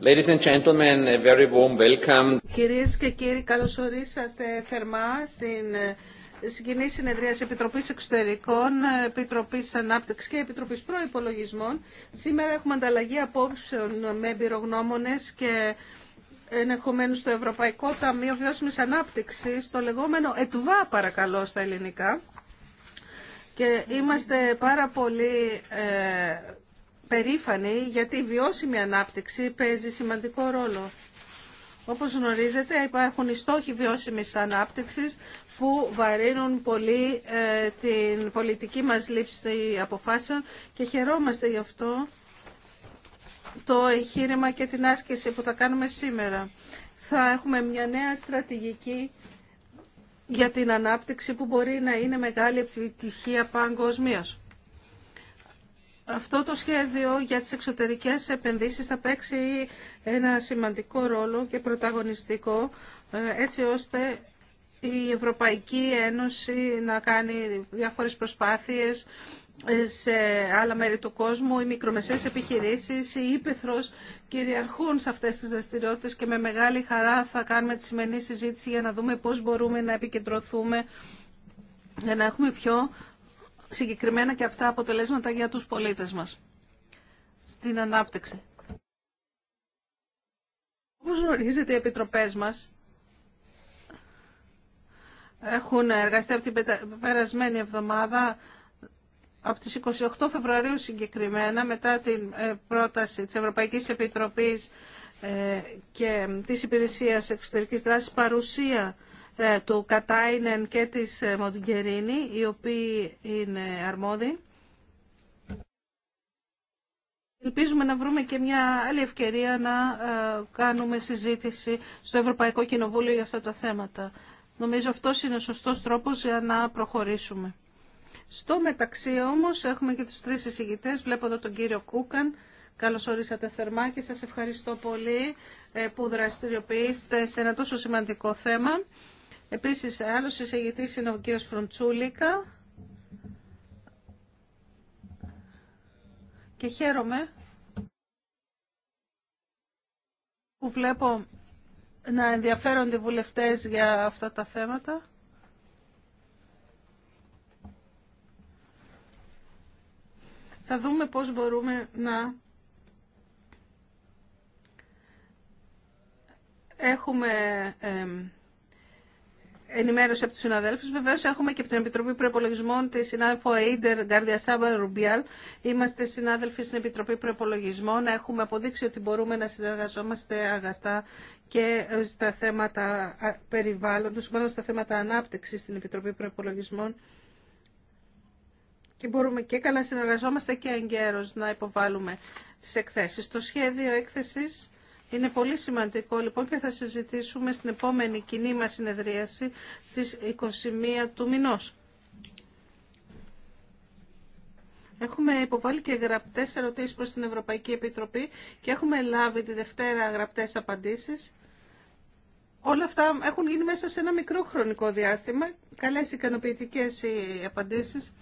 Ladies Κυρίες και κύριοι, ορίσατε θερμά στην ε, συγκινή συνεδρία Επιτροπής Εξωτερικών, ε, Επιτροπής Ανάπτυξης και Επιτροπής Προϋπολογισμών. Σήμερα έχουμε ανταλλαγή απόψεων με εμπειρογνώμονες και ενεχομένου στο Ευρωπαϊκό Ταμείο Βιώσιμης Ανάπτυξης, το λεγόμενο ΕΤΒΑ παρακαλώ στα ελληνικά. Και είμαστε πάρα πολύ ε, περήφανη γιατί η βιώσιμη ανάπτυξη παίζει σημαντικό ρόλο. Όπως γνωρίζετε υπάρχουν οι στόχοι βιώσιμης ανάπτυξης που βαρύνουν πολύ ε, την πολιτική μας λήψη αποφάσεων και χαιρόμαστε γι' αυτό το εγχείρημα και την άσκηση που θα κάνουμε σήμερα. Θα έχουμε μια νέα στρατηγική για την ανάπτυξη που μπορεί να είναι μεγάλη επιτυχία παγκοσμίως. Αυτό το σχέδιο για τις εξωτερικές επενδύσεις θα παίξει ένα σημαντικό ρόλο και πρωταγωνιστικό ε, έτσι ώστε η Ευρωπαϊκή Ένωση να κάνει διάφορες προσπάθειες ε, σε άλλα μέρη του κόσμου, οι μικρομεσαίες επιχειρήσεις, η ύπεθρος κυριαρχούν σε αυτές τις δραστηριότητες και με μεγάλη χαρά θα κάνουμε τη σημερινή συζήτηση για να δούμε πώς μπορούμε να επικεντρωθούμε για να έχουμε πιο συγκεκριμένα και αυτά αποτελέσματα για τους πολίτες μας στην ανάπτυξη. Όπως γνωρίζετε, οι επιτροπές μας έχουν εργαστεί από την περασμένη εβδομάδα από τις 28 Φεβρουαρίου συγκεκριμένα, μετά την ε, πρόταση της Ευρωπαϊκής Επιτροπής ε, και της Υπηρεσίας Εξωτερικής Δράσης, παρουσία ε, του Κατάινεν και της ε, Μοντιγκερίνη οι οποίοι είναι αρμόδιοι. Ελπίζουμε να βρούμε και μια άλλη ευκαιρία να ε, κάνουμε συζήτηση στο Ευρωπαϊκό Κοινοβούλιο για αυτά τα θέματα. Νομίζω αυτό είναι ο σωστός τρόπος για να προχωρήσουμε. Στο μεταξύ όμως έχουμε και τους τρεις εισηγητές. Βλέπω εδώ τον κύριο Κούκαν. Καλώς ορίσατε θερμά και σας ευχαριστώ πολύ που δραστηριοποιήσετε σε ένα τόσο σημαντικό θέμα. Επίσης, άλλος εισηγητής είναι ο κύριος Φροντσούλικα. Και χαίρομαι που βλέπω να ενδιαφέρονται οι βουλευτές για αυτά τα θέματα. Θα δούμε πώς μπορούμε να έχουμε ενημέρωση από του συναδέλφου. Βεβαίω έχουμε και από την Επιτροπή Προπολογισμών τη συνάδελφο Αίντερ Γκάρδια Σάμπα Ρουμπιάλ. Είμαστε συνάδελφοι στην Επιτροπή Προπολογισμών. Έχουμε αποδείξει ότι μπορούμε να συνεργαζόμαστε αγαστά και στα θέματα περιβάλλοντος, μάλλον στα θέματα ανάπτυξη στην Επιτροπή Προπολογισμών. Και μπορούμε και καλά συνεργαζόμαστε και εγκαίρω να υποβάλουμε τι εκθέσει. Το σχέδιο έκθεση. Είναι πολύ σημαντικό λοιπόν και θα συζητήσουμε στην επόμενη κοινή μας συνεδρίαση στις 21 του μηνός. Έχουμε υποβάλει και γραπτές ερωτήσεις προς την Ευρωπαϊκή Επιτροπή και έχουμε λάβει τη Δευτέρα γραπτές απαντήσεις. Όλα αυτά έχουν γίνει μέσα σε ένα μικρό χρονικό διάστημα. Καλές ικανοποιητικές οι απαντήσεις.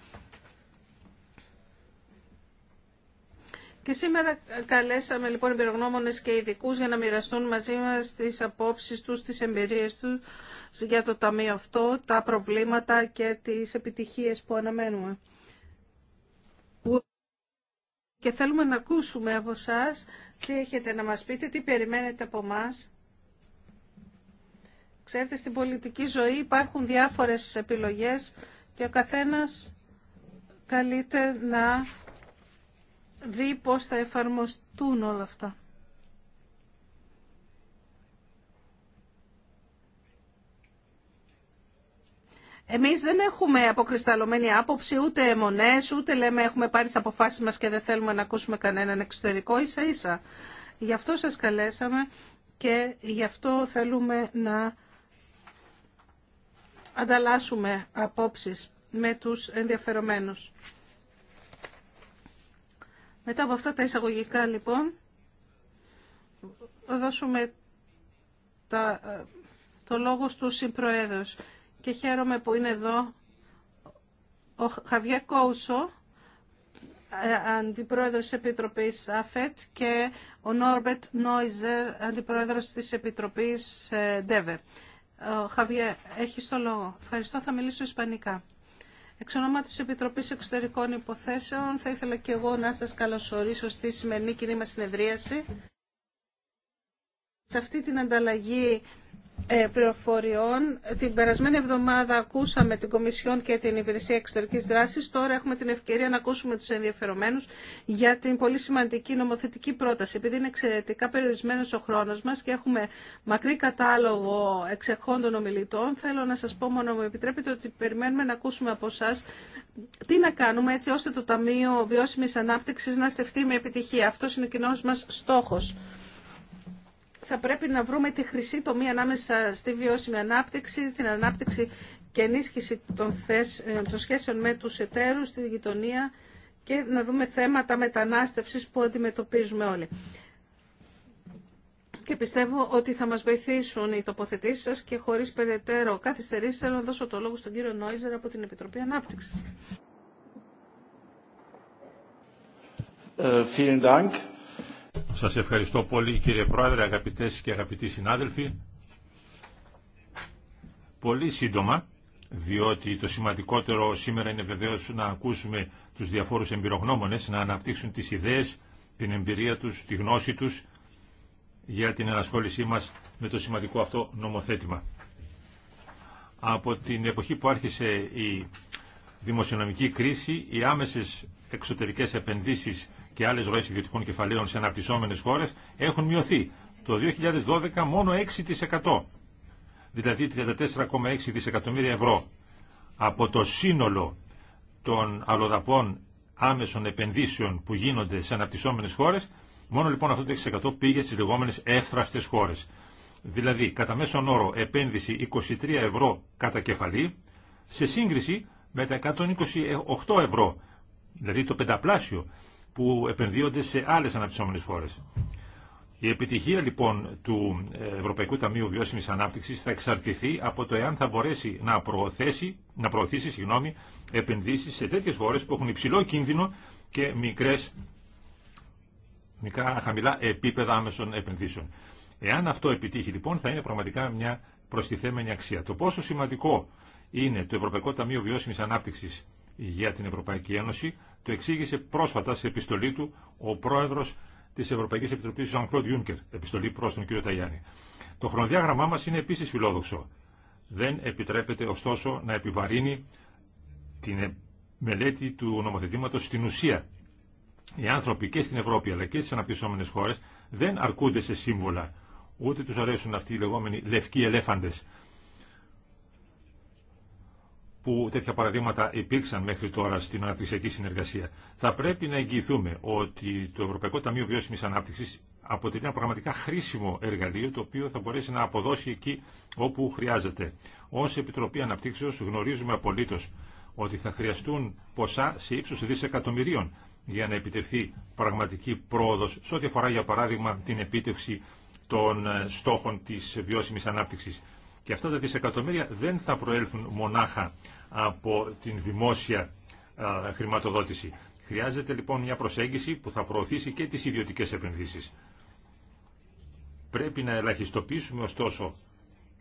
Και σήμερα καλέσαμε λοιπόν εμπειρογνώμονες και ειδικού για να μοιραστούν μαζί μας τις απόψεις τους, τις εμπειρίες τους για το ταμείο αυτό, τα προβλήματα και τις επιτυχίες που αναμένουμε. Και θέλουμε να ακούσουμε από εσά τι έχετε να μας πείτε, τι περιμένετε από εμά. Ξέρετε, στην πολιτική ζωή υπάρχουν διάφορες επιλογές και ο καθένας καλείται να δει πώς θα εφαρμοστούν όλα αυτά. Εμείς δεν έχουμε αποκρισταλωμένη άποψη, ούτε αιμονές, ούτε λέμε έχουμε πάρει τις αποφάσεις μας και δεν θέλουμε να ακούσουμε κανέναν εξωτερικό, ίσα ίσα. Γι' αυτό σας καλέσαμε και γι' αυτό θέλουμε να ανταλλάσσουμε απόψεις με τους ενδιαφερομένους. Μετά από αυτά τα εισαγωγικά λοιπόν, δώσουμε ε, το λόγο στου συμπροέδρους. Και χαίρομαι που είναι εδώ ο Χαβιέ Κόουσο, ε, αντιπρόεδρος της Επιτροπής ΑΦΕΤ και ο Νόρμπετ Νόιζερ, αντιπρόεδρος της Επιτροπής ΔΕΒΕ. Ε, Χαβιέ, έχει το λόγο. Ευχαριστώ, θα μιλήσω ισπανικά. Εξ ονομά της Επιτροπής Εξωτερικών Υποθέσεων θα ήθελα και εγώ να σας καλωσορίσω στη σημερινή κοινή μα συνεδρίαση. Σε αυτή την ανταλλαγή ε, πληροφοριών. Την περασμένη εβδομάδα ακούσαμε την Κομισιόν και την Υπηρεσία Εξωτερική δράση. Τώρα έχουμε την ευκαιρία να ακούσουμε του ενδιαφερομένου για την πολύ σημαντική νομοθετική πρόταση. Επειδή είναι εξαιρετικά περιορισμένο ο χρόνο μα και έχουμε μακρύ κατάλογο εξεχόντων ομιλητών, θέλω να σα πω μόνο μου επιτρέπετε ότι περιμένουμε να ακούσουμε από εσά τι να κάνουμε έτσι ώστε το Ταμείο βιώσιμη ανάπτυξη, να στεφτεί με επιτυχία. Αυτό είναι ο κοινό μα στόχο θα πρέπει να βρούμε τη χρυσή τομή ανάμεσα στη βιώσιμη ανάπτυξη, την ανάπτυξη και ενίσχυση των, ε, των σχέσεων με τους εταίρους, στη γειτονία και να δούμε θέματα μετανάστευσης που αντιμετωπίζουμε όλοι. Και πιστεύω ότι θα μας βοηθήσουν οι τοποθετήσεις σας και χωρίς περαιτέρω καθυστερήσεις θέλω να δώσω το λόγο στον κύριο Νόιζερ από την Επιτροπή Ανάπτυξης. Ε, σας ευχαριστώ πολύ κύριε Πρόεδρε, αγαπητές και αγαπητοί συνάδελφοι. Πολύ σύντομα, διότι το σημαντικότερο σήμερα είναι βεβαίως να ακούσουμε τους διαφόρους εμπειρογνώμονες, να αναπτύξουν τις ιδέες, την εμπειρία τους, τη γνώση τους για την ενασχόλησή μας με το σημαντικό αυτό νομοθέτημα. Από την εποχή που άρχισε η δημοσιονομική κρίση, οι άμεσες εξωτερικές επενδύσεις και άλλες ροές ιδιωτικών κεφαλαίων σε αναπτυσσόμενες χώρες έχουν μειωθεί. Το 2012 μόνο 6%, δηλαδή 34,6 δισεκατομμύρια ευρώ από το σύνολο των αλλοδαπών άμεσων επενδύσεων που γίνονται σε αναπτυσσόμενες χώρες, μόνο λοιπόν αυτό το 6% πήγε στις λεγόμενες εύθραυστες χώρες. Δηλαδή, κατά μέσον όρο επένδυση 23 ευρώ κατά κεφαλή, σε σύγκριση με τα 128 ευρώ, δηλαδή το πενταπλάσιο που επενδύονται σε άλλε αναπτυσσόμενε χώρε. Η επιτυχία λοιπόν του ε, Ευρωπαϊκού Ταμείου Βιώσιμη ανάπτυξη θα εξαρτηθεί από το εάν θα μπορέσει να, προωθήσει, να προωθήσει συγγνώμη, επενδύσεις σε τέτοιες χώρες που έχουν υψηλό κίνδυνο και μικρές, μικρά χαμηλά επίπεδα άμεσων επενδύσεων. Εάν αυτό επιτύχει λοιπόν θα είναι πραγματικά μια προστιθέμενη αξία. Το πόσο σημαντικό είναι το Ευρωπαϊκό Ταμείο Βιώσιμης Ανάπτυξης για την Ευρωπαϊκή Ένωση, το εξήγησε πρόσφατα σε επιστολή του ο πρόεδρος της Ευρωπαϊκής Επιτροπής Jean-Claude Juncker, επιστολή προς τον κύριο Ταγιάννη. Το χρονοδιάγραμμά μας είναι επίσης φιλόδοξο. Δεν επιτρέπεται ωστόσο να επιβαρύνει την ε, μελέτη του νομοθετήματος στην ουσία. Οι άνθρωποι και στην Ευρώπη αλλά και στις αναπτυσσόμενες χώρες δεν αρκούνται σε σύμβολα. Ούτε τους αρέσουν αυτοί οι λεγόμενοι λευκοί ελέφαντες που τέτοια παραδείγματα υπήρξαν μέχρι τώρα στην αναπτυξιακή συνεργασία. Θα πρέπει να εγγυηθούμε ότι το Ευρωπαϊκό Ταμείο Βιώσιμη Ανάπτυξη αποτελεί ένα πραγματικά χρήσιμο εργαλείο το οποίο θα μπορέσει να αποδώσει εκεί όπου χρειάζεται. Ω Επιτροπή Αναπτύξεω γνωρίζουμε απολύτω ότι θα χρειαστούν ποσά σε ύψο δισεκατομμυρίων για να επιτευχθεί πραγματική πρόοδο σε ό,τι αφορά για παράδειγμα την επίτευξη των ε, στόχων τη βιώσιμη ανάπτυξη. Και αυτά τα δισεκατομμύρια δεν θα προέλθουν μονάχα από την δημόσια χρηματοδότηση. Χρειάζεται λοιπόν μια προσέγγιση που θα προωθήσει και τις ιδιωτικές επενδύσεις. Πρέπει να ελαχιστοποιήσουμε ωστόσο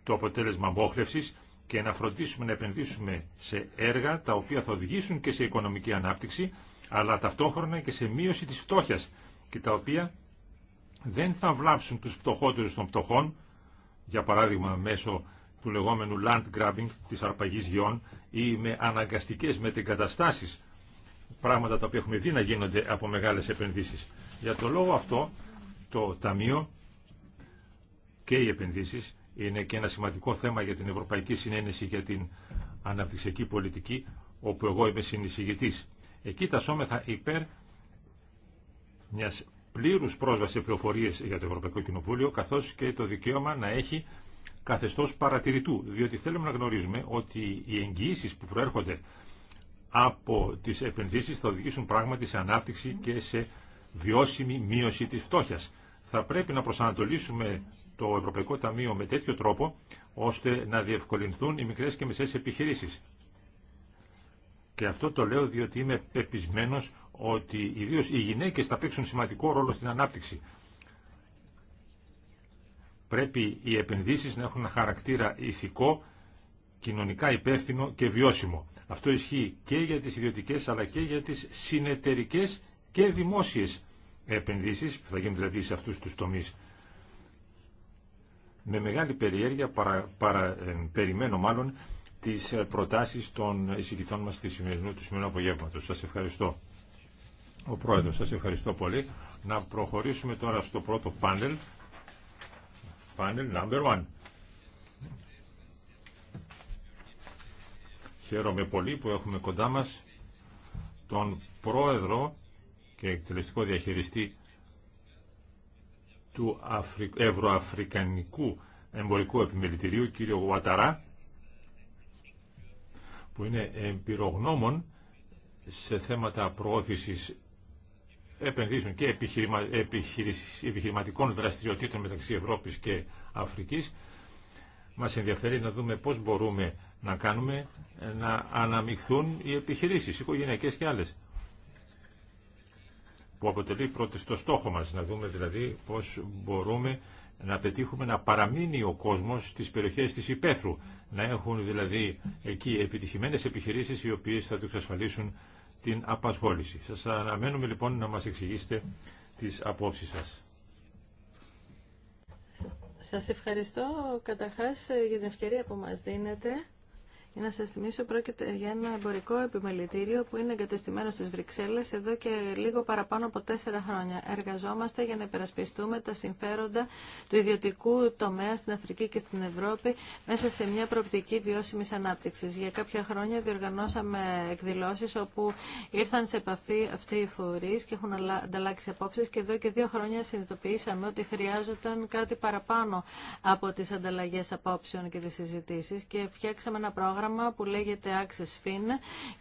το αποτέλεσμα μόχλευσης και να φροντίσουμε να επενδύσουμε σε έργα τα οποία θα οδηγήσουν και σε οικονομική ανάπτυξη, αλλά ταυτόχρονα και σε μείωση της φτώχειας και τα οποία δεν θα βλάψουν τους πτωχότερους των πτωχών, για παράδειγμα μέσω του λεγόμενου land grabbing, της αρπαγής γεών ή με αναγκαστικές μετεγκαταστάσεις, πράγματα τα οποία έχουμε δει να γίνονται από μεγάλες επενδύσεις. Για το λόγο αυτό, το Ταμείο και οι επενδύσεις είναι και ένα σημαντικό θέμα για την Ευρωπαϊκή Συνένεση για την Αναπτυξιακή Πολιτική, όπου εγώ είμαι συνεισηγητής. Εκεί σώμεθα υπέρ μιας πλήρους πρόσβαση σε πληροφορίες για το Ευρωπαϊκό Κοινοβούλιο, καθώς και το δικαίωμα να έχει καθεστώς παρατηρητού, διότι θέλουμε να γνωρίζουμε ότι οι εγγυήσει που προέρχονται από τις επενδύσεις θα οδηγήσουν πράγματι σε ανάπτυξη και σε βιώσιμη μείωση της φτώχειας. Θα πρέπει να προσανατολίσουμε το Ευρωπαϊκό Ταμείο με τέτοιο τρόπο, ώστε να διευκολυνθούν οι μικρές και μεσαίες επιχειρήσεις. Και αυτό το λέω διότι είμαι πεπισμένο ότι ιδίως οι γυναίκες θα παίξουν σημαντικό ρόλο στην ανάπτυξη. Πρέπει οι επενδύσεις να έχουν ένα χαρακτήρα ηθικό, κοινωνικά υπεύθυνο και βιώσιμο. Αυτό ισχύει και για τις ιδιωτικές αλλά και για τις συνεταιρικές και δημόσιες επενδύσεις που θα γίνουν δηλαδή σε αυτούς τους τομείς. Με μεγάλη περιέργεια παρα, ε, περιμένω μάλλον τις ε, προτάσεις των εισηγητών μας του σημερινού απογεύματος. Σας ευχαριστώ. Ο Πρόεδρος, σας ευχαριστώ πολύ. Να προχωρήσουμε τώρα στο πρώτο πάνελ. Πάνελ number one. Χαίρομαι πολύ που έχουμε κοντά μας τον Πρόεδρο και εκτελεστικό διαχειριστή του Ευρωαφρικανικού Εμπορικού Επιμελητηρίου, κύριο Γουαταρά, που είναι εμπειρογνώμων σε θέματα προώθησης επενδύσεων και επιχειρηματικών δραστηριοτήτων μεταξύ Ευρώπης και Αφρικής. Μας ενδιαφέρει να δούμε πώς μπορούμε να κάνουμε να αναμειχθούν οι επιχειρήσεις, οικογενειακές και άλλες που αποτελεί πρώτη στο στόχο μας, να δούμε δηλαδή πώς μπορούμε να πετύχουμε να παραμείνει ο κόσμος στις περιοχές της υπαίθρου, να έχουν δηλαδή εκεί επιτυχημένες επιχειρήσεις οι οποίες θα του εξασφαλίσουν την απασχόληση. Σας αναμένουμε λοιπόν να μας εξηγήσετε τις απόψεις σας. Σας ευχαριστώ καταρχάς για την ευκαιρία που μας δίνετε. Να σα θυμίσω, πρόκειται για ένα εμπορικό επιμελητήριο που είναι εγκατεστημένο στι Βρυξέλλες εδώ και λίγο παραπάνω από τέσσερα χρόνια. Εργαζόμαστε για να υπερασπιστούμε τα συμφέροντα του ιδιωτικού τομέα στην Αφρική και στην Ευρώπη μέσα σε μια προοπτική βιώσιμη ανάπτυξη. Για κάποια χρόνια διοργανώσαμε εκδηλώσει όπου ήρθαν σε επαφή αυτοί οι φορεί και έχουν ανταλλάξει απόψει και εδώ και δύο χρόνια συνειδητοποιήσαμε ότι χρειάζονταν κάτι παραπάνω από τι ανταλλαγέ απόψεων και τι συζητήσει. και φτιάξαμε ένα πρόγραμμα πρόγραμμα που λέγεται Access Fin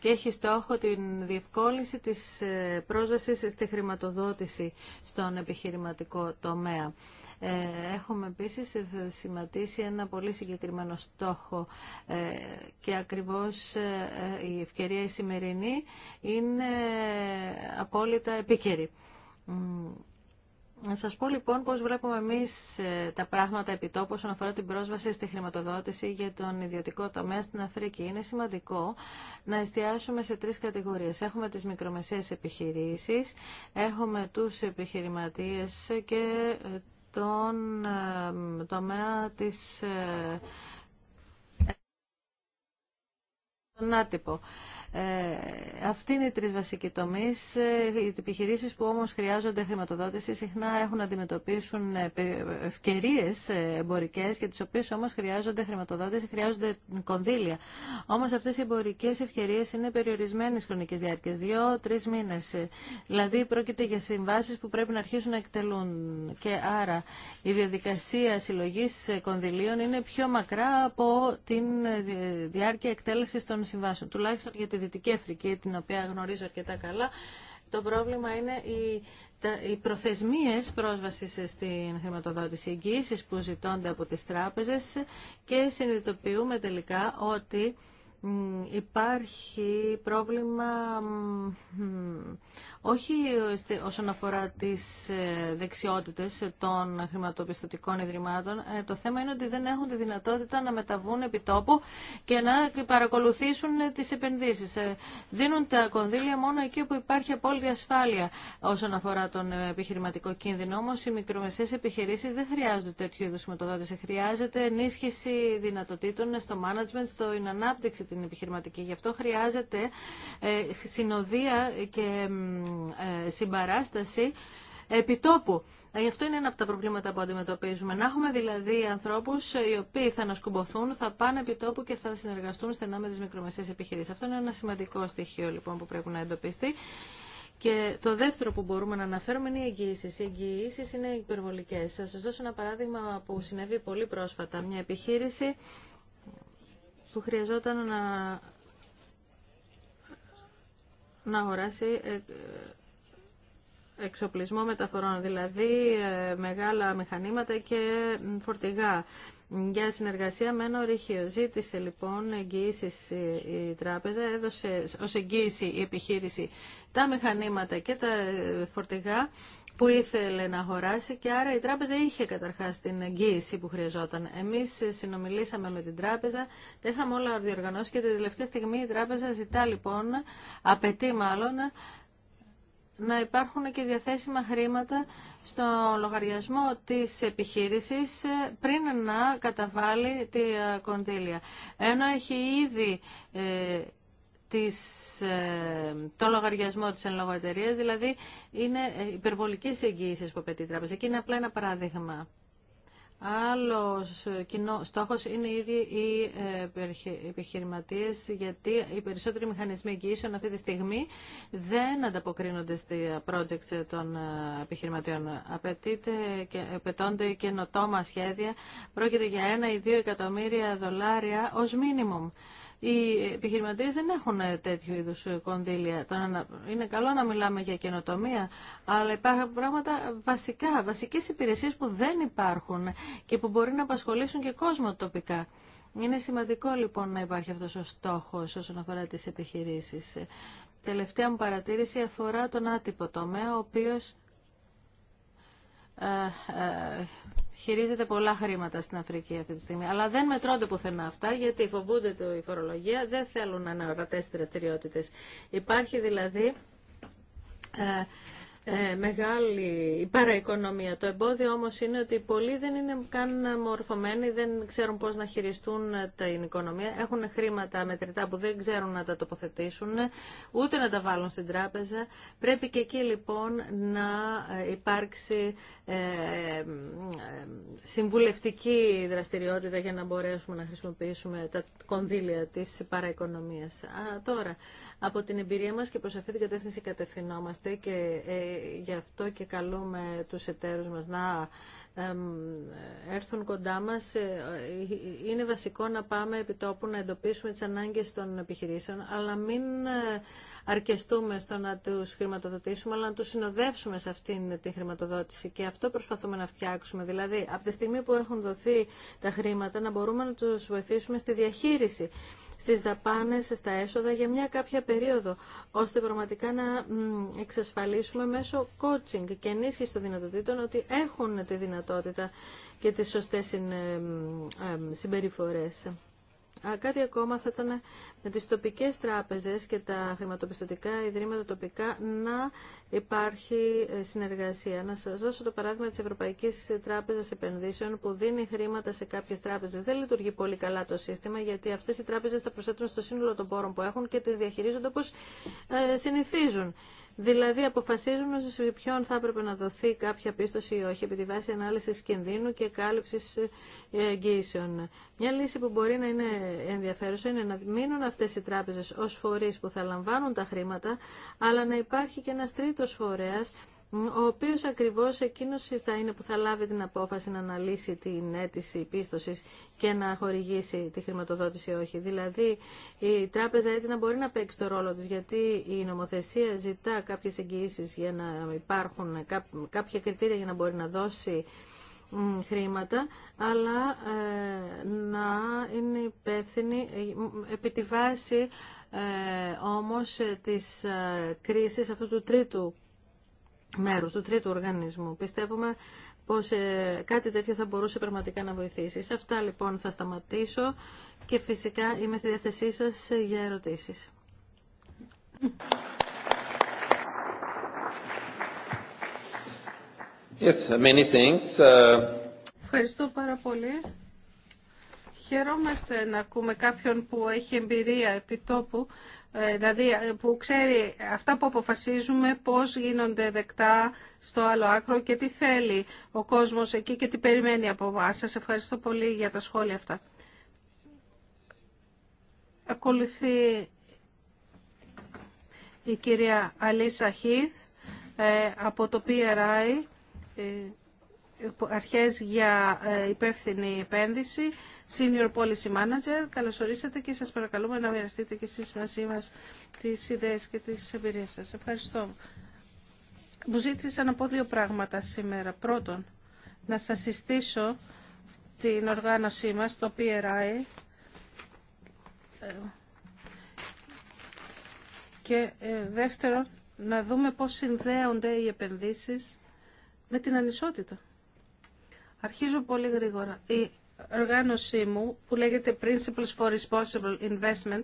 και έχει στόχο την διευκόλυνση της ε, πρόσβασης στη χρηματοδότηση στον επιχειρηματικό τομέα. Ε, έχουμε επίσης σημαντήσει ένα πολύ συγκεκριμένο στόχο ε, και ακριβώς η ευκαιρία η σημερινή είναι απόλυτα επίκαιρη. Να σας πω λοιπόν πώς βλέπουμε εμείς ε, τα πράγματα επιτόπου όσον αφορά την πρόσβαση στη χρηματοδότηση για τον ιδιωτικό τομέα στην Αφρική. Είναι σημαντικό να εστιάσουμε σε τρεις κατηγορίες. Έχουμε τις μικρομεσαίες επιχειρήσεις, έχουμε τους επιχειρηματίες και ε, τον ε, τομέα της... τον άτυπο. Ε, αυτοί είναι οι τρει βασικοί τομείς. Ε, οι επιχειρήσεις που όμως χρειάζονται χρηματοδότηση συχνά έχουν να αντιμετωπίσουν ε, ευκαιρίες εμπορικές και τις οποίες όμως χρειάζονται χρηματοδότηση, χρειάζονται κονδύλια. Όμως αυτές οι εμπορικές ευκαιρίες είναι περιορισμένες χρονικές διάρκειες, δύο-τρεις μήνες. Δηλαδή πρόκειται για συμβάσεις που πρέπει να αρχίσουν να εκτελούν. Και άρα η διαδικασία συλλογή κονδυλίων είναι πιο μακρά από την διάρκεια εκτέλεση των συμβάσεων, τουλάχιστον Δυτική Αφρική, την οποία γνωρίζω αρκετά καλά, το πρόβλημα είναι η οι προθεσμίες πρόσβασης στην χρηματοδότηση εγγύησης που ζητώνται από τις τράπεζες και συνειδητοποιούμε τελικά ότι υπάρχει πρόβλημα όχι όσον αφορά τις ε, δεξιότητες των χρηματοπιστωτικών ιδρυμάτων. Ε, το θέμα είναι ότι δεν έχουν τη δυνατότητα να μεταβούν επί τόπου και να παρακολουθήσουν ε, τις επενδύσεις. Δίνουν τα κονδύλια μόνο εκεί που υπάρχει απόλυτη ασφάλεια όσον αφορά τον επιχειρηματικό κίνδυνο. Όμως οι μικρομεσαίες επιχειρήσεις δεν χρειάζονται τέτοιου είδους συμμετοδότηση Χρειάζεται ενίσχυση δυνατοτήτων στο management, στο ανάπτυξη την επιχειρηματική. Γι' αυτό χρειάζεται συνοδεία και ε, συμπαράσταση επιτόπου. Γι' ε, αυτό είναι ένα από τα προβλήματα που αντιμετωπίζουμε. Να έχουμε δηλαδή ανθρώπου ε, οι οποίοι θα ανασκουμποθούν, θα πάνε επιτόπου και θα συνεργαστούν στενά με τι μικρομεσαίε επιχειρήσει. Αυτό είναι ένα σημαντικό στοιχείο λοιπόν που πρέπει να εντοπιστεί. Και το δεύτερο που μπορούμε να αναφέρουμε είναι οι εγγυήσει. Οι εγγυήσει είναι υπερβολικέ. Θα σα δώσω ένα παράδειγμα που συνέβη πολύ πρόσφατα. Μια επιχείρηση που χρειαζόταν να να αγοράσει ε, ε, εξοπλισμό μεταφορών, δηλαδή ε, μεγάλα μηχανήματα και φορτηγά για συνεργασία με ένα ορυχείο. Ζήτησε λοιπόν εγγύηση η τράπεζα, έδωσε ως εγγύηση η επιχείρηση τα μηχανήματα και τα φορτηγά που ήθελε να αγοράσει και άρα η τράπεζα είχε καταρχάς την εγγύηση που χρειαζόταν. Εμείς συνομιλήσαμε με την τράπεζα, τα είχαμε όλα διοργανώσει και την τελευταία στιγμή η τράπεζα ζητά λοιπόν, απαιτεί μάλλον, να υπάρχουν και διαθέσιμα χρήματα στο λογαριασμό της επιχείρησης πριν να καταβάλει τη κοντήλια. Ενώ έχει ήδη ε, τις, ε, το λογαριασμό της εν λόγω εταιρείας, δηλαδή είναι ε, υπερβολικές εγγύησεις που απαιτεί η τράπεζα. Εκεί είναι απλά ένα παράδειγμα. Άλλος ε, κοινό στόχος είναι ήδη οι επιχειρηματίες γιατί οι περισσότεροι μηχανισμοί εγγυήσεων αυτή τη στιγμή δεν ανταποκρίνονται στα projects των επιχειρηματιών. Απαιτείται και απαιτώνται καινοτόμα σχέδια. Πρόκειται για ένα ή δύο εκατομμύρια δολάρια ως μίνιμουμ οι επιχειρηματίε δεν έχουν τέτοιου είδους κονδύλια. Είναι καλό να μιλάμε για καινοτομία, αλλά υπάρχουν πράγματα βασικά, βασικές υπηρεσίες που δεν υπάρχουν και που μπορεί να απασχολήσουν και κόσμο τοπικά. Είναι σημαντικό λοιπόν να υπάρχει αυτός ο στόχος όσον αφορά τι επιχειρήσεις. Τελευταία μου παρατήρηση αφορά τον άτυπο τομέα, ο οποίος ε, ε, χειρίζεται πολλά χρήματα στην Αφρική αυτή τη στιγμή. Αλλά δεν μετρώνται πουθενά αυτά γιατί φοβούνται το η φορολογία, δεν θέλουν αναορατές δραστηριότητε. Υπάρχει δηλαδή ε, ε, μεγάλη παραοικονομία. Το εμπόδιο όμως είναι ότι πολλοί δεν είναι καν μορφωμένοι, δεν ξέρουν πώς να χειριστούν την οικονομία. Έχουν χρήματα μετρητά που δεν ξέρουν να τα τοποθετήσουν, ούτε να τα βάλουν στην τράπεζα. Πρέπει και εκεί λοιπόν να υπάρξει ε, συμβουλευτική δραστηριότητα για να μπορέσουμε να χρησιμοποιήσουμε τα κονδύλια της παραοικονομίας. τώρα, από την εμπειρία μας και προς αυτή την κατεύθυνση κατευθυνόμαστε και ε, γι' αυτό και καλούμε τους εταίρους μας να έρθουν κοντά μας. Ε, ε, είναι βασικό να πάμε επί τόπου να εντοπίσουμε τις ανάγκες των επιχειρήσεων, αλλά μην αρκεστούμε στο να του χρηματοδοτήσουμε, αλλά να του συνοδεύσουμε σε αυτήν τη χρηματοδότηση. Και αυτό προσπαθούμε να φτιάξουμε. Δηλαδή, από τη στιγμή που έχουν δοθεί τα χρήματα, να μπορούμε να τους βοηθήσουμε στη διαχείριση στις δαπάνες, στα έσοδα για μια κάποια περίοδο, ώστε πραγματικά να εξασφαλίσουμε μέσω coaching και ενίσχυση των δυνατοτήτων ότι έχουν τη δυνατότητα και τις σωστές ε, ε, συμπεριφορές. Κάτι ακόμα θα ήταν με τις τοπικές τράπεζες και τα χρηματοπιστωτικά ιδρύματα τοπικά να υπάρχει ε, συνεργασία. Να σας δώσω το παράδειγμα της Ευρωπαϊκής Τράπεζας Επενδύσεων που δίνει χρήματα σε κάποιες τράπεζες. Δεν λειτουργεί πολύ καλά το σύστημα γιατί αυτές οι τράπεζες τα προσθέτουν στο σύνολο των πόρων που έχουν και τις διαχειρίζονται όπως ε, συνηθίζουν. Δηλαδή αποφασίζουμε σε ποιον θα έπρεπε να δοθεί κάποια πίστοση ή όχι επί τη βάση ανάλυσης κινδύνου και κάλυψης ε, εγγύσεων. Μια λύση που μπορεί να είναι ενδιαφέρουσα είναι να μείνουν αυτές οι τράπεζες ως φορείς που θα λαμβάνουν τα χρήματα, αλλά να υπάρχει και ένα τρίτο φορέας ο οποίο ακριβώς εκείνος θα είναι που θα λάβει την απόφαση να αναλύσει την αίτηση πίστοση και να χορηγήσει τη χρηματοδότηση ή όχι. Δηλαδή η τράπεζα έτσι να μπορεί να παίξει το ρόλο της γιατί η νομοθεσία ζητά κάποιες ζητα καποιες εγγυήσει για να υπάρχουν κάποια κριτήρια για να μπορεί να δώσει χρήματα, αλλά ε, να είναι υπεύθυνη ε, επί τη βάση ε, όμως ε, της κρίσης αυτού του τρίτου μέρος του τρίτου οργανισμού. Πιστεύουμε πως ε, κάτι τέτοιο θα μπορούσε πραγματικά να βοηθήσει. Σε αυτά λοιπόν θα σταματήσω και φυσικά είμαι στη διάθεσή σας για ερωτήσεις. Yes, many things. Ε, Ευχαριστώ πάρα πολύ. Χαιρόμαστε να ακούμε κάποιον που έχει εμπειρία επιτόπου ε, δηλαδή ε, που ξέρει αυτά που αποφασίζουμε πώς γίνονται δεκτά στο άλλο άκρο και τι θέλει ο κόσμος εκεί και τι περιμένει από εμάς. Σας ευχαριστώ πολύ για τα σχόλια αυτά. Ακολουθεί η κυρία Αλίσα Χίθ ε, από το PRI, αρχές για υπεύθυνη επένδυση. Senior Policy Manager. Καλώς ορίσατε και σας παρακαλούμε να μοιραστείτε και εσείς μαζί μας τις ιδέες και τις εμπειρίες σας. Ευχαριστώ. Μου ζήτησαν να πω δύο πράγματα σήμερα. Πρώτον, να σας συστήσω την οργάνωσή μας, το PRI, και ε, δεύτερον, να δούμε πώς συνδέονται οι επενδύσεις με την ανισότητα. Αρχίζω πολύ γρήγορα οργάνωσή μου που λέγεται Principles for Responsible Investment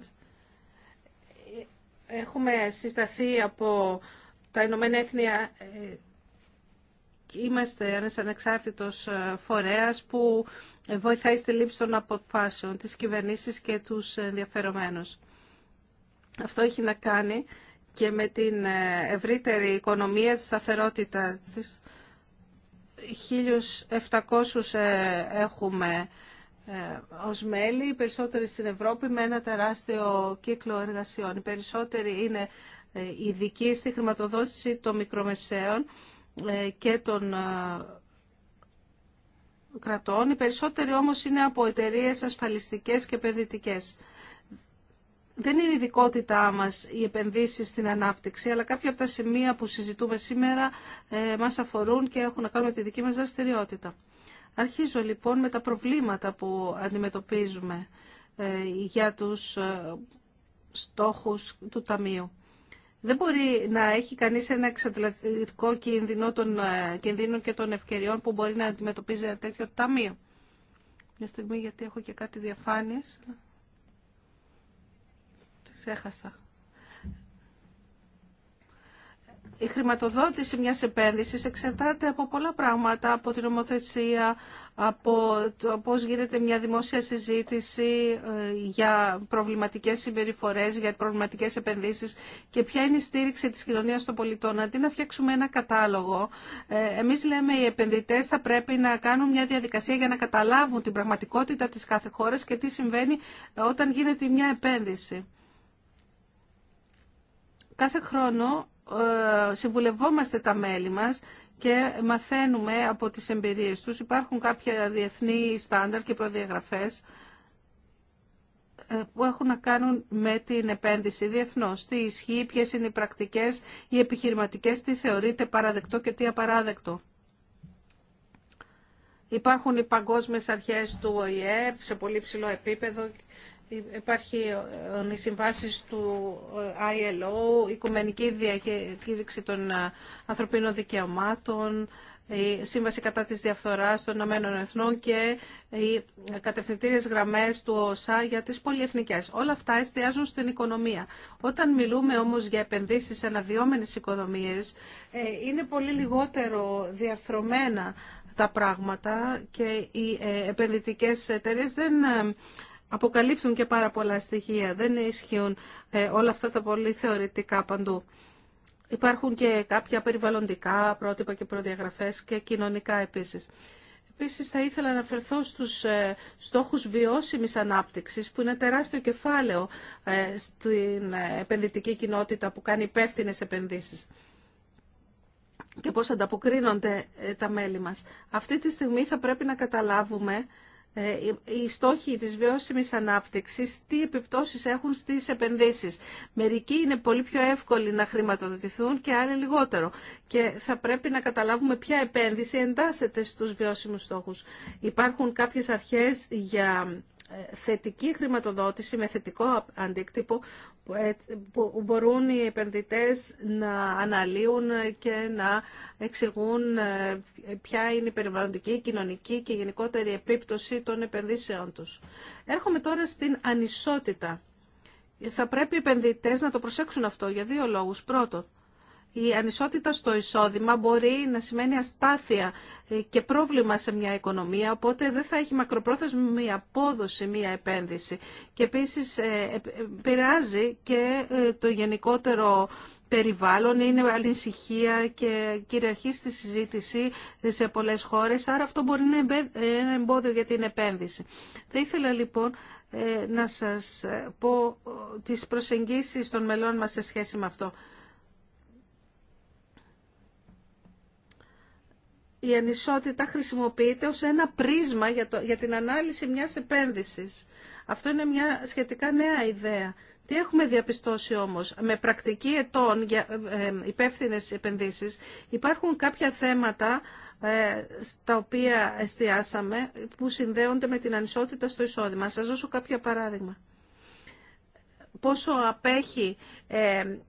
έχουμε συσταθεί από τα Ηνωμένα Έθνη ε, είμαστε ένας ανεξάρτητος ε, φορέας που βοηθάει στη λήψη των αποφάσεων της κυβερνήσεις και τους ενδιαφερομένους. Αυτό έχει να κάνει και με την ε, ευρύτερη οικονομία, τη σταθερότητα της 1.700 ε, έχουμε ε, ως μέλη, οι περισσότεροι στην Ευρώπη με ένα τεράστιο κύκλο εργασιών. Οι περισσότεροι είναι ε, ειδικοί στη χρηματοδότηση των μικρομεσαίων και των κρατών. Οι περισσότεροι όμως είναι από εταιρείε ασφαλιστικές και παιδιτικές. Δεν είναι η δικότητά μας οι επενδύσεις στην ανάπτυξη, αλλά κάποια από τα σημεία που συζητούμε σήμερα ε, μας αφορούν και έχουν να κάνουν με τη δική μας δραστηριότητα. Αρχίζω λοιπόν με τα προβλήματα που αντιμετωπίζουμε ε, για τους ε, στόχους του Ταμείου. Δεν μπορεί να έχει κανείς ένα εξαντλητικό κίνδυνο των ε, κινδύνων και των ευκαιριών που μπορεί να αντιμετωπίζει ένα τέτοιο ταμείο. Μια στιγμή γιατί έχω και κάτι διαφάνειες ξέχασα. Η χρηματοδότηση μιας επένδυσης εξαρτάται από πολλά πράγματα, από την νομοθεσία, από το πώς γίνεται μια δημόσια συζήτηση ε, για προβληματικές συμπεριφορές, για προβληματικές επενδύσεις και ποια είναι η στήριξη της κοινωνίας των πολιτών. Αντί να φτιάξουμε ένα κατάλογο, ε, εμείς λέμε οι επενδυτές θα πρέπει να κάνουν μια διαδικασία για να καταλάβουν την πραγματικότητα της κάθε χώρας και τι συμβαίνει όταν γίνεται μια επένδυση. Κάθε χρόνο ε, συμβουλευόμαστε τα μέλη μας και μαθαίνουμε από τις εμπειρίες τους. Υπάρχουν κάποια διεθνή στάνταρ και προδιαγραφές ε, που έχουν να κάνουν με την επένδυση διεθνώς. Τι ισχύει, ποιες είναι οι πρακτικές, οι επιχειρηματικές, τι θεωρείται παραδεκτό και τι απαράδεκτο. Υπάρχουν οι παγκόσμιες αρχές του ΟΗΕ σε πολύ ψηλό επίπεδο Υπάρχει ε, οι συμβάσει του ε, ILO, η Οικουμενική Διακήρυξη των ε, Ανθρωπίνων Δικαιωμάτων, η Σύμβαση κατά της Διαφθοράς των Ηνωμένων Εθνών και οι κατευθυντήριες γραμμές του ΟΣΑ για τις πολυεθνικές. Όλα αυτά εστιάζουν στην οικονομία. Όταν μιλούμε όμως για επενδύσεις σε αναδυόμενες οικονομίες, είναι πολύ λιγότερο διαρθρωμένα τα πράγματα και οι επενδυτικές εταιρείε δεν αποκαλύπτουν και πάρα πολλά στοιχεία. Δεν ισχύουν ε, όλα αυτά τα πολύ θεωρητικά παντού. Υπάρχουν και κάποια περιβαλλοντικά πρότυπα και προδιαγραφές και κοινωνικά επίσης. Επίσης θα ήθελα να αναφερθώ στους ε, στόχους βιώσιμης ανάπτυξης που είναι τεράστιο κεφάλαιο ε, στην επενδυτική κοινότητα που κάνει υπεύθυνε επενδύσεις και πώς ανταποκρίνονται τα μέλη μας. Αυτή τη στιγμή θα πρέπει να καταλάβουμε ε, οι στόχοι της βιώσιμης ανάπτυξης, τι επιπτώσεις έχουν στις επενδύσεις. Μερικοί είναι πολύ πιο εύκολοι να χρηματοδοτηθούν και άλλοι λιγότερο. Και θα πρέπει να καταλάβουμε ποια επένδυση εντάσσεται στους βιώσιμους στόχους. Υπάρχουν κάποιες αρχές για ε, θετική χρηματοδότηση με θετικό αντίκτυπο που μπορούν οι επενδυτές να αναλύουν και να εξηγούν ε, ποια είναι η περιβαλλοντική, κοινωνική και γενικότερη επίπτωση των επενδύσεων τους. Έρχομαι τώρα στην ανισότητα. Θα πρέπει οι επενδυτές να το προσέξουν αυτό για δύο λόγους. Πρώτον, η ανισότητα στο εισόδημα μπορεί να σημαίνει αστάθεια ε, και πρόβλημα σε μια οικονομία, οπότε δεν θα έχει μακροπρόθεσμη μια απόδοση, μια επένδυση. Και επίσης ε, ε, επηρεάζει και το γενικότερο περιβάλλον, είναι ανησυχία και κυριαρχεί στη συζήτηση σε πολλές χώρες, άρα αυτό μπορεί να είναι ένα εμπόδιο για την επένδυση. Θα ήθελα λοιπόν να σας πω τις προσεγγίσεις των μελών μας σε σχέση με αυτό. η ανισότητα χρησιμοποιείται ως ένα πρίσμα για, την ανάλυση μιας επένδυσης. Αυτό είναι μια σχετικά νέα ιδέα. Τι έχουμε διαπιστώσει όμως, με πρακτική ετών για ε, ε, υπεύθυνε επενδύσεις υπάρχουν κάποια θέματα ε, στα οποία εστιάσαμε που συνδέονται με την ανισότητα στο εισόδημα. Σας δώσω κάποια παράδειγμα. Πόσο απέχει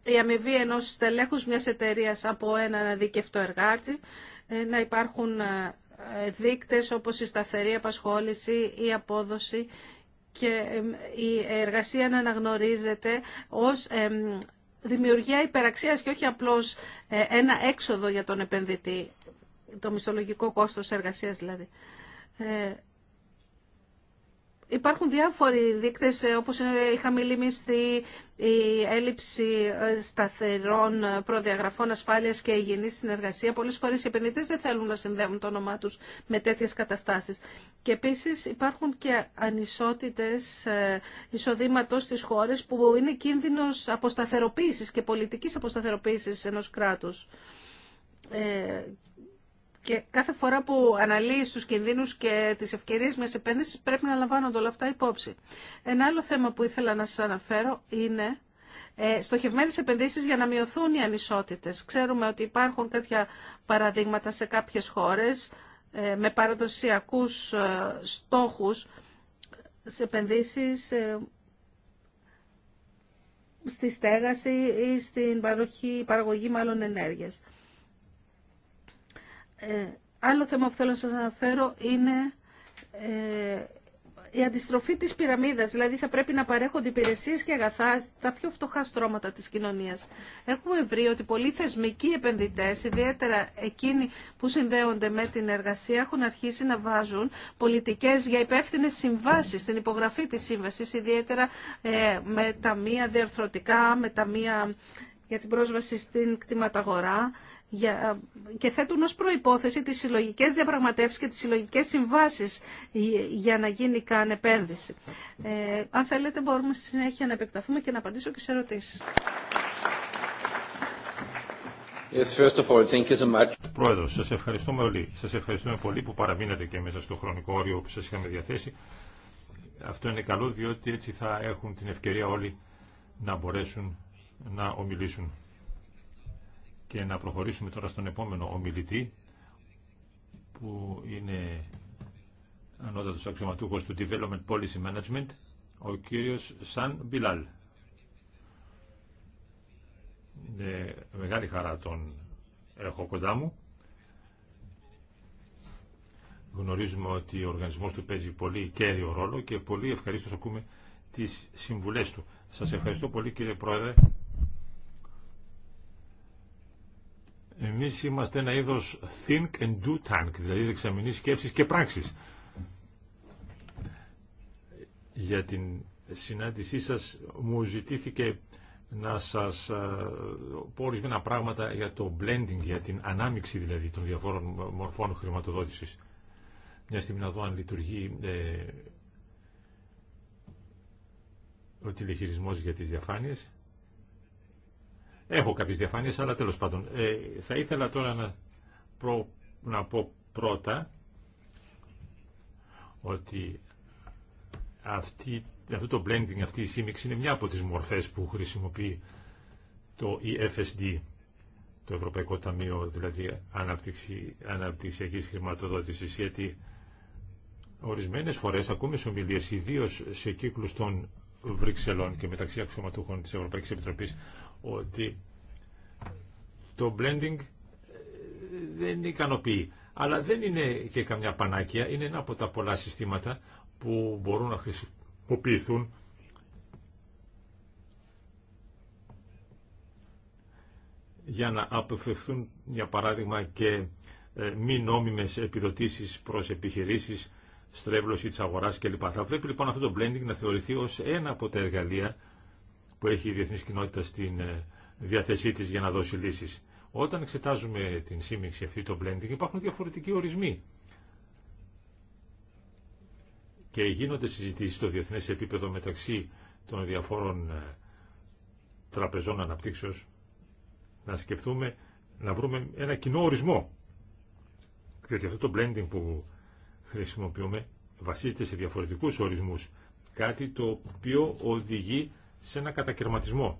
η αμοιβή ενός στελέχους μιας εταιρείας από έναν αδικευτό εργάτη, ε, να υπάρχουν ε, δείκτες όπως η σταθερή απασχόληση, η απόδοση και η εργασία να αναγνωρίζεται ως δημιουργία υπεραξίας και όχι απλώς ε, ένα έξοδο για τον επενδυτή, το μισθολογικό κόστος εργασίας δηλαδή. Υπάρχουν διάφοροι δείκτες ε, όπως είναι η χαμηλή μισθή, η έλλειψη ε, σταθερών προδιαγραφών ασφάλειας και υγιεινής συνεργασία. Πολλές φορές οι επενδυτές δεν θέλουν να συνδέουν το όνομά τους με τέτοιες καταστάσεις. Και επίσης υπάρχουν και ανισότητες ε, εισοδήματος στις χώρες που είναι κίνδυνος αποσταθεροποίησης και πολιτικής αποσταθεροποίησης ενός κράτους και κάθε φορά που αναλύει τους κινδύνους και τις ευκαιρίες μιας επένδυσης πρέπει να λαμβάνονται όλα αυτά υπόψη. Ένα άλλο θέμα που ήθελα να σας αναφέρω είναι ε, στοχευμένες επενδύσεις για να μειωθούν οι ανισότητες. Ξέρουμε ότι υπάρχουν τέτοια παραδείγματα σε κάποιες χώρες ε, με παραδοσιακούς ε, στόχους σε επενδύσεις ε, στη στέγαση ή στην παροχή, παραγωγή μάλλον ενέργειας. Ε, άλλο θέμα που θέλω να σας αναφέρω είναι ε, η αντιστροφή της πυραμίδας, δηλαδή θα πρέπει να παρέχονται υπηρεσίες και αγαθά στα πιο φτωχά στρώματα της κοινωνίας. Έχουμε βρει ότι πολλοί θεσμικοί επενδυτές, ιδιαίτερα εκείνοι που συνδέονται με την εργασία, έχουν αρχίσει να βάζουν πολιτικές για υπεύθυνες συμβάσεις, στην υπογραφή της σύμβαση, ιδιαίτερα ε, με ταμεία διαρθρωτικά, με ταμεία για την πρόσβαση στην κτηματαγορά για, και θέτουν ως προϋπόθεση τις συλλογικές διαπραγματεύσεις και τις συλλογικές συμβάσεις για να γίνει καν επένδυση. Ε, αν θέλετε μπορούμε στη συνέχεια να επεκταθούμε και να απαντήσω και σε ερωτήσεις. Yes, first of all, thank you so much. σας ευχαριστούμε όλοι. Σας ευχαριστούμε πολύ που παραμείνατε και μέσα στο χρονικό όριο που σας είχαμε διαθέσει. Αυτό είναι καλό διότι έτσι θα έχουν την ευκαιρία όλοι να μπορέσουν να ομιλήσουν και να προχωρήσουμε τώρα στον επόμενο ομιλητή που είναι ανώτατος αξιωματούχος του Development Policy Management ο κύριος Σαν Μπιλάλ. μεγάλη χαρά τον έχω κοντά μου. Γνωρίζουμε ότι ο οργανισμός του παίζει πολύ κέριο ρόλο και πολύ ευχαρίστως ακούμε τις συμβουλές του. Σας ευχαριστώ πολύ κύριε Πρόεδρε Εμεί είμαστε ένα είδο think and do tank, δηλαδή δεξαμενή σκέψη και πράξη. Για την συνάντησή σα, μου ζητήθηκε να σα πω ορισμένα πράγματα για το blending, για την ανάμειξη δηλαδή των διαφόρων μορφών χρηματοδότηση. Μια στιγμή να δω αν λειτουργεί ε, ο τηλεχειρισμός για τις διαφάνειες. Έχω κάποιε διαφάνειες, αλλά τέλος πάντων. Ε, θα ήθελα τώρα να, προ, να πω πρώτα ότι αυτή, αυτό το blending, αυτή η σύμμιξη είναι μια από τις μορφές που χρησιμοποιεί το EFSD, το Ευρωπαϊκό Ταμείο δηλαδή Ανάπτυξη, Αναπτυξιακής Χρηματοδότησης, γιατί ορισμένες φορές ακούμε σε ομιλίες, ιδίως σε κύκλους των Βρυξελών και μεταξύ αξιωματούχων της Ευρωπαϊκής Επιτροπής, ότι το blending ε, δεν ικανοποιεί. Αλλά δεν είναι και καμιά πανάκια, είναι ένα από τα πολλά συστήματα που μπορούν να χρησιμοποιηθούν για να αποφευθούν, για παράδειγμα, και ε, μη νόμιμες επιδοτήσεις προς επιχειρήσεις, στρέβλωση της αγοράς κλπ. Θα πρέπει λοιπόν αυτό το blending να θεωρηθεί ως ένα από τα εργαλεία που έχει η διεθνής κοινότητα στην ε, διαθεσή της για να δώσει λύσεις. Όταν εξετάζουμε την σύμμιξη αυτή, το blending, υπάρχουν διαφορετικοί ορισμοί. Και γίνονται συζητήσεις στο διεθνές επίπεδο μεταξύ των διαφόρων ε, τραπεζών αναπτύξεως να σκεφτούμε, να βρούμε ένα κοινό ορισμό. Γιατί αυτό το blending που χρησιμοποιούμε βασίζεται σε διαφορετικούς ορισμούς. Κάτι το οποίο οδηγεί σε ένα κατακαιρματισμό.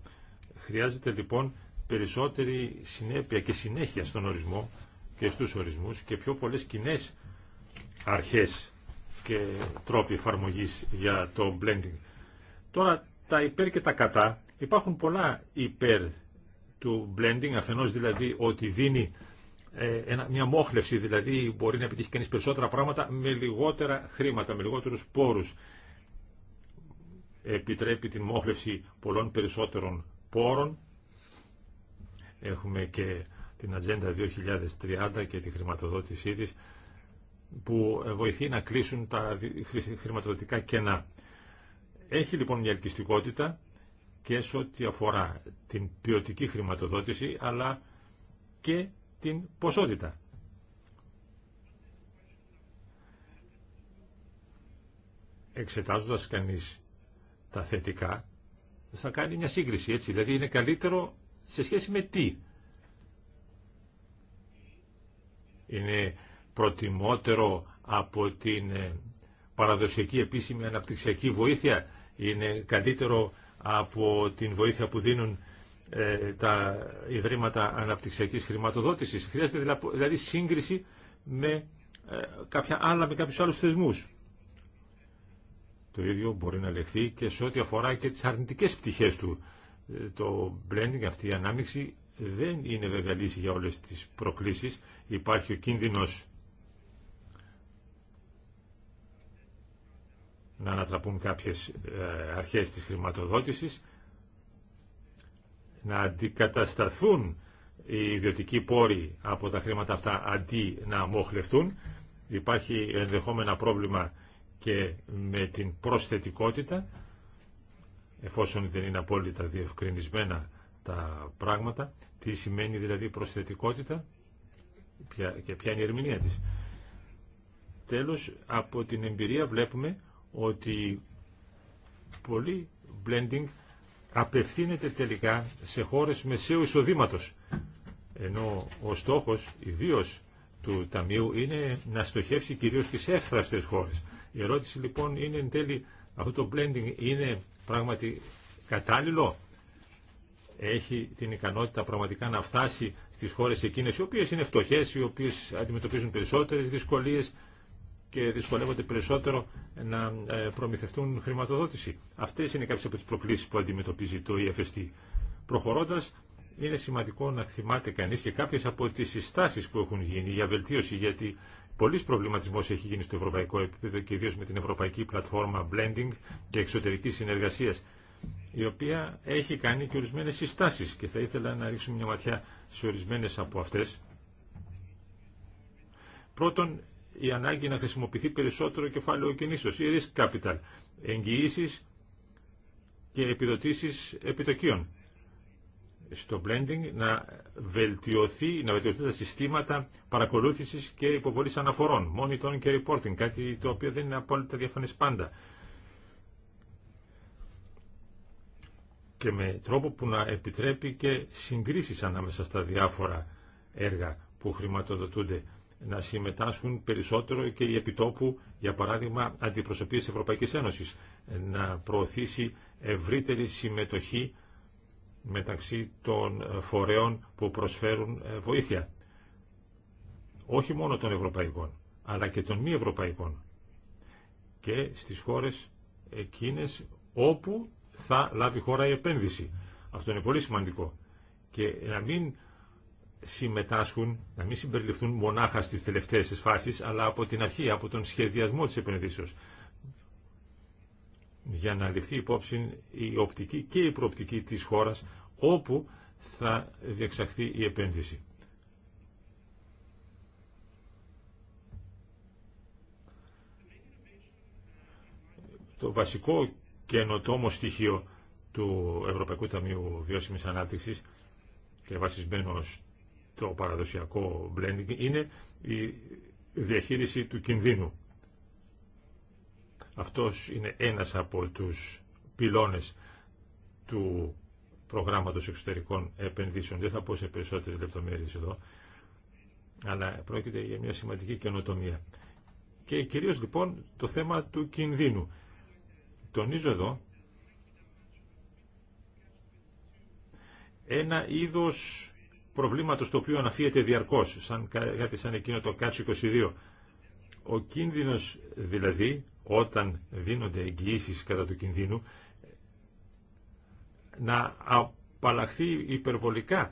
Χρειάζεται λοιπόν περισσότερη συνέπεια και συνέχεια στον ορισμό και στους ορισμούς και πιο πολλές κοινέ αρχές και τρόποι εφαρμογής για το blending. Τώρα τα υπέρ και τα κατά. Υπάρχουν πολλά υπέρ του blending, αφενός δηλαδή ότι δίνει ε, μια μόχλευση, δηλαδή μπορεί να επιτύχει κανείς περισσότερα πράγματα με λιγότερα χρήματα, με λιγότερους πόρους επιτρέπει την μόχλευση πολλών περισσότερων πόρων. Έχουμε και την Ατζέντα 2030 και τη χρηματοδότησή της που βοηθεί να κλείσουν τα χρηματοδοτικά κενά. Έχει λοιπόν μια ελκυστικότητα και σε ό,τι αφορά την ποιοτική χρηματοδότηση αλλά και την ποσότητα. Εξετάζοντας κανείς τα θετικά, θα κάνει μια σύγκριση, έτσι. Δηλαδή είναι καλύτερο σε σχέση με τι. Είναι προτιμότερο από την ε, παραδοσιακή επίσημη αναπτυξιακή βοήθεια. Είναι καλύτερο από την βοήθεια που δίνουν ε, τα Ιδρύματα Αναπτυξιακής Χρηματοδότησης. Χρειάζεται δηλαδή σύγκριση με ε, κάποια άλλα, με κάποιους άλλους θεσμούς. Το ίδιο μπορεί να λεχθεί και σε ό,τι αφορά και τις αρνητικές πτυχές του. Ε, το blending, αυτή η ανάμειξη, δεν είναι βέβαια για όλες τις προκλήσεις. Υπάρχει ο κίνδυνος να ανατραπούν κάποιες ε, αρχές της χρηματοδότησης, να αντικατασταθούν οι ιδιωτικοί πόροι από τα χρήματα αυτά αντί να μοχλευτούν. Υπάρχει ενδεχόμενα πρόβλημα και με την προσθετικότητα, εφόσον δεν είναι απόλυτα διευκρινισμένα τα πράγματα, τι σημαίνει δηλαδή προσθετικότητα και ποια είναι η ερμηνεία της. Τέλος, από την εμπειρία βλέπουμε ότι πολύ blending απευθύνεται τελικά σε χώρες μεσαίου εισοδήματος, ενώ ο στόχος ιδίως του Ταμείου είναι να στοχεύσει κυρίως τις εύθραυστες χώρες. Η ερώτηση λοιπόν είναι εν τέλει αυτό το blending είναι πράγματι κατάλληλο. Έχει την ικανότητα πραγματικά να φτάσει στις χώρες εκείνες οι οποίες είναι φτωχές, οι οποίες αντιμετωπίζουν περισσότερες δυσκολίες και δυσκολεύονται περισσότερο να ε, προμηθευτούν χρηματοδότηση. Αυτές είναι κάποιες από τις προκλήσεις που αντιμετωπίζει το EFST. Προχωρώντας, είναι σημαντικό να θυμάται κανείς και κάποιες από τις συστάσεις που έχουν γίνει για βελτίωση, γιατί Πολλής προβληματισμό έχει γίνει στο ευρωπαϊκό επίπεδο και ιδίω με την ευρωπαϊκή πλατφόρμα blending και Εξωτερική συνεργασία, η οποία έχει κάνει και ορισμένε συστάσει και θα ήθελα να ρίξουμε μια ματιά σε ορισμένε από αυτές. Πρώτον, η ανάγκη να χρησιμοποιηθεί περισσότερο κεφάλαιο κινήσεως, ή risk capital, εγγυήσει και επιδοτήσει επιτοκίων στο blending να βελτιωθεί, να βελτιωθεί τα συστήματα παρακολούθησης και υποβολής αναφορών, monitoring και reporting, κάτι το οποίο δεν είναι απόλυτα διαφανές πάντα. Και με τρόπο που να επιτρέπει και συγκρίσεις ανάμεσα στα διάφορα έργα που χρηματοδοτούνται να συμμετάσχουν περισσότερο και οι επιτόπου, για παράδειγμα, αντιπροσωπείες Ευρωπαϊκής Ένωσης, να προωθήσει ευρύτερη συμμετοχή μεταξύ των φορέων που προσφέρουν ε, βοήθεια. Όχι μόνο των ευρωπαϊκών, αλλά και των μη ευρωπαϊκών. Και στις χώρες εκείνες όπου θα λάβει χώρα η επένδυση. Αυτό είναι πολύ σημαντικό. Και να μην συμμετάσχουν, να μην συμπεριληφθούν μονάχα στις τελευταίες φάσεις, αλλά από την αρχή, από τον σχεδιασμό της επενδύσεως για να ληφθεί υπόψη η οπτική και η προοπτική της χώρας όπου θα διεξαχθεί η επένδυση. Το βασικό καινοτόμο στοιχείο του Ευρωπαϊκού Ταμείου Βιώσιμης Ανάπτυξης και βασισμένο στο παραδοσιακό blending είναι η διαχείριση του κινδύνου. Αυτός είναι ένας από τους πυλώνες του προγράμματος εξωτερικών επενδύσεων. Δεν θα πω σε περισσότερες λεπτομέρειες εδώ, αλλά πρόκειται για μια σημαντική καινοτομία. Και κυρίως λοιπόν το θέμα του κινδύνου. Τονίζω εδώ ένα είδος προβλήματος το οποίο αναφύεται διαρκώς, σαν, κάτι σαν εκείνο το ΚΑΤΣ 22. Ο κίνδυνος δηλαδή όταν δίνονται εγγυήσει κατά του κινδύνου να απαλλαχθεί υπερβολικά,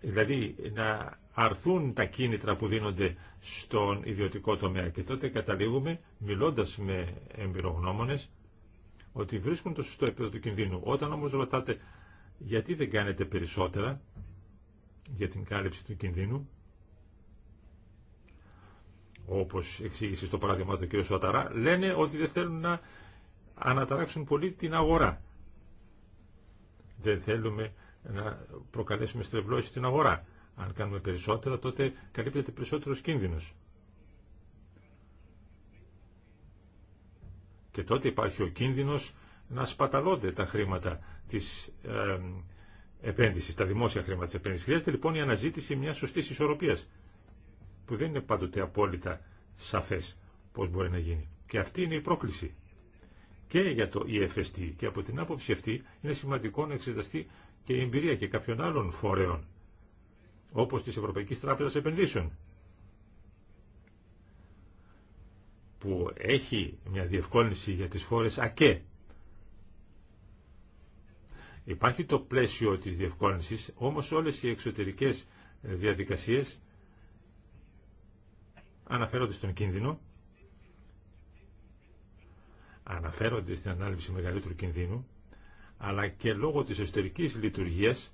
δηλαδή να αρθούν τα κίνητρα που δίνονται στον ιδιωτικό τομέα. Και τότε καταλήγουμε, μιλώντας με εμπειρογνώμονες, ότι βρίσκουν το σωστό επίπεδο του κινδύνου. Όταν όμως ρωτάτε γιατί δεν κάνετε περισσότερα για την κάλυψη του κινδύνου, Όπω εξήγησε στο παράδειγμα του κ. Σουαταρά, λένε ότι δεν θέλουν να αναταράξουν πολύ την αγορά. Δεν θέλουμε να προκαλέσουμε στρεβλώσει την αγορά. Αν κάνουμε περισσότερα, τότε καλύπτεται περισσότερος κίνδυνος. Και τότε υπάρχει ο κίνδυνος να σπαταλώνται τα χρήματα της ε, επένδυσης, τα δημόσια χρήματα τη επένδυση. Χρειάζεται λοιπόν η αναζήτηση μια σωστή ισορροπία που δεν είναι πάντοτε απόλυτα σαφές πώς μπορεί να γίνει. Και αυτή είναι η πρόκληση και για το EFST και από την άποψη αυτή είναι σημαντικό να εξεταστεί και η εμπειρία και κάποιων άλλων φορέων όπως της Ευρωπαϊκής Τράπεζας Επενδύσεων που έχει μια διευκόλυνση για τις χώρες ΑΚΕ. Υπάρχει το πλαίσιο της διευκόλυνσης, όμως όλες οι εξωτερικές διαδικασίες αναφέρονται στον κίνδυνο, αναφέρονται στην ανάλυση μεγαλύτερου κινδύνου, αλλά και λόγω της εσωτερικής λειτουργίας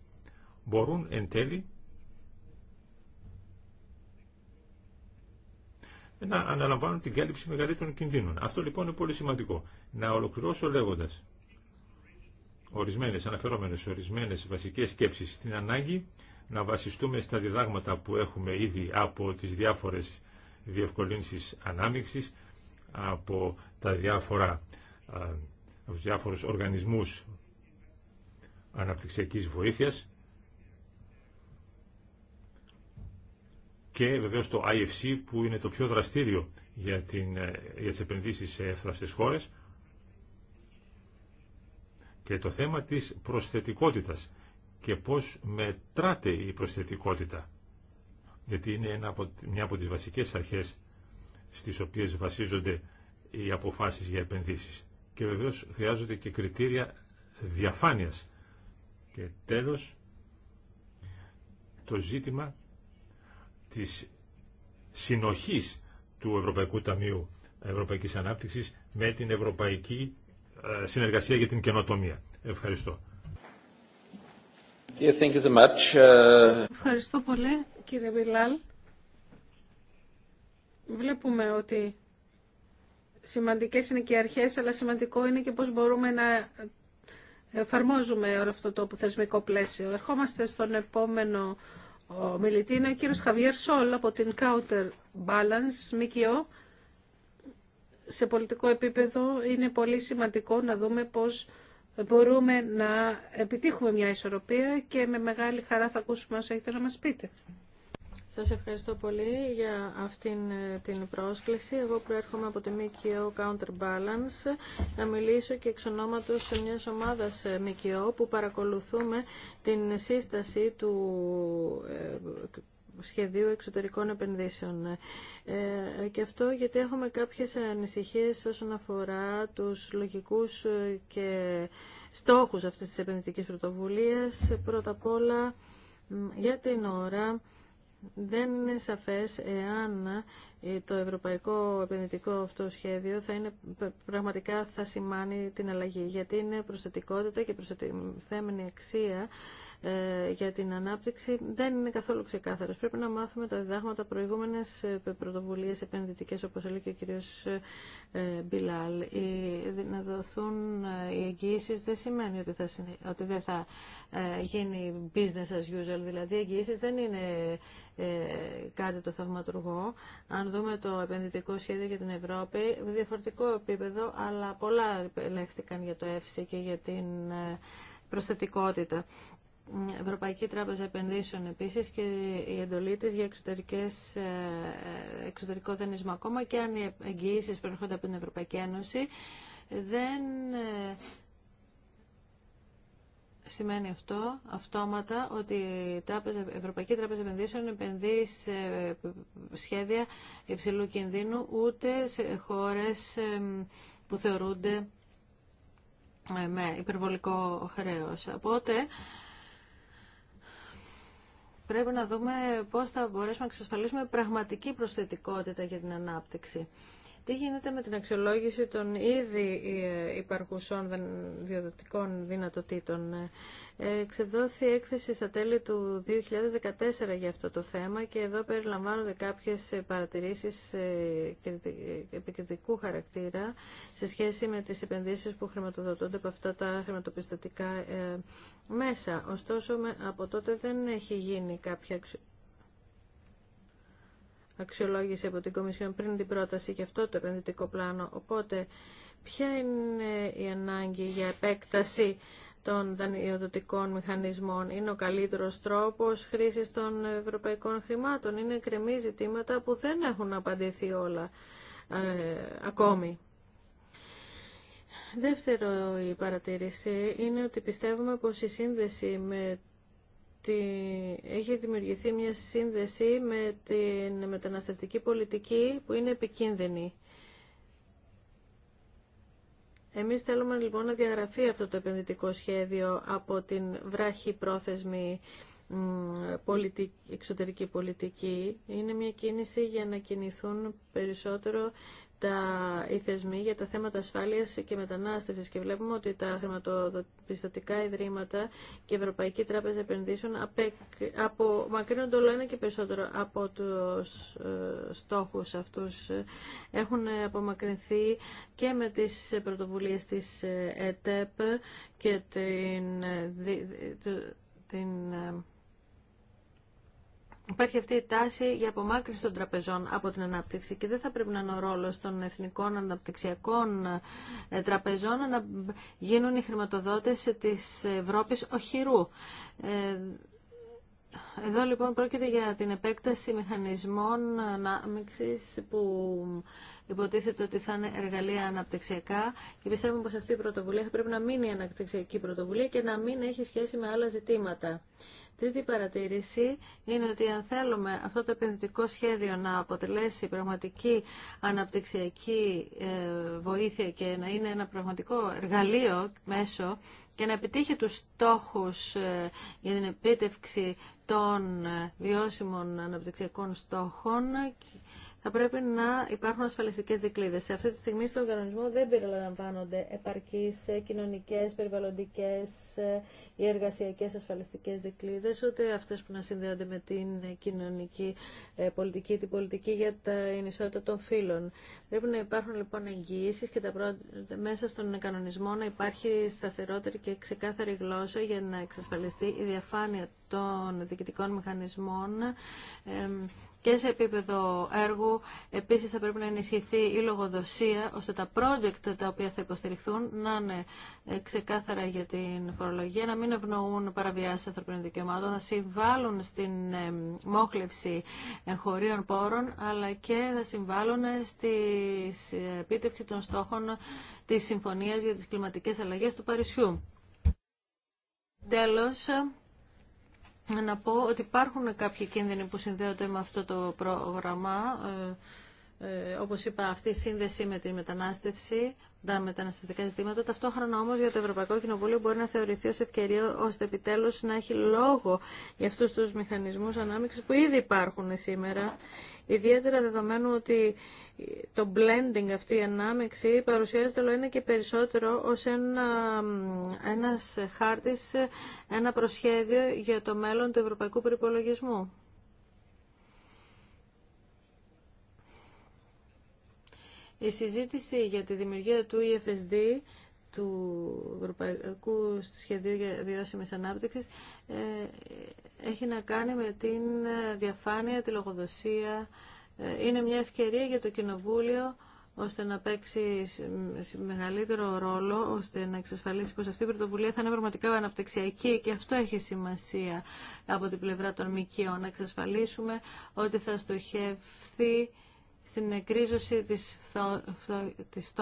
μπορούν εν τέλει να αναλαμβάνουν την κάλυψη μεγαλύτερων κινδύνων. Αυτό λοιπόν είναι πολύ σημαντικό. Να ολοκληρώσω λέγοντας ορισμένες, αναφερόμενες ορισμένες βασικές σκέψεις στην ανάγκη να βασιστούμε στα διδάγματα που έχουμε ήδη από τις διάφορες διευκολύνσεις ανάμειξης από, τα διάφορα, από τους διάφορους οργανισμούς αναπτυξιακής βοήθειας και βεβαίως το IFC που είναι το πιο δραστήριο για, την, ε, για τις επενδύσεις σε εύθραυστες χώρες και το θέμα της προσθετικότητας και πώς μετράται η προσθετικότητα γιατί είναι από, μια από τις βασικές αρχές στις οποίες βασίζονται οι αποφάσεις για επενδύσεις. Και βεβαίως χρειάζονται και κριτήρια διαφάνειας. Και τέλος, το ζήτημα της συνοχής του Ευρωπαϊκού Ταμείου Ευρωπαϊκής Ανάπτυξης με την Ευρωπαϊκή ε, Συνεργασία για την Καινοτομία. Ευχαριστώ. Uh, Ευχαριστώ πολύ. Κύριε Βιλάλ, βλέπουμε ότι σημαντικές είναι και οι αρχές, αλλά σημαντικό είναι και πώς μπορούμε να εφαρμόζουμε όλο αυτό το θεσμικό πλαίσιο. Ερχόμαστε στον επόμενο μιλητή, είναι ο κύριος Χαβιέρ Σόλ από την Counter Balance, ΜΚΟ. Σε πολιτικό επίπεδο είναι πολύ σημαντικό να δούμε πώς μπορούμε να επιτύχουμε μια ισορροπία και με μεγάλη χαρά θα ακούσουμε όσα έχετε να μας πείτε. Σας ευχαριστώ πολύ για αυτήν ε, την πρόσκληση. Εγώ προέρχομαι από τη ΜΚΟ Counterbalance να μιλήσω και εξ ονόματος μιας ομάδας ε, ΜΚΟ που παρακολουθούμε την σύσταση του ε, σχεδίου εξωτερικών επενδύσεων. Ε, και αυτό γιατί έχουμε κάποιες ανησυχίες όσον αφορά τους λογικούς και στόχους αυτής της επενδυτικής πρωτοβουλίας. Πρώτα απ' όλα, για την ώρα δεν είναι σαφές εάν ε, το ευρωπαϊκό επενδυτικό αυτό σχέδιο θα είναι, πραγματικά θα σημάνει την αλλαγή, γιατί είναι προσθετικότητα και προσθέμενη αξία ε, για την ανάπτυξη δεν είναι καθόλου ξεκάθαρος. Πρέπει να μάθουμε τα διδάγματα προηγούμενες ε, πρωτοβουλίες επενδυτικές, όπως έλεγε ο κύριος ε, Μπιλάλ. να δοθούν οι εγγύησεις δεν σημαίνει ότι, θα, ότι δεν θα γίνει business as usual. Δηλαδή, οι εγγύησεις δεν είναι κάτι το θαυματουργό. Αν δούμε το επενδυτικό σχέδιο για την Ευρώπη, διαφορετικό επίπεδο, αλλά πολλά ελέγχθηκαν για το ΕΦΣΙ και για την προσθετικότητα. Ευρωπαϊκή Τράπεζα Επενδύσεων επίσης και η εντολή για εξωτερικές, ε, ε, εξωτερικό δανεισμό ακόμα και αν οι εγγυήσεις προέρχονται από την Ευρωπαϊκή Ένωση δεν ε, σημαίνει αυτό αυτόματα ότι η τράπεζα, Ευρωπαϊκή Τράπεζα Επενδύσεων επενδύει σε σχέδια υψηλού κινδύνου ούτε σε χώρες που θεωρούνται με υπερβολικό χρέος. Οπότε Πρέπει να δούμε πώς θα μπορέσουμε να εξασφαλίσουμε πραγματική προσθετικότητα για την ανάπτυξη. Τι γίνεται με την αξιολόγηση των ήδη ε, υπαρχουσών διοδοτικών δυνατοτήτων. Ε, εξεδόθη έκθεση στα τέλη του 2014 για αυτό το θέμα και εδώ περιλαμβάνονται κάποιες ε, παρατηρήσεις επικριτικού χαρακτήρα σε σχέση με τις επενδύσεις που χρηματοδοτούνται από αυτά τα χρηματοπιστωτικά μέσα. Ωστόσο, από τότε δεν έχει γίνει κάποια Αξιολόγησε από την Κομισιόν πριν την πρόταση και αυτό το επενδυτικό πλάνο. Οπότε, ποια είναι η ανάγκη για επέκταση των δανειοδοτικών μηχανισμών. Είναι ο καλύτερος τρόπος χρήσης των ευρωπαϊκών χρημάτων. Είναι κρεμή ζητήματα που δεν έχουν απαντηθεί όλα ε, ακόμη. Δεύτερο η παρατήρηση είναι ότι πιστεύουμε πως η σύνδεση με ότι έχει δημιουργηθεί μια σύνδεση με την μεταναστευτική πολιτική που είναι επικίνδυνη. Εμείς θέλουμε λοιπόν να διαγραφεί αυτό το επενδυτικό σχέδιο από την βράχη πρόθεσμη πολιτική, εξωτερική πολιτική. Είναι μια κίνηση για να κινηθούν περισσότερο τα, οι θεσμοί για τα θέματα ασφάλειας και μετανάστευσης και βλέπουμε ότι τα χρηματοπιστωτικά ιδρύματα και η Ευρωπαϊκή Τράπεζα Επενδύσεων απομακρύνονται όλο ένα και περισσότερο από τους ε, στόχους αυτούς. Έχουν απομακρυνθεί και με τις πρωτοβουλίες της ε, ΕΤΕΠ και την, ε, την Υπάρχει αυτή η τάση για απομάκρυνση των τραπεζών από την ανάπτυξη και δεν θα πρέπει να είναι ο ρόλο των εθνικών αναπτυξιακών ε, τραπεζών να γίνουν οι χρηματοδότες τη Ευρώπη οχυρού. Ε, εδώ λοιπόν πρόκειται για την επέκταση μηχανισμών ανάμειξη που υποτίθεται ότι θα είναι εργαλεία αναπτυξιακά και πιστεύουμε πως αυτή η πρωτοβουλία θα πρέπει να μείνει η αναπτυξιακή πρωτοβουλία και να μην έχει σχέση με άλλα ζητήματα. Τρίτη παρατήρηση είναι ότι αν θέλουμε αυτό το επενδυτικό σχέδιο να αποτελέσει πραγματική αναπτυξιακή ε, βοήθεια και να είναι ένα πραγματικό εργαλείο μέσο και να επιτύχει τους στόχους ε, για την επίτευξη των ε, βιώσιμων αναπτυξιακών στόχων θα πρέπει να υπάρχουν ασφαλιστικές δικλείδες. Σε αυτή τη στιγμή στον κανονισμό δεν περιλαμβάνονται επαρκείς ε, κοινωνικές, περιβαλλοντικές ε, ή εργασιακές ασφαλιστικές δικλείδες, ούτε αυτές που να συνδέονται με την κοινωνική ε, πολιτική, την πολιτική για την ισότητα των φύλων. Πρέπει να υπάρχουν λοιπόν εγγυήσεις και μέσα στον κανονισμό να υπάρχει σταθερότερη και ξεκάθαρη γλώσσα για να εξασφαλιστεί η διαφάνεια των διοικητικών μηχανισμών και σε επίπεδο έργου. Επίσης θα πρέπει να ενισχυθεί η λογοδοσία ώστε τα project τα οποία θα υποστηριχθούν να είναι ε, ξεκάθαρα για την φορολογία, να μην ευνοούν παραβιάσεις ανθρωπίνων δικαιωμάτων, να συμβάλλουν στην ε, μόχλευση χωρίων πόρων, αλλά και θα συμβάλλουν στη ε, επίτευξη των στόχων της Συμφωνίας για τις Κλιματικές Αλλαγές του Παρισιού. Τέλος, να πω ότι υπάρχουν κάποιοι κίνδυνοι που συνδέονται με αυτό το πρόγραμμα ε, ε, όπως είπα, αυτή η σύνδεση με τη μετανάστευση, τα μεταναστευτικά ζητήματα. Ταυτόχρονα όμως για το Ευρωπαϊκό Κοινοβούλιο μπορεί να θεωρηθεί ως ευκαιρία ώστε επιτέλους να έχει λόγο για αυτούς τους μηχανισμούς ανάμειξης που ήδη υπάρχουν σήμερα. Ιδιαίτερα δεδομένου ότι το blending αυτή η ανάμειξη παρουσιάζεται όλο ένα και περισσότερο ως ένα, ένας χάρτης, ένα προσχέδιο για το μέλλον του ευρωπαϊκού προϋπολογισμού. Η συζήτηση για τη δημιουργία του EFSD του Ευρωπαϊκού Σχεδίου για Βιώσιμης Ανάπτυξης ε, έχει να κάνει με την διαφάνεια, τη λογοδοσία. Ε, είναι μια ευκαιρία για το Κοινοβούλιο ώστε να παίξει μεγαλύτερο ρόλο, ώστε να εξασφαλίσει πως αυτή η πρωτοβουλία θα είναι πραγματικά αναπτυξιακή και αυτό έχει σημασία από την πλευρά των ΜΚΟ, να εξασφαλίσουμε ότι θα στοχευθεί στην εκρίζωση της, φθο... της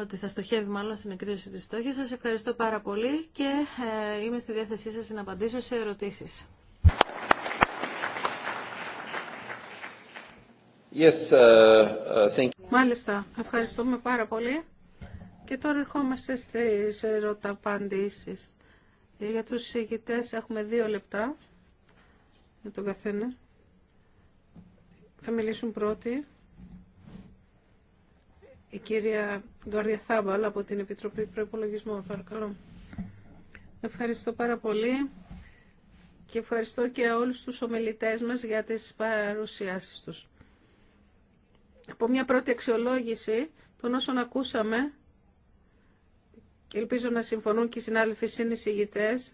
Ότι θα στοχεύει μάλλον στην εκρίζωση της στόχης. Σας ευχαριστώ πάρα πολύ και ε, είμαι στη διάθεσή σας να απαντήσω σε ερωτήσεις. Uh, uh, Μάλιστα, ευχαριστούμε πάρα πολύ. Και τώρα ερχόμαστε στις ερωταπαντήσεις. Για τους συγκητές έχουμε δύο λεπτά για τον καθένα. Θα μιλήσουν πρώτοι η κυρία Γκάρδια Θάμπαλ από την Επιτροπή Προϋπολογισμών. Παρακαλώ. Ευχαριστώ πάρα πολύ και ευχαριστώ και όλους τους ομιλητές μας για τις παρουσιάσεις τους. Από μια πρώτη αξιολόγηση των όσων ακούσαμε και ελπίζω να συμφωνούν και οι συνάδελφοι συνεισηγητές,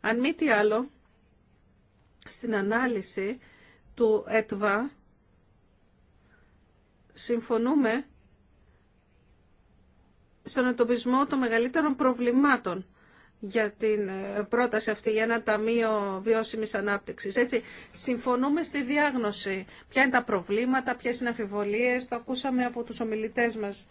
αν μη τι άλλο, στην ανάλυση του ΕΤΒΑ συμφωνούμε στον εντοπισμό των μεγαλύτερων προβλημάτων για την ε, πρόταση αυτή για ένα ταμείο βιώσιμης ανάπτυξης. Έτσι, συμφωνούμε στη διάγνωση. Ποια είναι τα προβλήματα, ποιε είναι αμφιβολίες, το ακούσαμε από τους ομιλητές μας.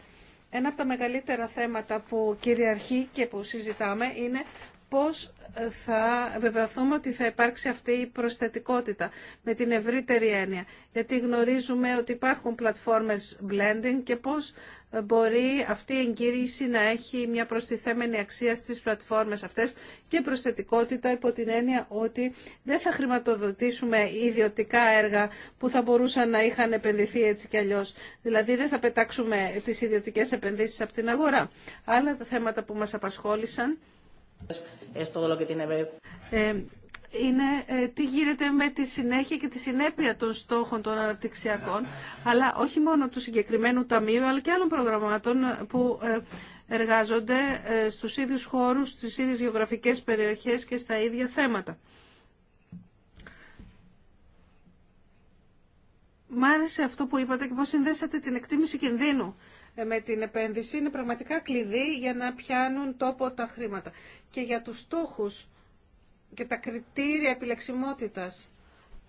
Ένα από τα μεγαλύτερα θέματα που κυριαρχεί και που συζητάμε είναι πώς ε, θα βεβαιωθούμε ότι θα υπάρξει αυτή η προσθετικότητα με την ευρύτερη έννοια. Γιατί γνωρίζουμε ότι υπάρχουν πλατφόρμες blending και πώς ε, μπορεί αυτή η εγκύριση να έχει μια προστιθέμενη αξία στις πλατφόρμες αυτές και προσθετικότητα υπό την έννοια ότι δεν θα χρηματοδοτήσουμε ιδιωτικά έργα που θα μπορούσαν να είχαν επενδυθεί έτσι κι αλλιώς. Δηλαδή δεν θα πετάξουμε τις ιδιωτικές επενδύσεις από την αγορά. Άλλα τα θέματα που μας απασχόλησαν ε, είναι ε, τι γίνεται με τη συνέχεια και τη συνέπεια των στόχων των αναπτυξιακών, αλλά όχι μόνο του συγκεκριμένου ταμείου, αλλά και άλλων προγραμμάτων που ε, εργάζονται στους ίδιους χώρους, στις ίδιες γεωγραφικές περιοχές και στα ίδια θέματα. Μ' άρεσε αυτό που είπατε και πώς συνδέσατε την εκτίμηση κινδύνου με την επένδυση είναι πραγματικά κλειδί για να πιάνουν τόπο τα χρήματα. Και για τους στόχους και τα κριτήρια επιλεξιμότητας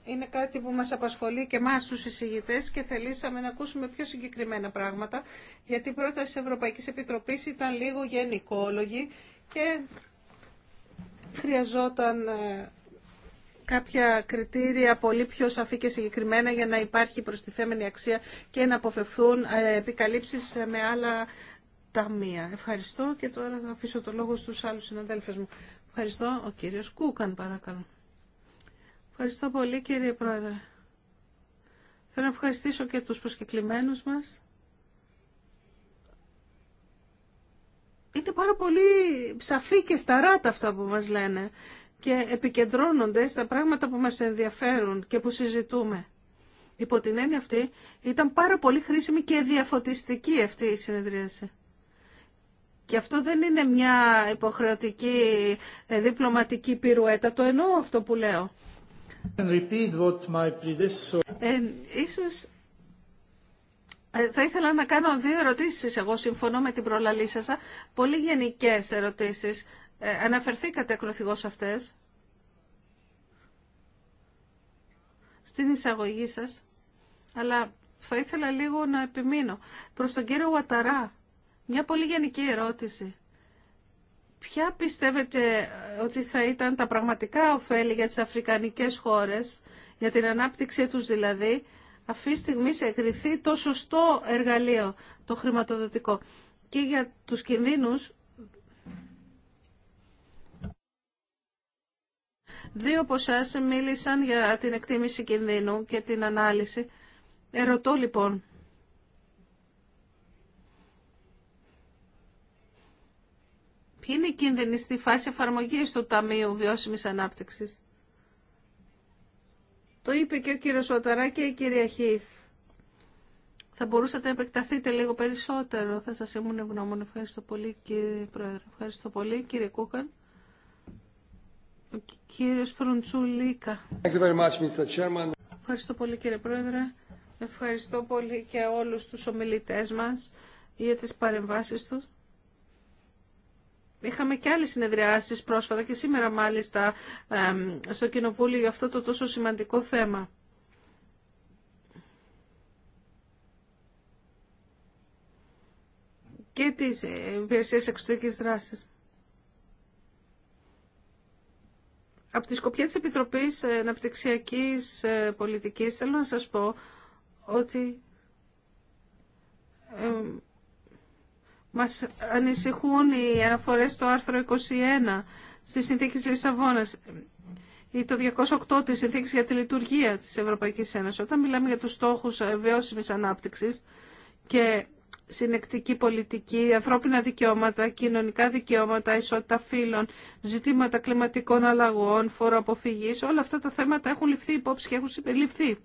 είναι κάτι που μας απασχολεί και εμάς τους εισηγητές και θελήσαμε να ακούσουμε πιο συγκεκριμένα πράγματα γιατί η πρόταση της Ευρωπαϊκής Επιτροπής ήταν λίγο γενικόλογη και χρειαζόταν ε, κάποια κριτήρια πολύ πιο σαφή και συγκεκριμένα για να υπάρχει προστιθέμενη αξία και να αποφευθούν ε, επικαλύψεις με άλλα ταμεία. Ευχαριστώ και τώρα θα αφήσω το λόγο στους άλλους συναδέλφους μου. Ευχαριστώ. Ο κύριος Κούκαν παρακαλώ. Ευχαριστώ πολύ κύριε Πρόεδρε. Θέλω να ευχαριστήσω και τους προσκεκλημένους μας. Είναι πάρα πολύ σαφή και σταράτα αυτά που μας λένε και επικεντρώνονται στα πράγματα που μας ενδιαφέρουν και που συζητούμε. Υπό την έννοια αυτή ήταν πάρα πολύ χρήσιμη και διαφωτιστική αυτή η συνεδρίαση. Και αυτό δεν είναι μια υποχρεωτική ε, διπλωματική πυρουέτα, το εννοώ αυτό που λέω. Ε, ίσως ε, θα ήθελα να κάνω δύο ερωτήσεις. Εγώ συμφωνώ με την προλαλή σας. Πολύ γενικές ερωτήσεις. Ε, αναφερθήκατε ακροθυγώς αυτές στην εισαγωγή σας, αλλά θα ήθελα λίγο να επιμείνω. Προς τον κύριο Βαταρά, μια πολύ γενική ερώτηση. Ποια πιστεύετε ότι θα ήταν τα πραγματικά ωφέλη για τις αφρικανικές χώρες, για την ανάπτυξή τους δηλαδή, αυτή τη στιγμή εγκριθεί το σωστό εργαλείο, το χρηματοδοτικό. Και για τους κινδύνους Δύο από εσά μίλησαν για την εκτίμηση κινδύνου και την ανάλυση. Ερωτώ λοιπόν. Ποιοι είναι οι κίνδυνοι στη φάση εφαρμογής του Ταμείου Βιώσιμης Ανάπτυξης. Το είπε και ο κύριος Σωταρά και η κυρία Χίφ. Θα μπορούσατε να επεκταθείτε λίγο περισσότερο. Θα σας ήμουν ευγνώμων. Ευχαριστώ πολύ κύριε Πρόεδρε. Ευχαριστώ πολύ κύριε Κούκαν. Thank you very much, Mr. Chairman. Ευχαριστώ πολύ κύριε Πρόεδρε. Ευχαριστώ πολύ και όλους τους ομιλητές μας για τις παρεμβάσεις τους. Είχαμε και άλλες συνεδριάσεις πρόσφατα και σήμερα μάλιστα στο Κοινοβούλιο για αυτό το τόσο σημαντικό θέμα. και τις ε, υπηρεσίες εξωτερικής δράσης. Από τη σκοπιά της Επιτροπής Αναπτυξιακής ε, Πολιτικής θέλω να σας πω ότι ε, μας ανησυχούν οι αναφορές στο άρθρο 21 στη Συνθήκη της Λισαβόνας ή το 208 της Συνθήκης για τη Λειτουργία της Ευρωπαϊκής Ένωσης. Όταν μιλάμε για τους στόχους βιώσιμης ανάπτυξης και συνεκτική πολιτική, ανθρώπινα δικαιώματα, κοινωνικά δικαιώματα, ισότητα φύλων, ζητήματα κλιματικών αλλαγών, φοροαποφυγής, όλα αυτά τα θέματα έχουν ληφθεί υπόψη και έχουν συμπεριληφθεί.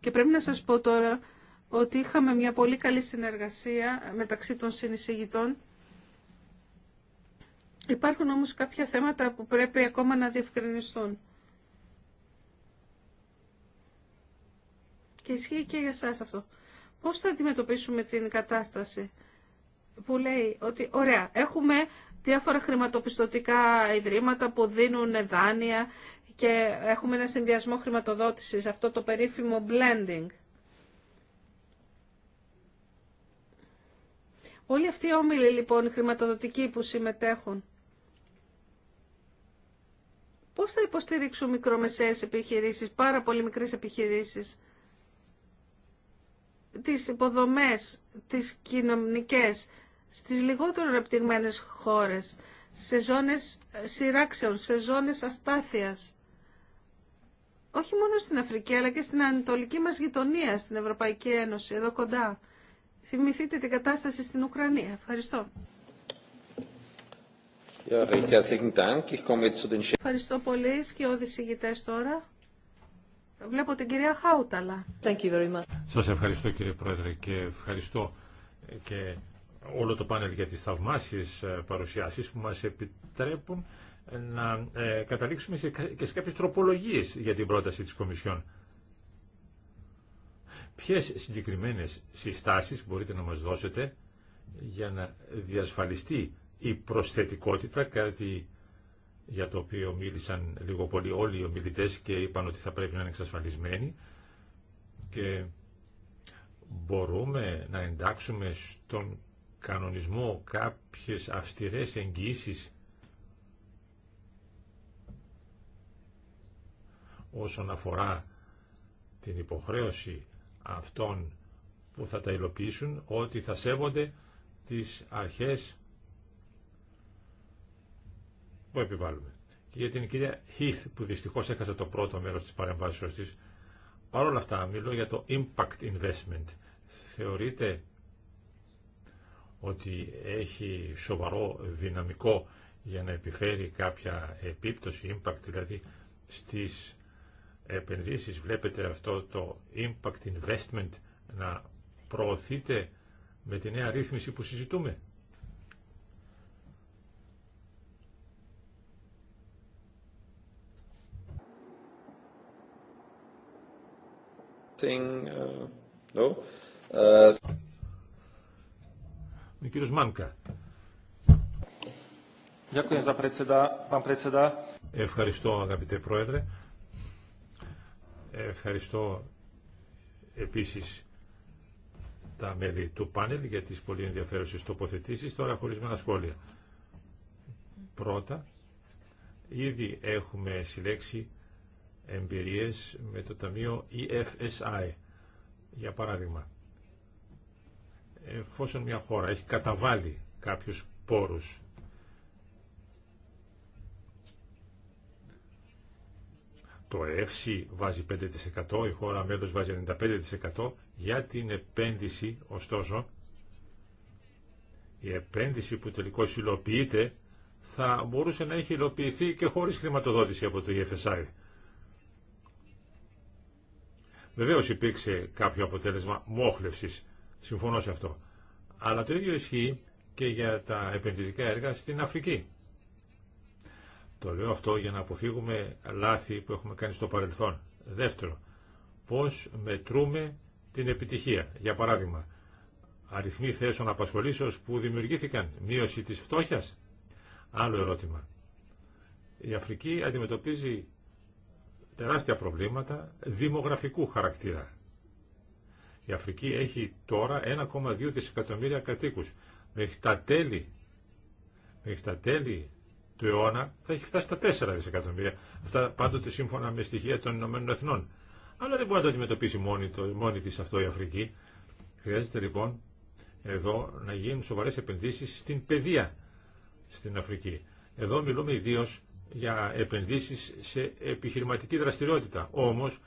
Και πρέπει να σας πω τώρα ότι είχαμε μια πολύ καλή συνεργασία μεταξύ των συνεισηγητών. Υπάρχουν όμως κάποια θέματα που πρέπει ακόμα να διευκρινιστούν. Και ισχύει και για εσάς αυτό. Πώς θα αντιμετωπίσουμε την κατάσταση που λέει ότι ωραία, έχουμε διάφορα χρηματοπιστωτικά ιδρύματα που δίνουν δάνεια και έχουμε ένα συνδυασμό χρηματοδότησης, αυτό το περίφημο blending. Όλοι αυτοί οι όμιλοι λοιπόν οι χρηματοδοτικοί που συμμετέχουν. Πώς θα υποστηρίξουν μικρομεσαίες επιχειρήσεις, πάρα πολύ μικρές επιχειρήσεις τις υποδομές, τις κοινωνικές, στις λιγότερο επτυγμένες χώρες, σε ζώνες σειράξεων, σε ζώνες αστάθειας. Όχι μόνο στην Αφρική, αλλά και στην ανατολική μας γειτονία, στην Ευρωπαϊκή Ένωση, εδώ κοντά. Θυμηθείτε την κατάσταση στην Ουκρανία. Ευχαριστώ. Ευχαριστώ πολύ και όδησηγητές τώρα. Βλέπω την κυρία Χάουταλα. Thank you Σας ευχαριστώ κύριε Πρόεδρε και ευχαριστώ και όλο το πάνελ για τις θαυμάσιες ε, παρουσιάσεις που μας επιτρέπουν να ε, καταλήξουμε και σε κάποιες τροπολογίες για την πρόταση της Κομισιόν. Ποιες συγκεκριμένες συστάσεις μπορείτε να μας δώσετε για να διασφαλιστεί η προσθετικότητα κατά για το οποίο μίλησαν λίγο πολύ όλοι οι ομιλητές και είπαν ότι θα πρέπει να είναι εξασφαλισμένοι και μπορούμε να εντάξουμε στον κανονισμό κάποιες αυστηρές εγγύσεις όσον αφορά την υποχρέωση αυτών που θα τα υλοποιήσουν ότι θα σέβονται τις αρχές που επιβάλλουμε. Και για την κυρία Heath που δυστυχώ έχασε το πρώτο μέρος της παρεμβάσεω της, Παρ' όλα αυτά μιλώ για το impact investment. Θεωρείτε ότι έχει σοβαρό δυναμικό για να επιφέρει κάποια επίπτωση, impact δηλαδή στις επενδύσεις. Βλέπετε αυτό το impact investment να προωθείτε με τη νέα ρύθμιση που συζητούμε. Uh, no. Uh, Ευχαριστώ αγαπητέ Πρόεδρε. Ευχαριστώ επίσης τα μέλη του πάνελ για τις πολύ ενδιαφέρουσες τοποθετήσεις. Τώρα χωρισμένα σχόλια. Πρώτα, ήδη έχουμε συλλέξει εμπειρίες με το Ταμείο EFSI, για παράδειγμα. Εφόσον μια χώρα έχει καταβάλει κάποιους πόρους Το ΕΦΣΙ βάζει 5%, η χώρα μέλος βάζει 95%. Για την επένδυση, ωστόσο, η επένδυση που τελικώς υλοποιείται θα μπορούσε να έχει υλοποιηθεί και χωρίς χρηματοδότηση από το EFSI. Βεβαίω υπήρξε κάποιο αποτέλεσμα μόχλευση. Συμφωνώ σε αυτό. Αλλά το ίδιο ισχύει και για τα επενδυτικά έργα στην Αφρική. Το λέω αυτό για να αποφύγουμε λάθη που έχουμε κάνει στο παρελθόν. Δεύτερο, πώς μετρούμε την επιτυχία. Για παράδειγμα, αριθμοί θέσεων απασχολήσεως που δημιουργήθηκαν, μείωση της φτώχειας. Άλλο ερώτημα. Η Αφρική αντιμετωπίζει τεράστια προβλήματα δημογραφικού χαρακτήρα. Η Αφρική έχει τώρα 1,2 δισεκατομμύρια κατοίκους. Μέχρι τα τέλη, μέχρι του αιώνα θα έχει φτάσει στα 4 δισεκατομμύρια. Αυτά πάντοτε σύμφωνα με στοιχεία των Ηνωμένων Εθνών. Αλλά δεν μπορεί να το αντιμετωπίσει μόνη, το, μόνη της αυτό η Αφρική. Χρειάζεται λοιπόν εδώ να γίνουν σοβαρές επενδύσεις στην παιδεία στην Αφρική. Εδώ μιλούμε ιδίως για επενδύσεις σε επιχειρηματική δραστηριότητα. Όμως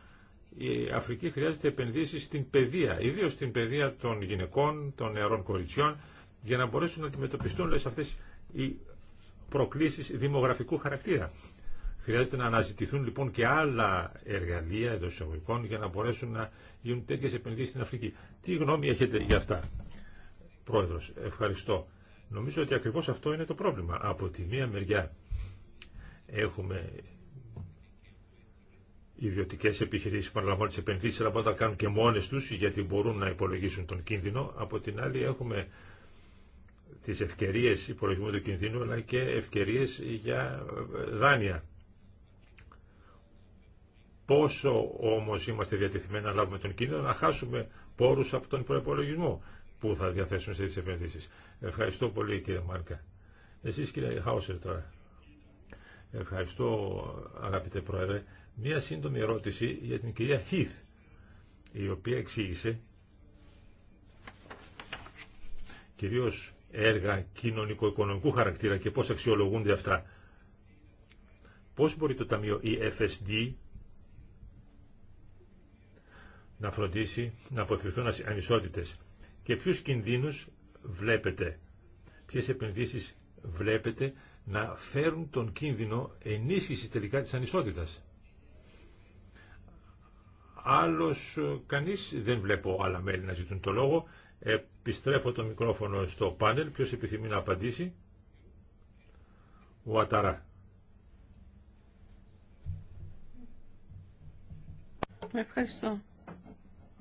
η Αφρική χρειάζεται επενδύσεις στην παιδεία, ιδίως στην παιδεία των γυναικών, των νεαρών κοριτσιών, για να μπορέσουν να αντιμετωπιστούν λες, αυτές οι προκλήσεις δημογραφικού χαρακτήρα. Χρειάζεται να αναζητηθούν λοιπόν και άλλα εργαλεία εντό εισαγωγικών για να μπορέσουν να γίνουν τέτοιε επενδύσει στην Αφρική. Τι γνώμη έχετε για αυτά, Πρόεδρο, ευχαριστώ. Νομίζω ότι ακριβώ αυτό είναι το πρόβλημα. Από τη μία μεριά Έχουμε ιδιωτικές επιχειρήσεις που αναλαμβάνουν τις επενδύσεις, αλλά πάντα κάνουν και μόνες τους, γιατί μπορούν να υπολογίσουν τον κίνδυνο. Από την άλλη έχουμε τις ευκαιρίες υπολογισμού του κινδύνου, αλλά και ευκαιρίες για δάνεια. Πόσο όμως είμαστε διατεθειμένοι να λάβουμε τον κίνδυνο, να χάσουμε πόρους από τον προπολογισμό που θα διαθέσουν σε τις επενδύσεις. Ευχαριστώ πολύ κύριε Μάρκα. Εσείς κύριε Χάουσερ τώρα. Ευχαριστώ αγαπητέ Πρόεδρε. Μία σύντομη ερώτηση για την κυρία Χίθ, η οποία εξήγησε κυρίως έργα κοινωνικο-οικονομικού χαρακτήρα και πώς αξιολογούνται αυτά. Πώς μπορεί το Ταμείο EFSD να φροντίσει να αποφευθούν ανισότητες και ποιους κινδύνους βλέπετε, ποιες επενδύσεις βλέπετε να φέρουν τον κίνδυνο ενίσχυση τελικά της ανισότητας. Άλλος ε, κανείς δεν βλέπω άλλα μέλη να ζητούν το λόγο. Επιστρέφω το μικρόφωνο στο πάνελ. Ποιος επιθυμεί να απαντήσει. Ο Αταρά. Ευχαριστώ.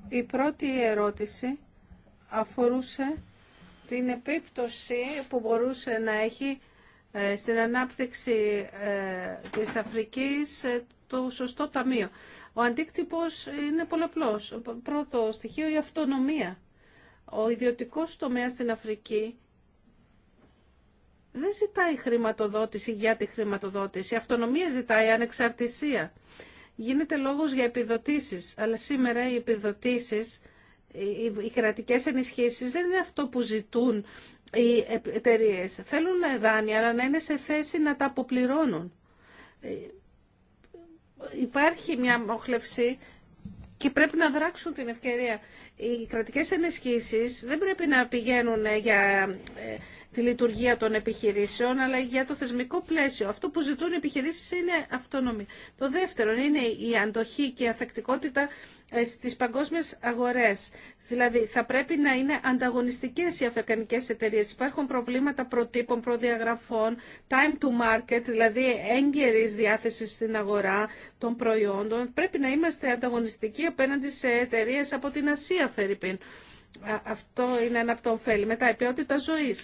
Η πρώτη ερώτηση αφορούσε την επίπτωση που μπορούσε να έχει ε, στην ανάπτυξη ε, της Αφρικής ε, το σωστό ταμείο. Ο αντίκτυπος είναι πολλαπλός. Πρώτο στοιχείο η αυτονομία. Ο ιδιωτικός τομέας στην Αφρική δεν ζητάει χρηματοδότηση για τη χρηματοδότηση. Η αυτονομία ζητάει ανεξαρτησία. Γίνεται λόγος για επιδοτήσεις, αλλά σήμερα οι επιδοτήσεις, οι κρατικές ενισχύσεις δεν είναι αυτό που ζητούν οι εταιρείε θέλουν δάνεια, αλλά να είναι σε θέση να τα αποπληρώνουν. Ε, υπάρχει μια μόχλευση και πρέπει να δράξουν την ευκαιρία. Οι κρατικές ενισχύσεις δεν πρέπει να πηγαίνουν για ε, τη λειτουργία των επιχειρήσεων, αλλά για το θεσμικό πλαίσιο. Αυτό που ζητούν οι επιχειρήσεις είναι αυτόνομη. Το δεύτερο είναι η αντοχή και η αθεκτικότητα ε, στις παγκόσμιες αγορές. Δηλαδή θα πρέπει να είναι ανταγωνιστικές οι αφρικανικέ εταιρείε. Υπάρχουν προβλήματα προτύπων, προδιαγραφών, time to market, δηλαδή έγκαιρη διάθεση στην αγορά των προϊόντων. Πρέπει να είμαστε ανταγωνιστικοί απέναντι σε εταιρείε από την Ασία, Φερρυπίν. Αυτό είναι ένα από τα ωφέλη. Μετά η ποιότητα ζωή.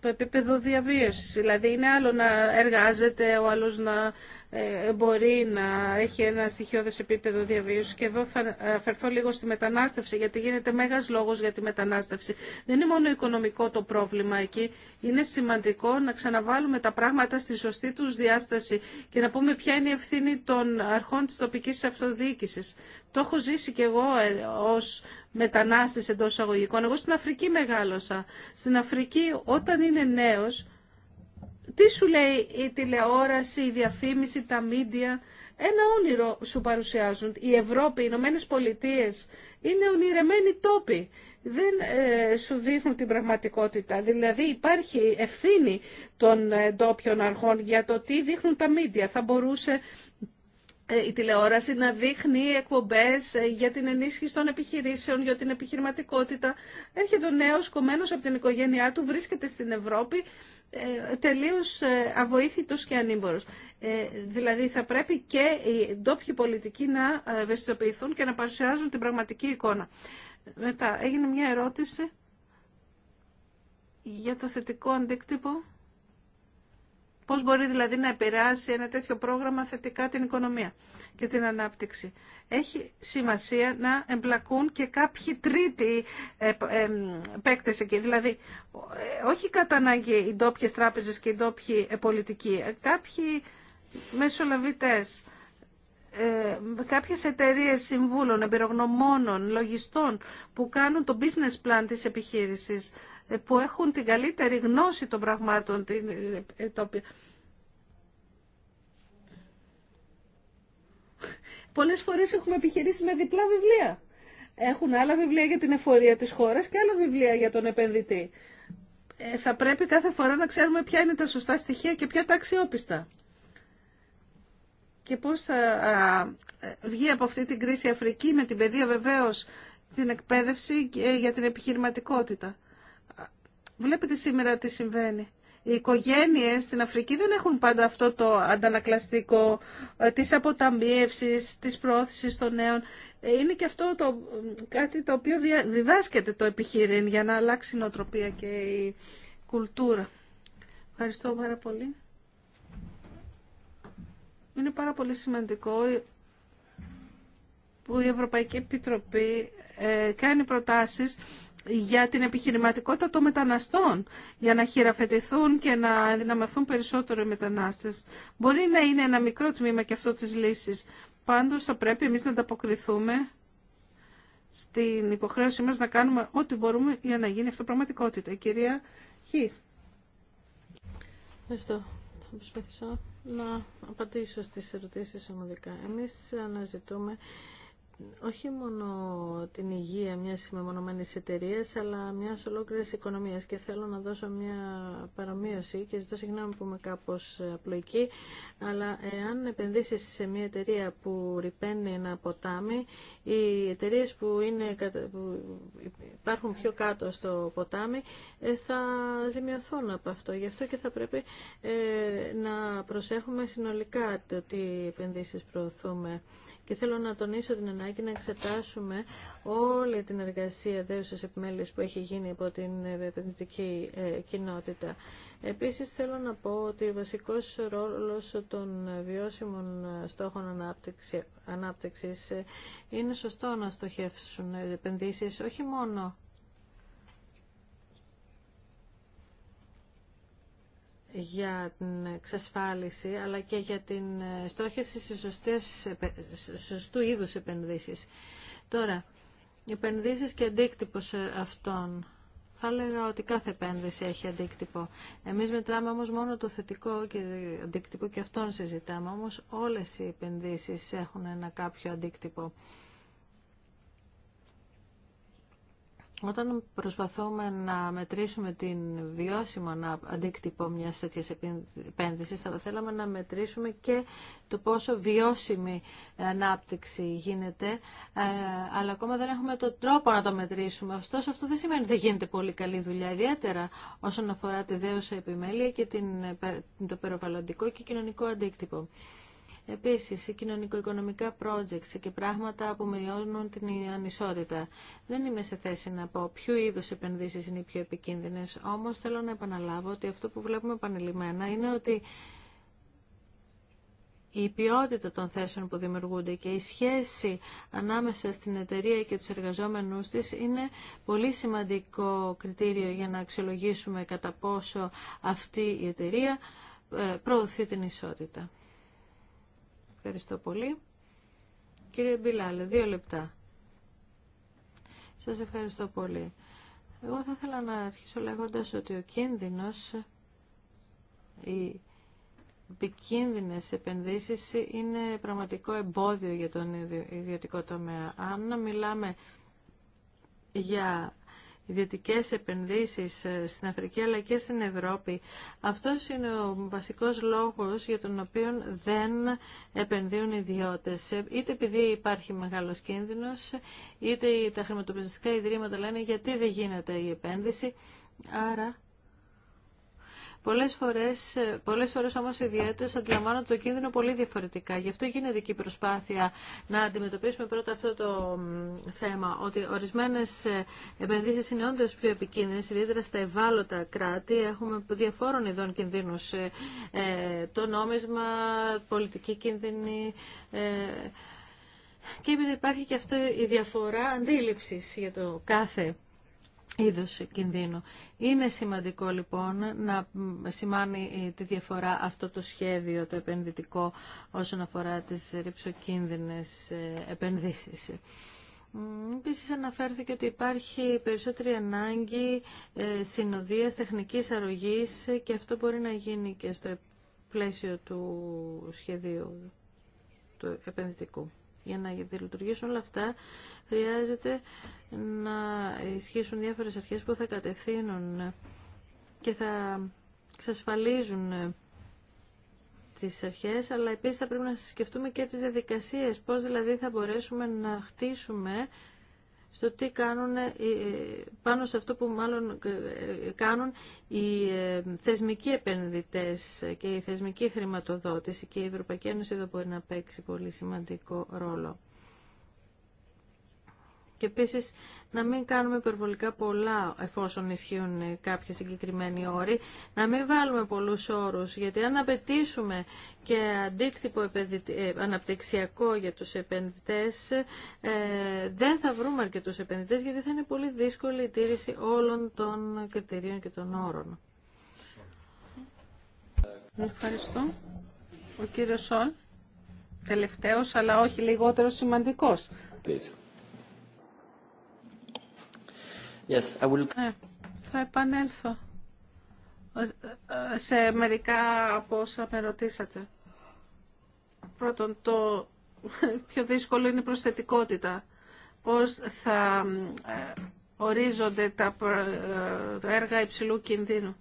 το επίπεδο διαβίωση. Δηλαδή είναι άλλο να εργάζεται, ο άλλο να ε, μπορεί να έχει ένα στοιχειώδες επίπεδο διαβίωσης και εδώ θα αφαιρθώ λίγο στη μετανάστευση γιατί γίνεται μέγας λόγος για τη μετανάστευση. Δεν είναι μόνο οικονομικό το πρόβλημα εκεί, είναι σημαντικό να ξαναβάλουμε τα πράγματα στη σωστή τους διάσταση και να πούμε ποια είναι η ευθύνη των αρχών της τοπικής αυτοδιοίκησης. Το έχω ζήσει και εγώ ε, ως μετανάστης εντός αγωγικών. Εγώ στην Αφρική μεγάλωσα. Στην Αφρική όταν είναι νέος τι σου λέει η τηλεόραση, η διαφήμιση, τα μίντια. Ένα όνειρο σου παρουσιάζουν. Η Ευρώπη, οι Ηνωμένε Πολιτείε είναι ονειρεμένοι τόποι. Δεν ε, σου δείχνουν την πραγματικότητα. Δηλαδή υπάρχει ευθύνη των ε, ντόπιων αρχών για το τι δείχνουν τα μίντια. Θα μπορούσε ε, η τηλεόραση να δείχνει εκπομπές για την ενίσχυση των επιχειρήσεων, για την επιχειρηματικότητα. Έρχεται ο νέος κομμένος από την οικογένειά του, βρίσκεται στην Ευρώπη ε, τελείως ε, αβοήθητος και ανήμπορος. Ε, δηλαδή θα πρέπει και οι ντόπιοι πολιτικοί να ευαισθητοποιηθούν και να παρουσιάζουν την πραγματική εικόνα. Μετά έγινε μια ερώτηση για το θετικό αντίκτυπο. Πώς μπορεί δηλαδή να επηρεάσει ένα τέτοιο πρόγραμμα θετικά την οικονομία και την ανάπτυξη έχει σημασία να εμπλακούν και κάποιοι τρίτοι ε, ε, παίκτες εκεί. Δηλαδή, ε, όχι κατά ανάγκη οι ντόπιε τράπεζες και οι ντόπιοι πολιτικοί, κάποιοι μεσολαβητές, κάποιες εταιρείες συμβούλων, εμπειρογνωμόνων, λογιστών που κάνουν το business plan της επιχείρησης, που έχουν την καλύτερη γνώση των πραγμάτων, Πολλές φορές έχουμε επιχειρήσει με διπλά βιβλία. Έχουν άλλα βιβλία για την εφορία της χώρας και άλλα βιβλία για τον επενδυτή. Ε, θα πρέπει κάθε φορά να ξέρουμε ποια είναι τα σωστά στοιχεία και ποια τα αξιόπιστα. Και πώς θα ε, βγει από αυτή την κρίση η Αφρική με την παιδεία βεβαίως την εκπαίδευση και για την επιχειρηματικότητα. Βλέπετε σήμερα τι συμβαίνει οι οικογένειε στην Αφρική δεν έχουν πάντα αυτό το αντανακλαστικό ε, της αποταμιεύση, τη προώθηση των νέων. Είναι και αυτό το, κάτι το οποίο διδάσκεται το επιχείρημα για να αλλάξει η νοοτροπία και η κουλτούρα. Ευχαριστώ πάρα πολύ. Είναι πάρα πολύ σημαντικό που η Ευρωπαϊκή Επιτροπή ε, κάνει προτάσεις για την επιχειρηματικότητα των μεταναστών, για να χειραφετηθούν και να ενδυναμωθούν περισσότερο οι μετανάστες. Μπορεί να είναι ένα μικρό τμήμα και αυτό της λύσης. Πάντως θα πρέπει εμείς να ανταποκριθούμε στην υποχρέωσή μας να κάνουμε ό,τι μπορούμε για να γίνει αυτό πραγματικότητα. Η κυρία Χίθ. Ευχαριστώ. Θα προσπαθήσω να απαντήσω στις ερωτήσεις ομαδικά. Εμείς αναζητούμε όχι μόνο την υγεία μιας συμμεμονωμένης εταιρεία, αλλά μιας ολόκληρης οικονομίας. Και θέλω να δώσω μια παρομοίωση και ζητώ συγγνώμη που είμαι κάπως απλοϊκή, αλλά εάν επενδύσεις σε μια εταιρεία που ρηπαίνει ένα ποτάμι, οι εταιρείε που, είναι, που υπάρχουν πιο κάτω στο ποτάμι ε, θα ζημιωθούν από αυτό. Γι' αυτό και θα πρέπει ε, να προσέχουμε συνολικά το τι επενδύσεις προωθούμε και θέλω να τονίσω την ανάγκη να εξετάσουμε όλη την εργασία δέουσας επιμέλειες που έχει γίνει από την ε, επενδυτική ε, κοινότητα. Επίσης θέλω να πω ότι ο βασικός ρόλος των βιώσιμων στόχων ανάπτυξη, ανάπτυξης ε, είναι σωστό να στοχεύσουν επενδύσεις όχι μόνο για την εξασφάλιση αλλά και για την ε, στόχευση σε σωστές, σωστού είδους επενδύσεις. Τώρα, επενδύσεις και αντίκτυπος αυτών. Θα έλεγα ότι κάθε επένδυση έχει αντίκτυπο. Εμείς μετράμε όμως μόνο το θετικό και αντίκτυπο και αυτόν συζητάμε. Όμως όλες οι επενδύσεις έχουν ένα κάποιο αντίκτυπο. Όταν προσπαθούμε να μετρήσουμε την βιώσιμο αντίκτυπο μια τέτοια επένδυση, θα θέλαμε να μετρήσουμε και το πόσο βιώσιμη ανάπτυξη γίνεται, ε, αλλά ακόμα δεν έχουμε τον τρόπο να το μετρήσουμε. Ωστόσο, αυτό δεν σημαίνει ότι δεν γίνεται πολύ καλή δουλειά, ιδιαίτερα όσον αφορά τη δέουσα επιμέλεια και την, το περιβαλλοντικό και κοινωνικό αντίκτυπο. Επίσης, οι κοινωνικο-οικονομικά projects και πράγματα που μειώνουν την ανισότητα. Δεν είμαι σε θέση να πω ποιο είδους επενδύσεις είναι οι πιο επικίνδυνες, όμως θέλω να επαναλάβω ότι αυτό που βλέπουμε επανειλημμένα είναι ότι η ποιότητα των θέσεων που δημιουργούνται και η σχέση ανάμεσα στην εταιρεία και τους εργαζόμενούς της είναι πολύ σημαντικό κριτήριο για να αξιολογήσουμε κατά πόσο αυτή η εταιρεία ε, προωθεί την ισότητα. Ευχαριστώ πολύ. Κύριε Μπιλάλε, δύο λεπτά. Σας ευχαριστώ πολύ. Εγώ θα ήθελα να αρχίσω λέγοντας ότι ο κίνδυνος, οι επικίνδυνες επενδύσεις είναι πραγματικό εμπόδιο για τον ιδιωτικό τομέα. Αν μιλάμε για ιδιωτικές επενδύσεις ε, στην Αφρική αλλά και στην Ευρώπη. Αυτός είναι ο βασικός λόγος για τον οποίο δεν επενδύουν ιδιώτες. Ε, είτε επειδή υπάρχει μεγάλος κίνδυνος, είτε τα χρηματοπιστωτικά ιδρύματα λένε γιατί δεν γίνεται η επένδυση. Άρα Πολλές φορές, πολλές φορές όμως οι ιδιαίτερες αντιλαμβάνονται το κίνδυνο πολύ διαφορετικά. Γι' αυτό γίνεται και η προσπάθεια να αντιμετωπίσουμε πρώτα αυτό το θέμα, ότι ορισμένες ε, επενδύσεις είναι όντως πιο επικίνδυνες, ιδιαίτερα στα ευάλωτα κράτη. Έχουμε διαφόρων ειδών κινδύνους, ε, ε, το νόμισμα, πολιτική κίνδυνη, και υπάρχει και αυτό η διαφορά αντίληψης για το κάθε είδους κινδύνου. Είναι σημαντικό λοιπόν να σημάνει ε, τη διαφορά αυτό το σχέδιο, το επενδυτικό, όσον αφορά τις ρηψοκίνδυνες ε, επενδύσεις. Επίση αναφέρθηκε ότι υπάρχει περισσότερη ανάγκη ε, συνοδείας τεχνικής αρρωγής και αυτό μπορεί να γίνει και στο πλαίσιο του σχεδίου του επενδυτικού. Για να λειτουργήσουν όλα αυτά χρειάζεται να ισχύσουν διάφορες αρχές που θα κατευθύνουν και θα εξασφαλίζουν τις αρχές, αλλά επίσης θα πρέπει να σκεφτούμε και τις διαδικασίες, πώς δηλαδή θα μπορέσουμε να χτίσουμε στο τι κάνουν, πάνω σε αυτό που μάλλον ε, ε, κάνουν οι ε, θεσμικοί επενδυτές και η θεσμική χρηματοδότηση και η Ευρωπαϊκή Ένωση εδώ μπορεί να παίξει πολύ σημαντικό ρόλο. Και επίση να μην κάνουμε υπερβολικά πολλά εφόσον ισχύουν κάποιοι συγκεκριμένοι όροι, να μην βάλουμε πολλούς όρους, γιατί αν απαιτήσουμε και αντίκτυπο ε, αναπτυξιακό για τους επενδυτέ. Ε, δεν θα βρούμε αρκετού επενδυτέ, γιατί θα είναι πολύ δύσκολη η τήρηση όλων των κριτηρίων και των όρων. Ευχαριστώ. Ο κύριος Σόλ, τελευταίος, αλλά όχι λιγότερο σημαντικός. Yes, I will... Ναι, θα επανέλθω σε μερικά από όσα με ρωτήσατε. Πρώτον, το πιο δύσκολο είναι η προσθετικότητα. Πώς θα ε, ορίζονται ε, τα έργα υψηλού κινδύνου.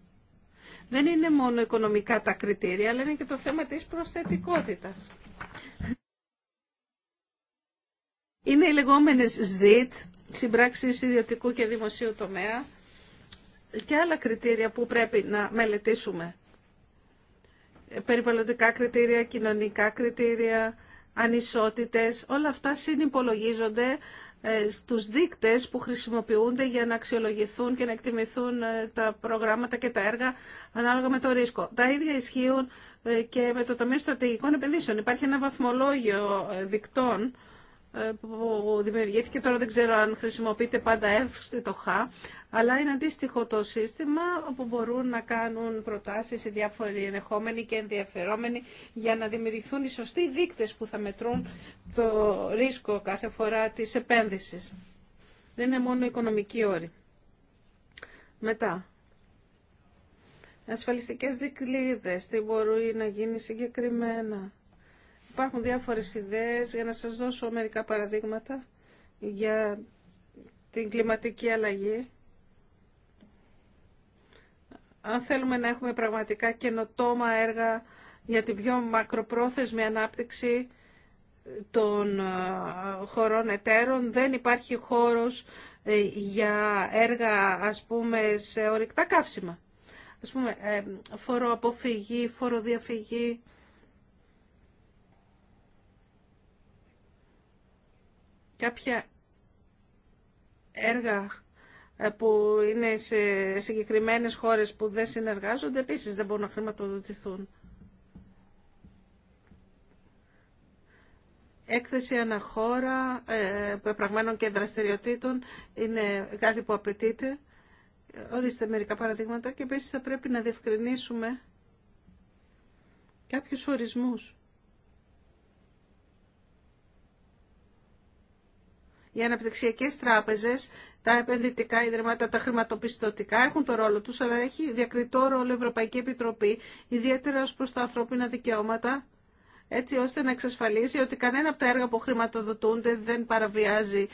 Δεν είναι μόνο οικονομικά τα κριτήρια, αλλά είναι και το θέμα της προσθετικότητας. Είναι οι λεγόμενες ΣΔΙΤ, συμπράξεις ιδιωτικού και δημοσίου τομέα και άλλα κριτήρια που πρέπει να μελετήσουμε. Ε, περιβαλλοντικά κριτήρια, κοινωνικά κριτήρια, ανισότητες, όλα αυτά συνυπολογίζονται ε, στους δείκτες που χρησιμοποιούνται για να αξιολογηθούν και να εκτιμηθούν ε, τα προγράμματα και τα έργα ανάλογα με το ρίσκο. Τα ίδια ισχύουν και με το Ταμείο Στρατηγικών Επενδύσεων. Υπάρχει ένα βαθμολόγιο δικτών ε, που δημιουργήθηκε, τώρα δεν ξέρω αν χρησιμοποιείται πάντα το χ, αλλά είναι αντίστοιχο το σύστημα όπου μπορούν να κάνουν προτάσεις οι διάφοροι ενεχόμενοι και ενδιαφερόμενοι για να δημιουργηθούν οι σωστοί δείκτες που θα μετρούν το ρίσκο κάθε φορά της επένδυσης. Δεν είναι μόνο οικονομική όρη. Μετά, ασφαλιστικές δικλείδες, τι μπορεί να γίνει συγκεκριμένα Υπάρχουν διάφορες ιδέες για να σας δώσω μερικά παραδείγματα για την κλιματική αλλαγή. Αν θέλουμε να έχουμε πραγματικά καινοτόμα έργα για την πιο μακροπρόθεσμη ανάπτυξη των ε, χωρών εταίρων, δεν υπάρχει χώρος ε, για έργα, ας πούμε, σε ορυκτά καύσιμα. Ας πούμε, ε, φοροαποφυγή, φοροδιαφυγή, κάποια έργα ε, που είναι σε συγκεκριμένες χώρες που δεν συνεργάζονται, επίσης δεν μπορούν να χρηματοδοτηθούν. Έκθεση αναχώρα, ε, πεπραγμένων και δραστηριοτήτων είναι κάτι που απαιτείται. Ορίστε μερικά παραδείγματα και επίσης θα πρέπει να διευκρινίσουμε κάποιους ορισμούς. Οι αναπτυξιακές τράπεζες, τα επενδυτικά ιδρύματα, τα χρηματοπιστωτικά έχουν το ρόλο τους, αλλά έχει διακριτό ρόλο η Ευρωπαϊκή Επιτροπή, ιδιαίτερα ως προς τα ανθρώπινα δικαιώματα, έτσι ώστε να εξασφαλίσει ότι κανένα από τα έργα που χρηματοδοτούνται δεν παραβιάζει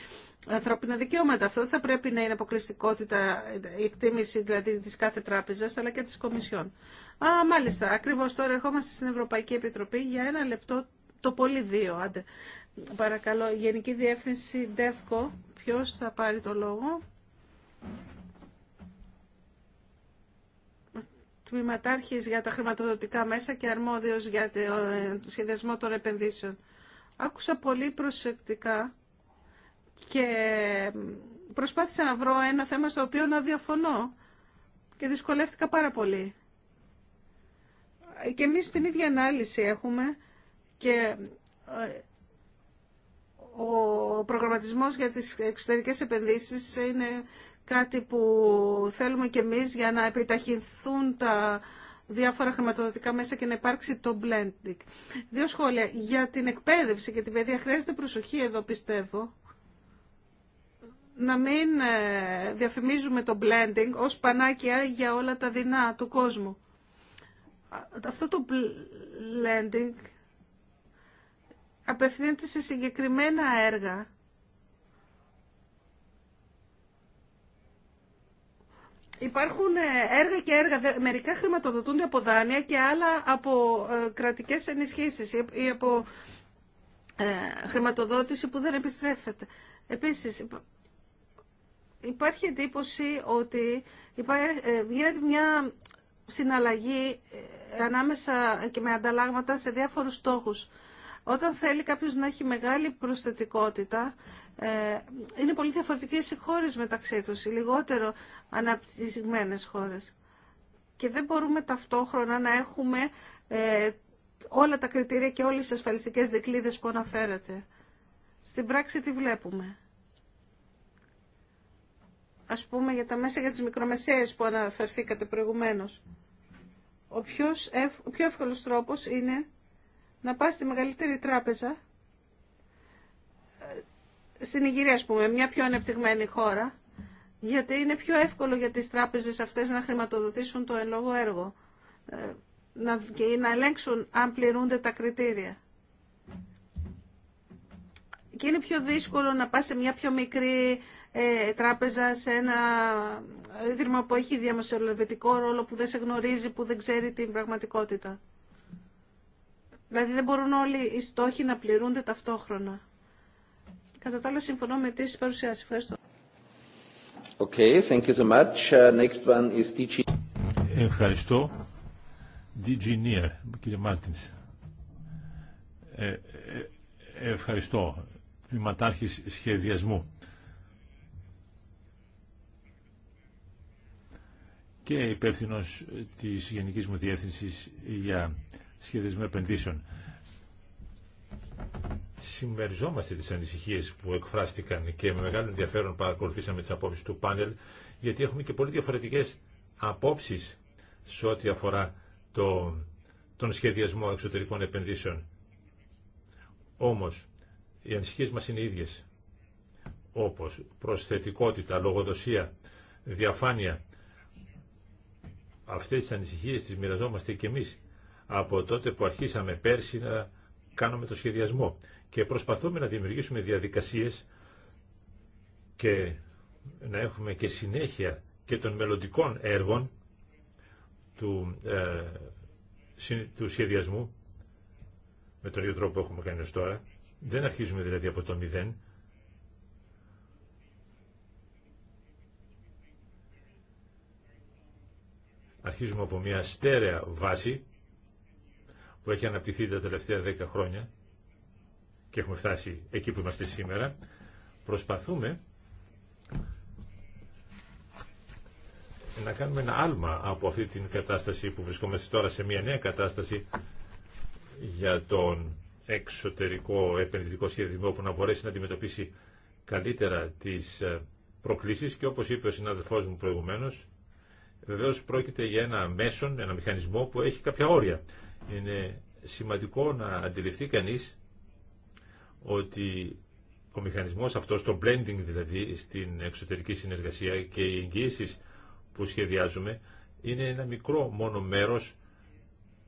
ανθρώπινα δικαιώματα. Αυτό θα πρέπει να είναι αποκλειστικότητα, η εκτίμηση δηλαδή της κάθε τράπεζας, αλλά και της Κομισιόν. Α, μάλιστα, ακριβώς τώρα ερχόμαστε στην Ευρωπαϊκή Επιτροπή για ένα λεπτό, το πολύ δύο, άντε. Παρακαλώ, Γενική Διεύθυνση ΔΕΦΚΟ, ποιος θα πάρει το λόγο. Τμήματάρχης για τα χρηματοδοτικά μέσα και αρμόδιος για το ε, σχεδιασμό των επενδύσεων. Άκουσα πολύ προσεκτικά και προσπάθησα να βρω ένα θέμα στο οποίο να διαφωνώ και δυσκολεύτηκα πάρα πολύ. Και εμείς την ίδια ανάλυση έχουμε και ε, ο προγραμματισμός για τις εξωτερικές επενδύσεις είναι κάτι που θέλουμε και εμείς για να επιταχυνθούν τα διάφορα χρηματοδοτικά μέσα και να υπάρξει το blending. Δύο σχόλια. Για την εκπαίδευση και την παιδεία χρειάζεται προσοχή εδώ πιστεύω. Να μην ε, διαφημίζουμε το blending ως πανάκια για όλα τα δεινά του κόσμου. Αυτό το blending απευθύνεται σε συγκεκριμένα έργα. Υπάρχουν ε, έργα και έργα. Μερικά χρηματοδοτούνται από δάνεια και άλλα από ε, κρατικές ενισχύσεις ή από ε, χρηματοδότηση που δεν επιστρέφεται. Επίσης, υπάρχει εντύπωση ότι γίνεται μια συναλλαγή ανάμεσα και με ανταλλάγματα σε διάφορους στόχους. Όταν θέλει κάποιος να έχει μεγάλη προσθετικότητα, ε, είναι πολύ διαφορετικές οι χώρες μεταξύ τους, οι λιγότερο αναπτυσσμένες χώρες. Και δεν μπορούμε ταυτόχρονα να έχουμε ε, όλα τα κριτήρια και όλες τις ασφαλιστικές δικλείδες που αναφέρατε. Στην πράξη τι βλέπουμε. Ας πούμε για τα μέσα για τις μικρομεσαίες που αναφερθήκατε προηγουμένως. Ο, ο πιο εύκολος τρόπος είναι να πας στη μεγαλύτερη τράπεζα, ε, στην Ιγυρία ας πούμε, μια πιο ανεπτυγμένη χώρα, γιατί είναι πιο εύκολο για τις τράπεζες αυτές να χρηματοδοτήσουν το εν έργο ε, να, και να ελέγξουν αν πληρούνται τα κριτήρια. Και είναι πιο δύσκολο να πας σε μια πιο μικρή ε, τράπεζα, σε ένα ίδρυμα που έχει διαμεσολαβητικό ρόλο, που δεν σε γνωρίζει, που δεν ξέρει την πραγματικότητα. Δηλαδή δεν μπορούν όλοι οι στόχοι να πληρούνται ταυτόχρονα. Κατά τα άλλα συμφωνώ με τις παρουσιάσεις. Ευχαριστώ. Okay, thank you so much. Uh, next one is DG. Ευχαριστώ. DG Near, κύριε Μάρτινς. Ε, ε, ε ευχαριστώ. Πληματάρχης σχεδιασμού. Και υπεύθυνο της Γενικής μου Διεύθυνσης για σχεδιασμού επενδύσεων. Συμμεριζόμαστε τις ανησυχίες που εκφράστηκαν και με μεγάλο ενδιαφέρον παρακολουθήσαμε τις απόψεις του πάνελ, γιατί έχουμε και πολύ διαφορετικές απόψεις σε ό,τι αφορά το, τον σχεδιασμό εξωτερικών επενδύσεων. Όμως, οι ανησυχίες μας είναι ίδιες, όπως προσθετικότητα, λογοδοσία, διαφάνεια. Αυτές τις ανησυχίες τις μοιραζόμαστε και εμείς από τότε που αρχίσαμε πέρσι να κάνουμε το σχεδιασμό και προσπαθούμε να δημιουργήσουμε διαδικασίες και να έχουμε και συνέχεια και των μελλοντικών έργων του, ε, του σχεδιασμού με τον ίδιο τρόπο που έχουμε κάνει ως τώρα. Δεν αρχίζουμε δηλαδή από το μηδέν. Αρχίζουμε από μια στέρεα βάση που έχει αναπτυχθεί τα τελευταία 10 χρόνια και έχουμε φτάσει εκεί που είμαστε σήμερα, προσπαθούμε να κάνουμε ένα άλμα από αυτή την κατάσταση που βρισκόμαστε τώρα σε μια νέα κατάσταση για τον εξωτερικό επενδυτικό σχεδιασμό που να μπορέσει να αντιμετωπίσει καλύτερα τις ε, προκλήσεις και όπως είπε ο συνάδελφός μου προηγουμένως βεβαίως πρόκειται για ένα μέσον, ένα μηχανισμό που έχει κάποια όρια. Είναι σημαντικό να αντιληφθεί κανείς ότι ο μηχανισμός αυτός, το blending δηλαδή στην εξωτερική συνεργασία και οι εγγύησει που σχεδιάζουμε είναι ένα μικρό μόνο μέρος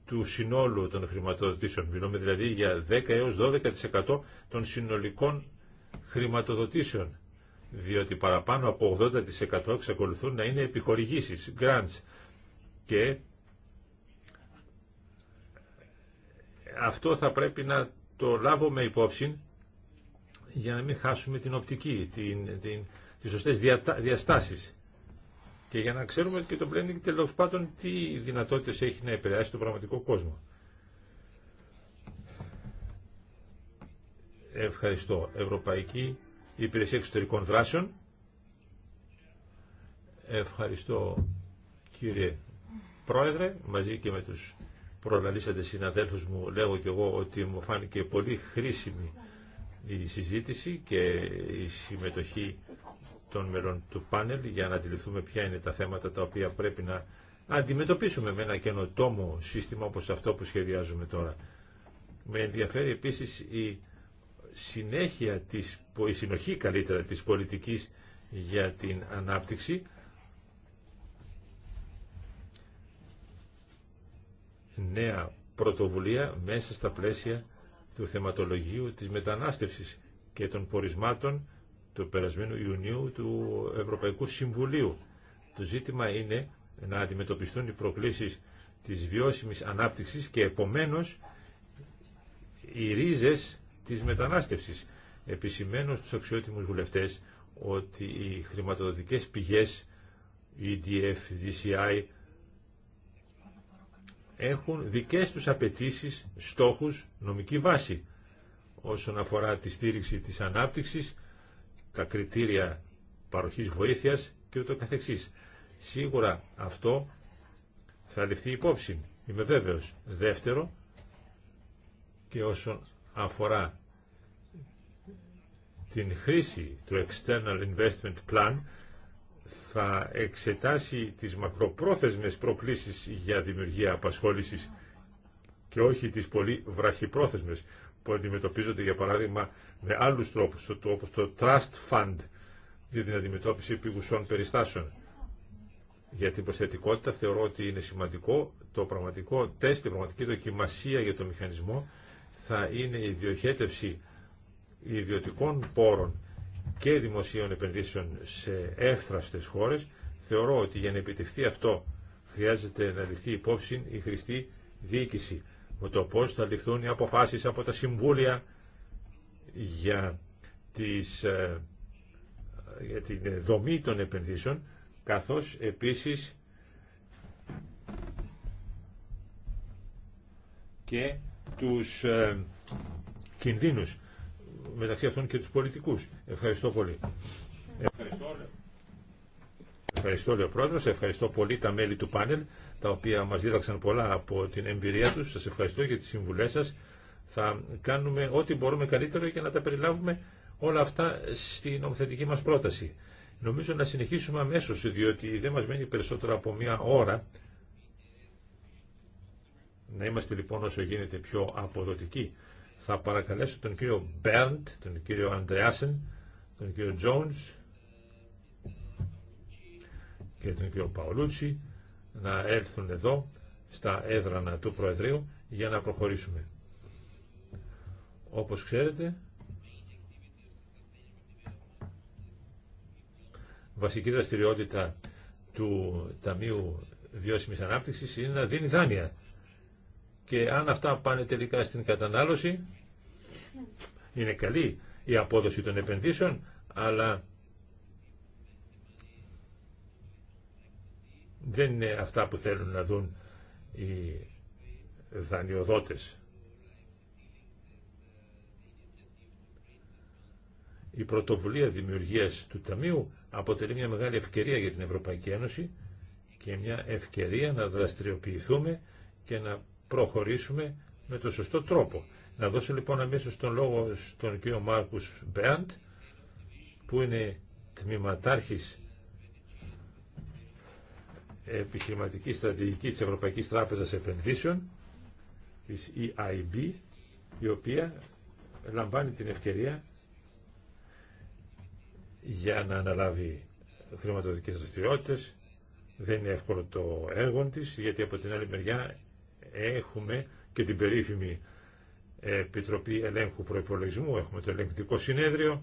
του συνόλου των χρηματοδοτήσεων. Μιλούμε δηλαδή για 10 έως 12% των συνολικών χρηματοδοτήσεων διότι παραπάνω από 80% εξακολουθούν να είναι επιχορηγήσεις, grants και αυτό θα πρέπει να το λάβουμε υπόψη για να μην χάσουμε την οπτική, την, την, τις σωστές διαστάσεις. Και για να ξέρουμε και το blending τέλο πάντων τι δυνατότητες έχει να επηρεάσει τον πραγματικό κόσμο. Ευχαριστώ. Ευρωπαϊκή Υπηρεσία Εξωτερικών Δράσεων. Ευχαριστώ κύριε Πρόεδρε, μαζί και με τους προλαλήσατε συναδέλφους μου, λέγω κι εγώ ότι μου φάνηκε πολύ χρήσιμη η συζήτηση και η συμμετοχή των μελών του πάνελ για να αντιληφθούμε ποια είναι τα θέματα τα οποία πρέπει να αντιμετωπίσουμε με ένα καινοτόμο σύστημα όπως αυτό που σχεδιάζουμε τώρα. Με ενδιαφέρει επίσης η συνέχεια της, η συνοχή καλύτερα της πολιτικής για την ανάπτυξη νέα πρωτοβουλία μέσα στα πλαίσια του θεματολογίου της μετανάστευσης και των πορισμάτων του περασμένου Ιουνίου του Ευρωπαϊκού Συμβουλίου. Το ζήτημα είναι να αντιμετωπιστούν οι προκλήσεις της βιώσιμης ανάπτυξης και επομένως οι ρίζες της μετανάστευσης. Επισημένω στους αξιότιμους βουλευτές ότι οι χρηματοδοτικές πηγές, EDF, DCI, έχουν δικές τους απαιτήσεις, στόχους, νομική βάση όσον αφορά τη στήριξη της ανάπτυξης, τα κριτήρια παροχής βοήθειας και ούτω καθεξής. Σίγουρα αυτό θα ληφθεί υπόψη, είμαι βέβαιος. Δεύτερο, και όσον αφορά την χρήση του External Investment Plan, θα εξετάσει τις μακροπρόθεσμες προκλήσεις για δημιουργία απασχόλησης και όχι τις πολύ βραχυπρόθεσμες που αντιμετωπίζονται για παράδειγμα με άλλους τρόπους όπως το Trust Fund για την αντιμετώπιση επίγουσών περιστάσεων. Για την προσθετικότητα θεωρώ ότι είναι σημαντικό το πραγματικό τεστ, η πραγματική δοκιμασία για το μηχανισμό θα είναι η διοχέτευση ιδιωτικών πόρων και δημοσίων επενδύσεων σε εύθραστες χώρες, θεωρώ ότι για να επιτευχθεί αυτό χρειάζεται να ληφθεί υπόψη η χρηστή διοίκηση, με το πώς θα ληφθούν οι αποφάσεις από τα συμβούλια για, τις, ε, την δομή των επενδύσεων, καθώς επίσης και τους ε, κινδύνους μεταξύ αυτών και τους πολιτικούς. Ευχαριστώ πολύ. Ευχαριστώ, ευχαριστώ λέει ο Πρόεδρος, ευχαριστώ πολύ τα μέλη του πάνελ, τα οποία μας δίδαξαν πολλά από την εμπειρία τους. Σας ευχαριστώ για τις συμβουλές σας. Θα κάνουμε ό,τι μπορούμε καλύτερο για να τα περιλάβουμε όλα αυτά στην νομοθετική μας πρόταση. Νομίζω να συνεχίσουμε αμέσως, διότι δεν μας μένει περισσότερο από μία ώρα. Να είμαστε λοιπόν όσο γίνεται πιο αποδοτικοί θα παρακαλέσω τον κύριο Μπέρντ, τον κύριο Αντρέασεν, τον κύριο Τζόνς και τον κύριο Παολούτσι να έλθουν εδώ στα έδρανα του Προεδρείου για να προχωρήσουμε. Όπως ξέρετε, βασική δραστηριότητα του Ταμείου Βιώσιμης Ανάπτυξης είναι να δίνει δάνεια και αν αυτά πάνε τελικά στην κατανάλωση είναι καλή η απόδοση των επενδύσεων αλλά δεν είναι αυτά που θέλουν να δουν οι δανειοδότες. Η πρωτοβουλία δημιουργίας του Ταμείου αποτελεί μια μεγάλη ευκαιρία για την Ευρωπαϊκή Ένωση και μια ευκαιρία να δραστηριοποιηθούμε και να προχωρήσουμε με το σωστό τρόπο. Να δώσω λοιπόν αμέσως τον λόγο στον κύριο Μάρκους Μπέαντ, που είναι τμήματάρχης επιχειρηματική στρατηγική της Ευρωπαϊκής Τράπεζας Επενδύσεων, της EIB, η οποία λαμβάνει την ευκαιρία για να αναλάβει χρηματοδοτικές δραστηριότητες. Δεν είναι εύκολο το έργο της, γιατί από την άλλη μεριά έχουμε και την περίφημη Επιτροπή Ελέγχου Προϋπολογισμού, έχουμε το Ελεγκτικό Συνέδριο,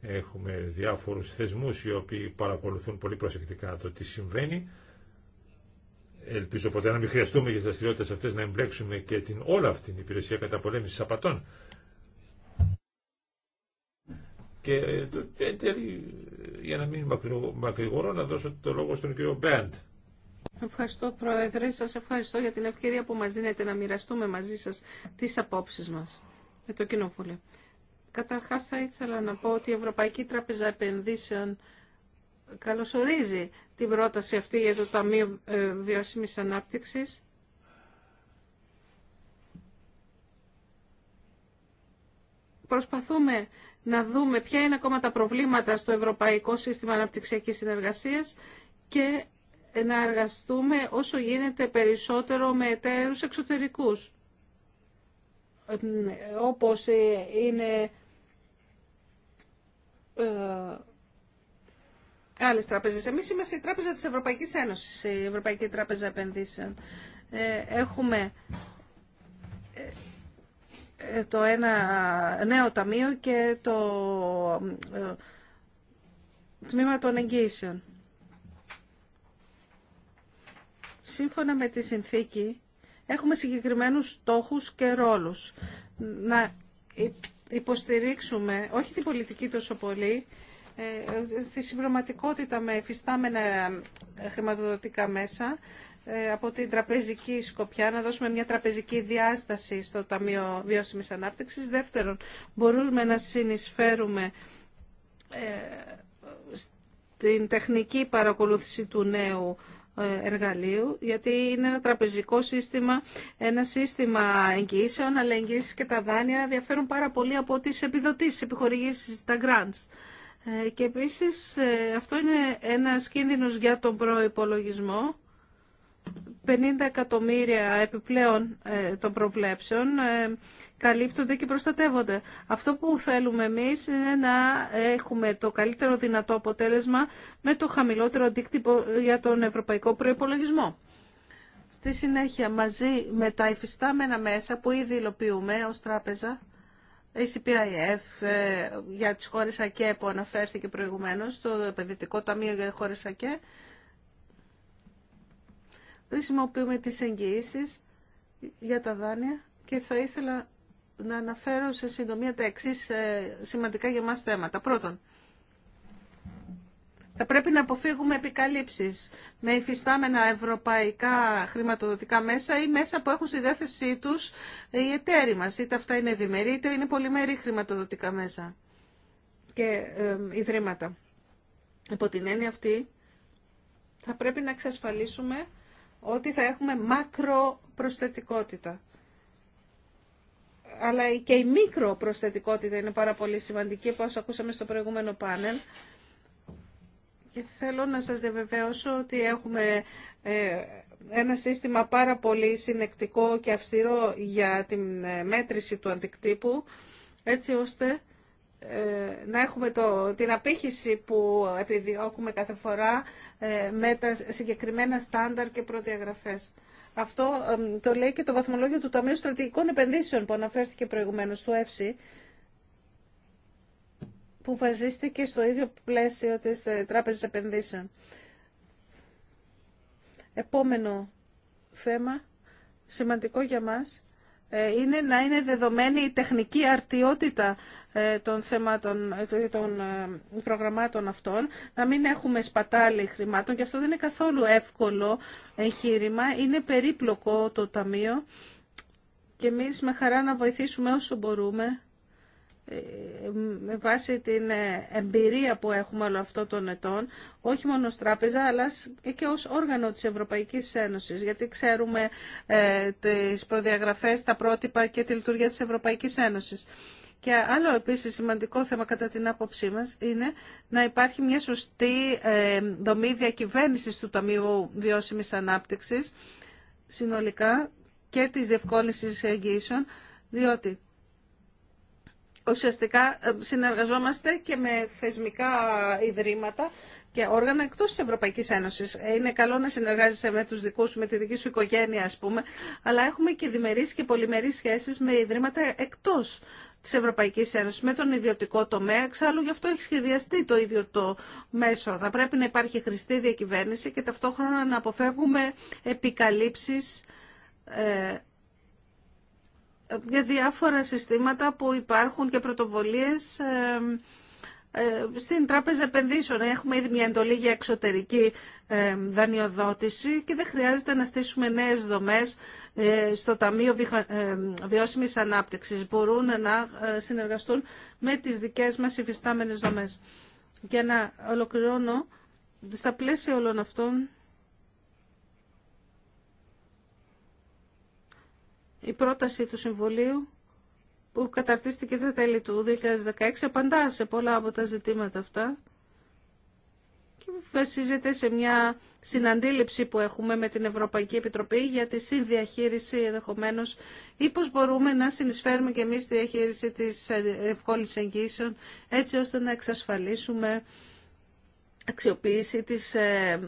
έχουμε διάφορους θεσμούς οι οποίοι παρακολουθούν πολύ προσεκτικά το τι συμβαίνει. Ελπίζω ποτέ να μην χρειαστούμε για τις δραστηριότητε αυτές να εμπλέξουμε και την όλη αυτή την υπηρεσία καταπολέμησης απατών. Και ε, ε, τέλει, για να μην μακρηγορώ, να δώσω το λόγο στον κύριο Μπέντ. Ευχαριστώ Πρόεδρε, σας ευχαριστώ για την ευκαιρία που μας δίνετε να μοιραστούμε μαζί σας τις απόψεις μας με το Κοινοβούλιο. Καταρχάς θα ήθελα να πω ότι η Ευρωπαϊκή Τράπεζα Επενδύσεων καλωσορίζει την πρόταση αυτή για το Ταμείο ε, Βιώσιμης Ανάπτυξης. Προσπαθούμε να δούμε ποια είναι ακόμα τα προβλήματα στο Ευρωπαϊκό Σύστημα Αναπτυξιακής Συνεργασίας και να εργαστούμε όσο γίνεται περισσότερο με εταίρους εξωτερικούς, όπως ε, είναι ε, άλλες τράπεζες. Εμείς είμαστε η Τράπεζα της Ευρωπαϊκής Ένωσης, η Ευρωπαϊκή Τράπεζα Επενδύσεων. Ε, έχουμε το ένα νέο ταμείο και το τμήμα των εγγύσεων. Σύμφωνα με τη συνθήκη, έχουμε συγκεκριμένους στόχους και ρόλους. Να υποστηρίξουμε όχι την πολιτική τόσο πολύ, στη ε, συμπροματικότητα με εφιστάμενα ε, χρηματοδοτικά μέσα, ε, από την τραπεζική σκοπιά, να δώσουμε μια τραπεζική διάσταση στο Ταμείο Βιώσιμης Ανάπτυξης. Δεύτερον, μπορούμε να συνεισφέρουμε στην τεχνική παρακολούθηση του νέου ε, εργαλείου, γιατί είναι ένα τραπεζικό σύστημα, ένα σύστημα εγγυήσεων, αλλά εγγύσεις και τα δάνεια διαφέρουν πάρα πολύ από τις επιδοτήσεις, επιχορηγήσεις, τα grants. Ε, και επίσης ε, αυτό είναι ένα κίνδυνος για τον προϋπολογισμό 50 εκατομμύρια επιπλέον ε, των προβλέψεων ε, καλύπτονται και προστατεύονται. Αυτό που θέλουμε εμείς είναι να έχουμε το καλύτερο δυνατό αποτέλεσμα με το χαμηλότερο αντίκτυπο για τον ευρωπαϊκό προϋπολογισμό. Στη συνέχεια, μαζί με τα υφιστάμενα μέσα που ήδη υλοποιούμε ως τράπεζα, ACPIF ε, για τις χώρες ΑΚΕ που αναφέρθηκε προηγουμένως, το επενδυτικό ταμείο για χώρες ΑΚΕ, χρησιμοποιούμε τις εγγυήσεις για τα δάνεια και θα ήθελα να αναφέρω σε συντομία τα εξή ε, σημαντικά για μας θέματα. Πρώτον, θα πρέπει να αποφύγουμε επικαλύψεις με υφιστάμενα ευρωπαϊκά χρηματοδοτικά μέσα ή μέσα που έχουν στη διάθεσή τους οι εταίροι μας, είτε αυτά είναι διμερεί είτε είναι πολυμερή χρηματοδοτικά μέσα και ιδρύματα. Υπό την έννοια αυτή θα πρέπει να εξασφαλίσουμε ότι θα έχουμε μακροπροσθετικότητα. Αλλά και η μικροπροσθετικότητα είναι πάρα πολύ σημαντική, όπως ακούσαμε στο προηγούμενο πάνελ. Και θέλω να σας διαβεβαιώσω ότι έχουμε ε, ένα σύστημα πάρα πολύ συνεκτικό και αυστηρό για τη ε, μέτρηση του αντικτύπου, έτσι ώστε ε, να έχουμε το, την απήχηση που επιδιώκουμε κάθε φορά ε, με τα συγκεκριμένα στάνταρ και προδιαγραφές. Αυτό το λέει και το βαθμολόγιο του Ταμείου Στρατηγικών Επενδύσεων που αναφέρθηκε προηγουμένως του ΕΦΣΥ που βασίστηκε στο ίδιο πλαίσιο της ε, Τράπεζας Επενδύσεων. Επόμενο θέμα σημαντικό για μας ε, είναι να είναι δεδομένη η τεχνική αρτιότητα ε, των θεμάτων, ε, των προγραμμάτων αυτών, να μην έχουμε σπατάλη χρημάτων και αυτό δεν είναι καθόλου εύκολο εγχείρημα, είναι περίπλοκο το Ταμείο και εμείς με χαρά να βοηθήσουμε όσο μπορούμε με βάση την ε, εμπειρία που έχουμε όλο αυτό των ετών, όχι μόνο ως τράπεζα, αλλά και ως όργανο της Ευρωπαϊκής Ένωσης, γιατί ξέρουμε ε, τις προδιαγραφές, τα πρότυπα και τη λειτουργία της Ευρωπαϊκής Ένωσης. Και άλλο επίσης σημαντικό θέμα κατά την άποψή μας είναι να υπάρχει μια σωστή ε, δομή διακυβέρνησης του Ταμείου Βιώσιμης Ανάπτυξης συνολικά και της διευκόλυνσης εγγύησεων, διότι ουσιαστικά ε, συνεργαζόμαστε και με θεσμικά ιδρύματα και όργανα εκτό τη Ευρωπαϊκή Ένωση. Ε, είναι καλό να συνεργάζεσαι με του δικού σου, με τη δική σου οικογένεια, α πούμε, αλλά έχουμε και διμερεί και πολυμερεί σχέσει με ιδρύματα εκτό τη Ευρωπαϊκή Ένωση, με τον ιδιωτικό τομέα. Εξάλλου, γι' αυτό έχει σχεδιαστεί το ίδιο το μέσο. Θα πρέπει να υπάρχει χρηστή διακυβέρνηση και ταυτόχρονα να αποφεύγουμε επικαλύψει. Ε, για διάφορα συστήματα που υπάρχουν και πρωτοβολίες ε, ε, στην Τράπεζα Επενδύσεων. Έχουμε ήδη μια εντολή για εξωτερική ε, δανειοδότηση και δεν χρειάζεται να στήσουμε νέες δομές στο Ταμείο Βιώσιμης Ανάπτυξης. Μπορούν να συνεργαστούν με τις δικές μας υφιστάμενες δομές. Για να ολοκληρώνω, στα πλαίσια όλων αυτών, Η πρόταση του Συμβουλίου που καταρτίστηκε τα τέλη του 2016 απαντά σε πολλά από τα ζητήματα αυτά και βασίζεται σε μια συναντήληψη που έχουμε με την Ευρωπαϊκή Επιτροπή για τη συνδιαχείριση ενδεχομένω ή πώς μπορούμε να συνεισφέρουμε και εμείς τη διαχείριση της ευκόλης εγγύσεων έτσι ώστε να εξασφαλίσουμε αξιοποίηση της ε,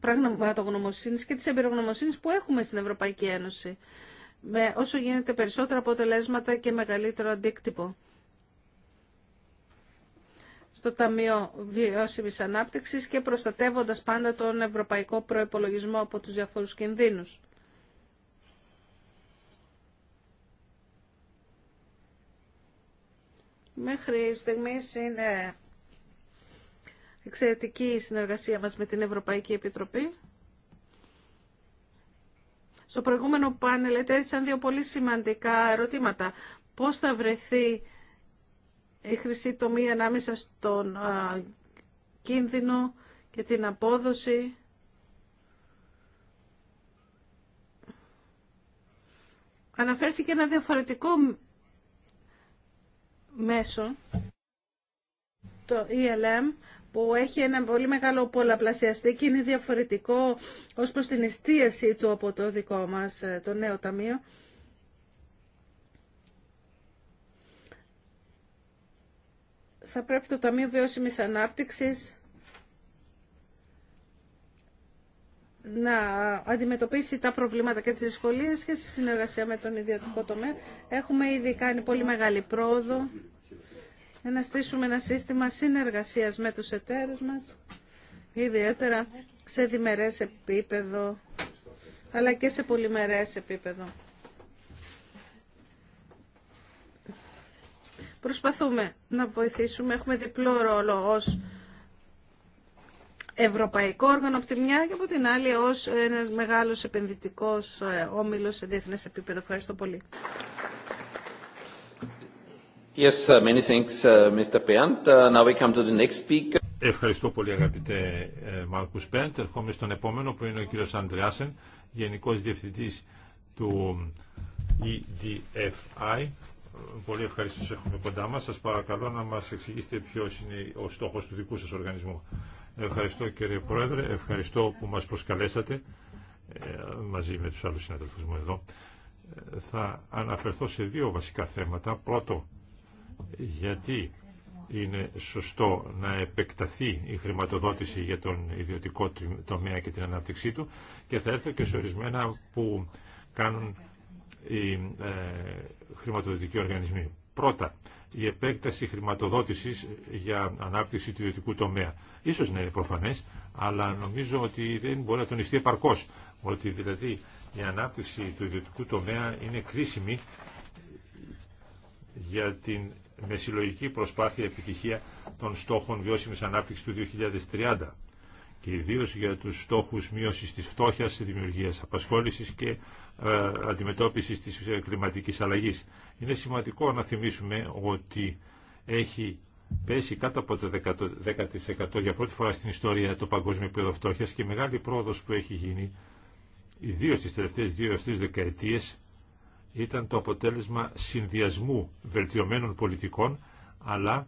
πραγματογνωμοσύνης και της εμπειρογνωμοσύνης που έχουμε στην Ευρωπαϊκή Ένωση με όσο γίνεται περισσότερα αποτελέσματα και μεγαλύτερο αντίκτυπο. Στο Ταμείο Βιώσιμη Ανάπτυξη και προστατεύοντα πάντα τον ευρωπαϊκό προπολογισμό από του διαφορού κινδύνου. Μέχρι στιγμής είναι εξαιρετική η συνεργασία μας με την Ευρωπαϊκή Επιτροπή. Στο προηγούμενο πάνελ έτσι δύο πολύ σημαντικά ερωτήματα. Πώς θα βρεθεί η χρυσή τομή ανάμεσα στον κίνδυνο και την απόδοση. Αναφέρθηκε ένα διαφορετικό μέσο, το ELM, που έχει ένα πολύ μεγάλο πολλαπλασιαστή και είναι διαφορετικό ως προς την εστίαση του από το δικό μας, ε, το νέο ταμείο. Θα πρέπει το Ταμείο Βιώσιμης Ανάπτυξης να αντιμετωπίσει τα προβλήματα και τις δυσκολίες και στη συνεργασία με τον ιδιωτικό τομέα. Έχουμε ήδη κάνει πολύ μεγάλη πρόοδο ε, να στήσουμε ένα σύστημα συνεργασίας με τους εταίρους μας, ιδιαίτερα σε διμερές επίπεδο, αλλά και σε πολυμερές επίπεδο. Προσπαθούμε να βοηθήσουμε, έχουμε διπλό ρόλο ως ευρωπαϊκό όργανο από τη μια και από την άλλη ως ένας μεγάλος επενδυτικός ε, όμιλος σε διεθνές επίπεδο. Ευχαριστώ πολύ. Ευχαριστώ πολύ αγαπητέ ε, Μάρκους Πέρντ. Ερχόμαι στον επόμενο που είναι ο κύριος Αντριάσεν, Γενικός Διευθυντής του EDFI. Πολύ ευχαριστώ έχουμε κοντά μας. Σας παρακαλώ να μας εξηγήσετε ποιος είναι ο στόχος του δικού σας οργανισμού. Ευχαριστώ κύριε Πρόεδρε, ευχαριστώ που μας προσκαλέσατε ε, μαζί με τους άλλους συναδελφούς μου εδώ. Ε, θα αναφερθώ σε δύο βασικά θέματα. Πρώτο, γιατί είναι σωστό να επεκταθεί η χρηματοδότηση για τον ιδιωτικό τομέα και την ανάπτυξή του και θα έρθω και σε ορισμένα που κάνουν οι ε, χρηματοδοτικοί οργανισμοί. Πρώτα, η επέκταση χρηματοδότησης για ανάπτυξη του ιδιωτικού τομέα. Ίσως να είναι προφανές, αλλά νομίζω ότι δεν μπορεί να τονιστεί επαρκώς. Ότι δηλαδή η ανάπτυξη του ιδιωτικού τομέα είναι κρίσιμη για την με συλλογική προσπάθεια επιτυχία των στόχων βιώσιμης ανάπτυξης του 2030 και ιδίω για τους στόχους μείωσης της φτώχειας, δημιουργίας απασχόλησης και ε, αντιμετώπισης της ε, κλιματικής αλλαγής. Είναι σημαντικό να θυμίσουμε ότι έχει πέσει κάτω από το 10% για πρώτη φορά στην ιστορία το παγκόσμιο επίπεδο φτώχειας και μεγάλη πρόοδος που έχει γίνει ιδίως τις τελευταίες δύο τρεις δεκαετίες ήταν το αποτέλεσμα συνδυασμού βελτιωμένων πολιτικών αλλά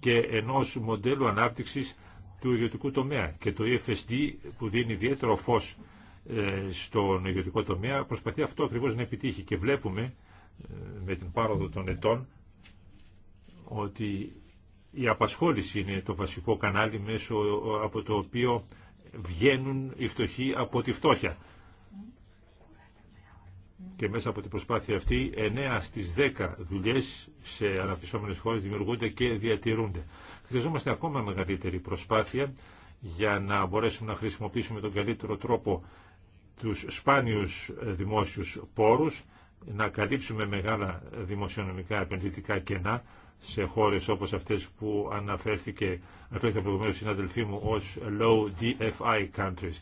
και ενός μοντέλου ανάπτυξης του ιδιωτικού τομέα. Και το EFSD που δίνει ιδιαίτερο φως ε, στον ιδιωτικό τομέα προσπαθεί αυτό ακριβώς να επιτύχει και βλέπουμε ε, με την πάροδο των ετών ότι η απασχόληση είναι το βασικό κανάλι μέσω από το οποίο βγαίνουν οι φτωχοί από τη φτώχεια και μέσα από την προσπάθεια αυτή 9 στις 10 δουλειές σε αναπτυσσόμενες χώρες δημιουργούνται και διατηρούνται. Χρειαζόμαστε ακόμα μεγαλύτερη προσπάθεια για να μπορέσουμε να χρησιμοποιήσουμε τον καλύτερο τρόπο τους σπάνιους δημόσιους πόρους, να καλύψουμε μεγάλα δημοσιονομικά επενδυτικά κενά σε χώρες όπως αυτές που αναφέρθηκε, αναφέρθηκε προηγουμένως συναδελφή μου ως low DFI countries.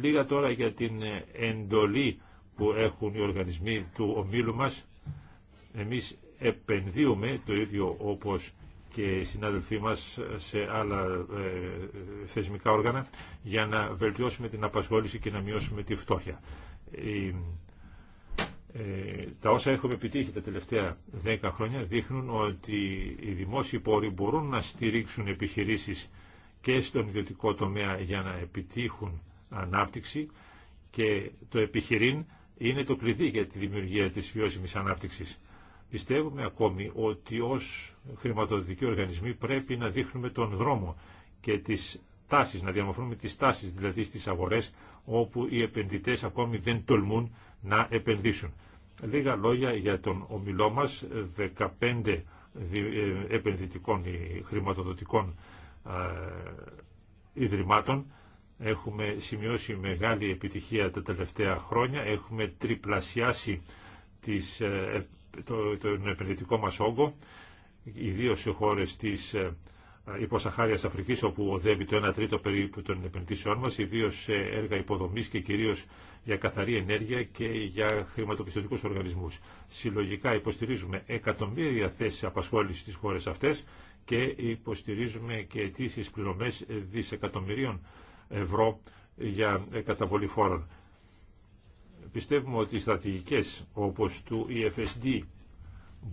Λίγα τώρα για την εντολή που έχουν οι οργανισμοί του ομίλου μας. Εμείς επενδύουμε το ίδιο όπως και οι συνάδελφοί μας σε άλλα ε, θεσμικά όργανα για να βελτιώσουμε την απασχόληση και να μειώσουμε τη φτώχεια. Ε, τα όσα έχουμε επιτύχει τα τελευταία δέκα χρόνια δείχνουν ότι οι δημόσιοι πόροι μπορούν να στηρίξουν επιχειρήσεις και στον ιδιωτικό τομέα για να επιτύχουν ανάπτυξη και το επιχειρήν είναι το κλειδί για τη δημιουργία της βιώσιμης ανάπτυξης. Πιστεύουμε ακόμη ότι ως χρηματοδοτικοί οργανισμοί πρέπει να δείχνουμε τον δρόμο και τις τάσεις, να διαμορφώνουμε τις τάσεις δηλαδή στις αγορές όπου οι επενδυτές ακόμη δεν τολμούν να επενδύσουν. Λίγα λόγια για τον ομιλό μας, 15 ε, επενδυτικών χρηματοδοτικών ε, ιδρυμάτων Έχουμε σημειώσει μεγάλη επιτυχία τα τελευταία χρόνια. Έχουμε τριπλασιάσει τις, ε, ε, το, τον επενδυτικό μας όγκο, ιδίως σε χώρες της ε, υποσαχάριας Αφρικής, όπου οδεύει το 1 τρίτο περίπου των επενδύσεών μας, ιδίως σε έργα υποδομής και κυρίως για καθαρή ενέργεια και για χρηματοπιστωτικούς οργανισμούς. Συλλογικά υποστηρίζουμε εκατομμύρια θέσεις απασχόλησης στις χώρες αυτές και υποστηρίζουμε και αιτήσεις πληρωμές δισεκατομμυρίων ευρώ για καταβολή φόρων. Πιστεύουμε ότι οι στρατηγικές όπως του EFSD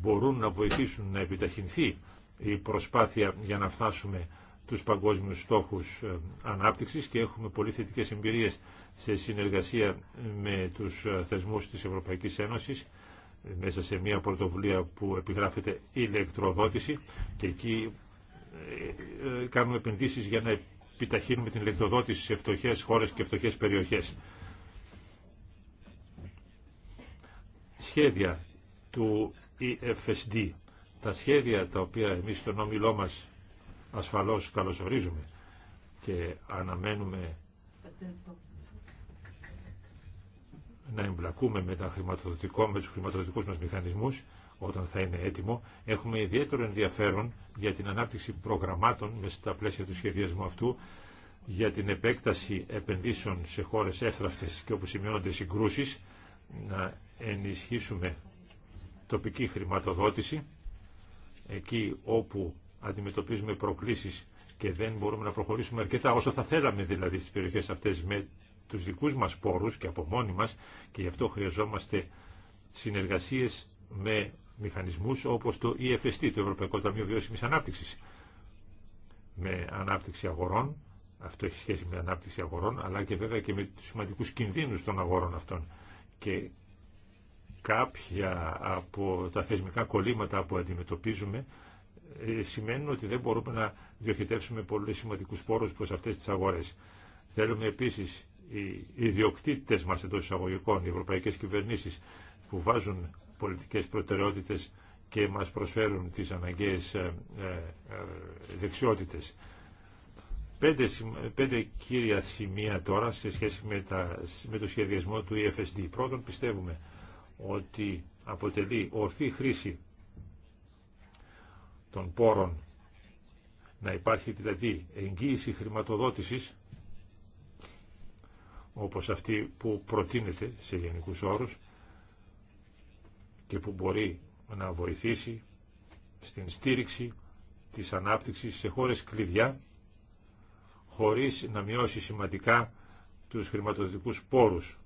μπορούν να βοηθήσουν να επιταχυνθεί η προσπάθεια για να φτάσουμε τους παγκόσμιους στόχους ε, ανάπτυξης και έχουμε πολύ θετικές εμπειρίες σε συνεργασία με τους ε, θεσμούς της Ευρωπαϊκής Ένωσης μέσα σε μια πρωτοβουλία που επιγράφεται ηλεκτροδότηση και εκεί ε, κάνουμε επενδύσεις για να επιταχύνουμε την ηλεκτροδότηση σε φτωχές χώρες και φτωχές περιοχές. Σχέδια του EFSD, τα σχέδια τα οποία εμείς στον όμιλό μας ασφαλώς καλωσορίζουμε και αναμένουμε να εμπλακούμε με, τα χρηματοδοτικό, με τους χρηματοδοτικούς μας μηχανισμούς όταν θα είναι έτοιμο, έχουμε ιδιαίτερο ενδιαφέρον για την ανάπτυξη προγραμμάτων μέσα στα πλαίσια του σχεδιασμού αυτού, για την επέκταση επενδύσεων σε χώρες έφραυτες και όπου σημειώνονται συγκρούσεις, να ενισχύσουμε τοπική χρηματοδότηση, εκεί όπου αντιμετωπίζουμε προκλήσεις και δεν μπορούμε να προχωρήσουμε αρκετά όσο θα θέλαμε δηλαδή στις περιοχές αυτές με τους δικούς μας πόρους και από μόνοι μας και γι' αυτό χρειαζόμαστε συνεργασίες με μηχανισμούς όπως το EFST, το Ευρωπαϊκό Ταμείο Βιώσιμης Ανάπτυξης. Με ανάπτυξη αγορών, αυτό έχει σχέση με ανάπτυξη αγορών, αλλά και βέβαια και με τους σημαντικούς κινδύνους των αγορών αυτών. Και κάποια από τα θεσμικά κολλήματα που αντιμετωπίζουμε ε, σημαίνουν ότι δεν μπορούμε να διοχετεύσουμε πολύ σημαντικούς πόρους προς αυτές τις αγορές. Θέλουμε επίσης οι ιδιοκτήτες μας εντός εισαγωγικών, οι ευρωπαϊκές κυβερνήσεις που βάζουν πολιτικές προτεραιότητες και μας προσφέρουν τις αναγκαίες ε, ε, ε, δεξιότητες. Πέντε, πέντε κύρια σημεία τώρα σε σχέση με, τα, με το σχεδιασμό του EFSD. Πρώτον, πιστεύουμε ότι αποτελεί ορθή χρήση των πόρων να υπάρχει δηλαδή εγγύηση χρηματοδότησης όπως αυτή που προτείνεται σε γενικούς όρους και που μπορεί να βοηθήσει στην στήριξη της ανάπτυξης σε χώρες κλειδιά χωρίς να μειώσει σημαντικά τους χρηματοδοτικούς πόρους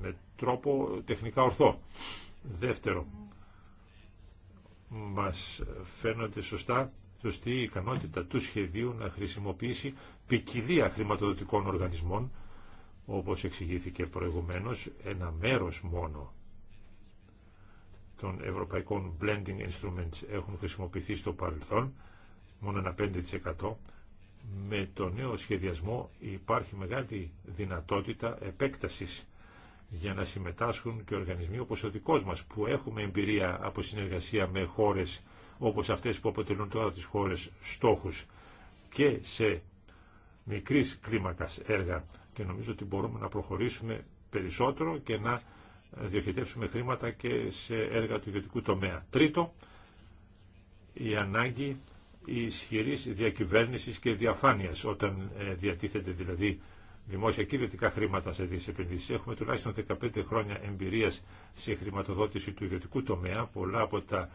με τρόπο τεχνικά ορθό. Δεύτερο, μας φαίνονται σωστά σωστή η ικανότητα του σχεδίου να χρησιμοποιήσει ποικιλία χρηματοδοτικών οργανισμών όπως εξηγήθηκε προηγουμένως ένα μέρος μόνο των ευρωπαϊκών blending instruments έχουν χρησιμοποιηθεί στο παρελθόν, μόνο ένα 5%. Με το νέο σχεδιασμό υπάρχει μεγάλη δυνατότητα επέκτασης για να συμμετάσχουν και οργανισμοί όπως ο δικός μας που έχουμε εμπειρία από συνεργασία με χώρες όπως αυτές που αποτελούν τώρα τις χώρες στόχους και σε μικρής κλίμακας έργα και νομίζω ότι μπορούμε να προχωρήσουμε περισσότερο και να διοχετεύσουμε χρήματα και σε έργα του ιδιωτικού τομέα. Τρίτο, η ανάγκη ισχυρής διακυβέρνησης και διαφάνειας όταν ε, διατίθεται δηλαδή δημόσια και ιδιωτικά χρήματα σε δύο Έχουμε τουλάχιστον 15 χρόνια εμπειρίας σε χρηματοδότηση του ιδιωτικού τομέα. Πολλά από τα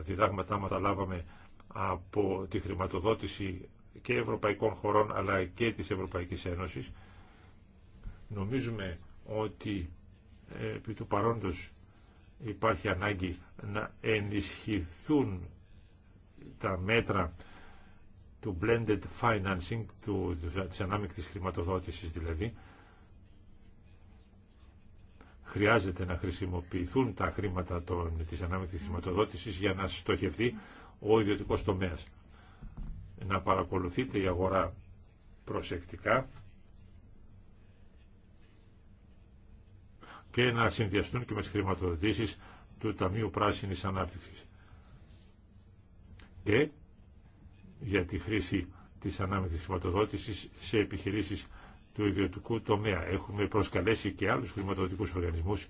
διδάγματά μας τα λάβαμε από τη χρηματοδότηση και ευρωπαϊκών χωρών αλλά και της Ευρωπαϊκής Ένωσης. Νομίζουμε ότι επί του παρόντος υπάρχει ανάγκη να ενισχυθούν τα μέτρα του blended financing, του, της ανάμεικτης χρηματοδότησης δηλαδή, χρειάζεται να χρησιμοποιηθούν τα χρήματα των, της ανάμεικτης χρηματοδότησης για να στοχευτεί ο ιδιωτικός τομέας. Να παρακολουθείτε η αγορά προσεκτικά και να συνδυαστούν και με τι χρηματοδοτήσει του Ταμείου πράσινη ανάπτυξη. Και για τη χρήση τη ανάμετρης χρηματοδότηση σε επιχειρήσει του ιδιωτικού τομέα. Έχουμε προσκαλέσει και άλλου χρηματοδοτικού οργανισμού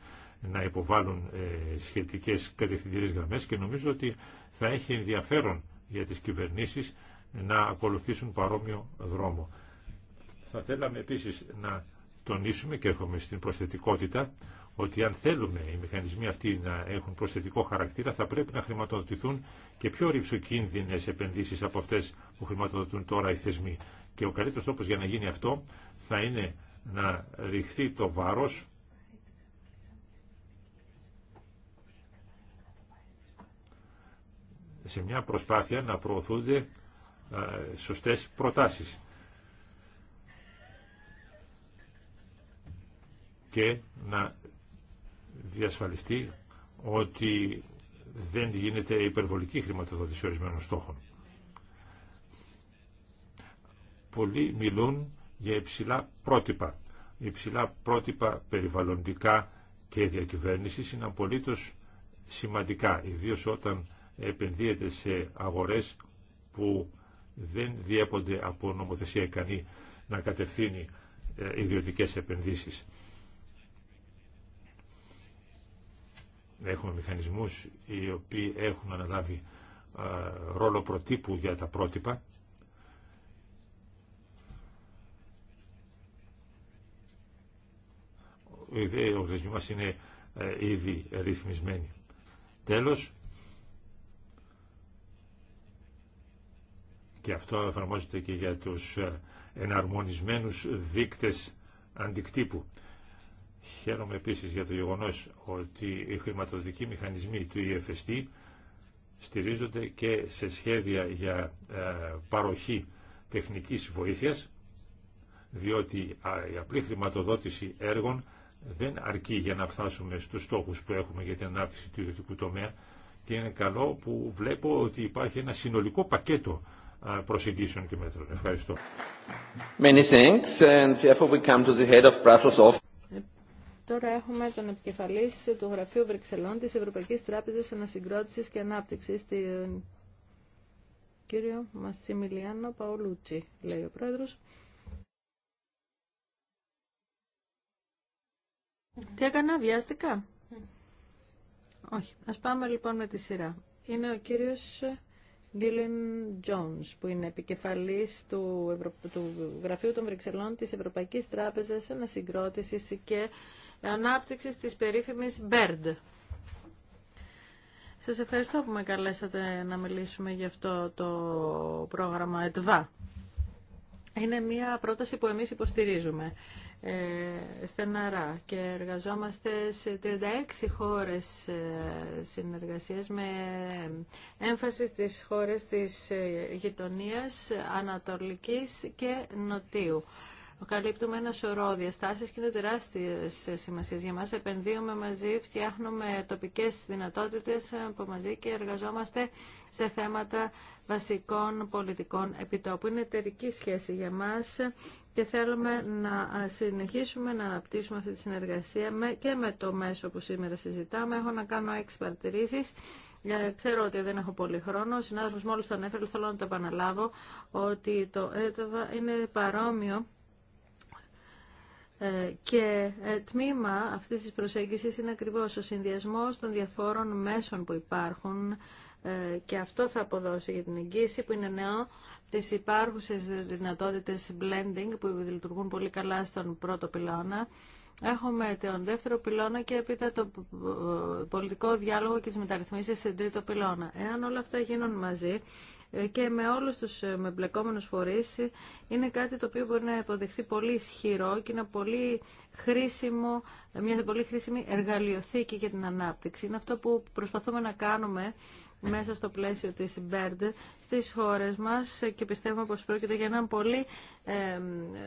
να υποβάλουν ε, σχετικέ κατευθυντήριες γραμμέ. και νομίζω ότι θα έχει ενδιαφέρον για τι κυβερνήσει να ακολουθήσουν παρόμοιο δρόμο. Θα θέλαμε επίσης να τονίσουμε και έρχομαι στην προσθετικότητα ότι αν θέλουμε οι μηχανισμοί αυτοί να έχουν προσθετικό χαρακτήρα θα πρέπει να χρηματοδοτηθούν και πιο ρηψοκίνδυνες επενδύσεις από αυτές που χρηματοδοτούν τώρα οι θεσμοί. Και ο καλύτερος τρόπος για να γίνει αυτό θα είναι να ρηχθεί το βάρος σε μια προσπάθεια να προωθούνται ε, σωστές προτάσεις. και να διασφαλιστεί ότι δεν γίνεται υπερβολική χρηματοδότηση ορισμένων στόχων. Πολλοί μιλούν για υψηλά πρότυπα. Υψηλά πρότυπα περιβαλλοντικά και διακυβέρνησης είναι απολύτως σημαντικά, ιδίως όταν επενδύεται σε αγορές που δεν διέπονται από νομοθεσία ικανή να κατευθύνει ε, ιδιωτικές επενδύσεις. Έχουμε μηχανισμούς οι οποίοι έχουν αναλάβει ρόλο προτύπου για τα πρότυπα οι οργανισμοί μας είναι ε, ήδη ρυθμισμένοι. Τέλος, και αυτό εφαρμόζεται και για τους ε, εναρμονισμένους δείκτες αντικτύπου. Χαίρομαι επίσης για το γεγονό ότι οι χρηματοδοτικοί μηχανισμοί του EFST στηρίζονται και σε σχέδια για ε, παροχή τεχνικής βοήθειας, διότι η απλή χρηματοδότηση έργων δεν αρκεί για να φτάσουμε στους στόχους που έχουμε για την ανάπτυξη του ιδιωτικού τομέα και είναι καλό που βλέπω ότι υπάρχει ένα συνολικό πακέτο προσεγγίσεων και μέτρων. Ευχαριστώ. Τώρα έχουμε τον επικεφαλής του Γραφείου Βρυξελών τη Ευρωπαϊκή Τράπεζα Ανασυγκρότηση και ανάπτυξη. τον κύριο Μασιμιλιάνο Παολούτσι, λέει ο πρόεδρος. Τι έκανα, βιάστηκα. Όχι. Ας πάμε λοιπόν με τη σειρά. Είναι ο κύριος Γκίλιν Jones, που είναι επικεφαλής του, του Γραφείου των Βρυξελών της Ευρωπαϊκής Τράπεζας Ανασυγκρότησης και ανάπτυξης της περίφημης BERD. Σας ευχαριστώ που με καλέσατε να μιλήσουμε για αυτό το πρόγραμμα ΕΤΒΑ. Είναι μια πρόταση που εμείς υποστηρίζουμε ε, στεναρά και εργαζόμαστε σε 36 χώρες ε, συνεργασίας με έμφαση στις χώρες της ε, γειτονίας Ανατολικής και Νοτίου καλύπτουμε ένα σωρό διαστάσει και είναι τεράστιε σημασίε για μα. Επενδύουμε μαζί, φτιάχνουμε τοπικέ δυνατότητε ε, που μαζί και εργαζόμαστε σε θέματα βασικών πολιτικών επιτόπου. Είναι εταιρική σχέση για μα και θέλουμε να ε, συνεχίσουμε να αναπτύσσουμε αυτή τη συνεργασία και με το μέσο που σήμερα συζητάμε. Έχω να κάνω έξι παρατηρήσει. Ε, ξέρω ότι δεν έχω πολύ χρόνο. Ο συνάδελφο μόλι τον έφερε, θέλω να το επαναλάβω ότι το ΕΤΒΑ είναι παρόμοιο ε, και ε, τμήμα αυτής της προσέγγισης είναι ακριβώς ο συνδυασμός των διαφόρων μέσων που υπάρχουν ε, και αυτό θα αποδώσει για την εγγύηση που είναι νέο τις υπάρχουσες δυνατότητες blending που λειτουργούν πολύ καλά στον πρώτο πυλώνα Έχουμε τον δεύτερο πυλώνα και έπειτα το πολιτικό διάλογο και τις μεταρρυθμίσεις στην τρίτο πυλώνα. Εάν όλα αυτά γίνουν μαζί, και με όλους τους ε, μεμπλεκόμενους φορείς ε, είναι κάτι το οποίο μπορεί να υποδεχθεί πολύ ισχυρό και είναι πολύ χρήσιμο, ε, μια πολύ χρήσιμη εργαλειοθήκη για την ανάπτυξη. Είναι αυτό που προσπαθούμε να κάνουμε μέσα στο πλαίσιο της BERD στις χώρες μας και πιστεύουμε πως πρόκειται για έναν πολύ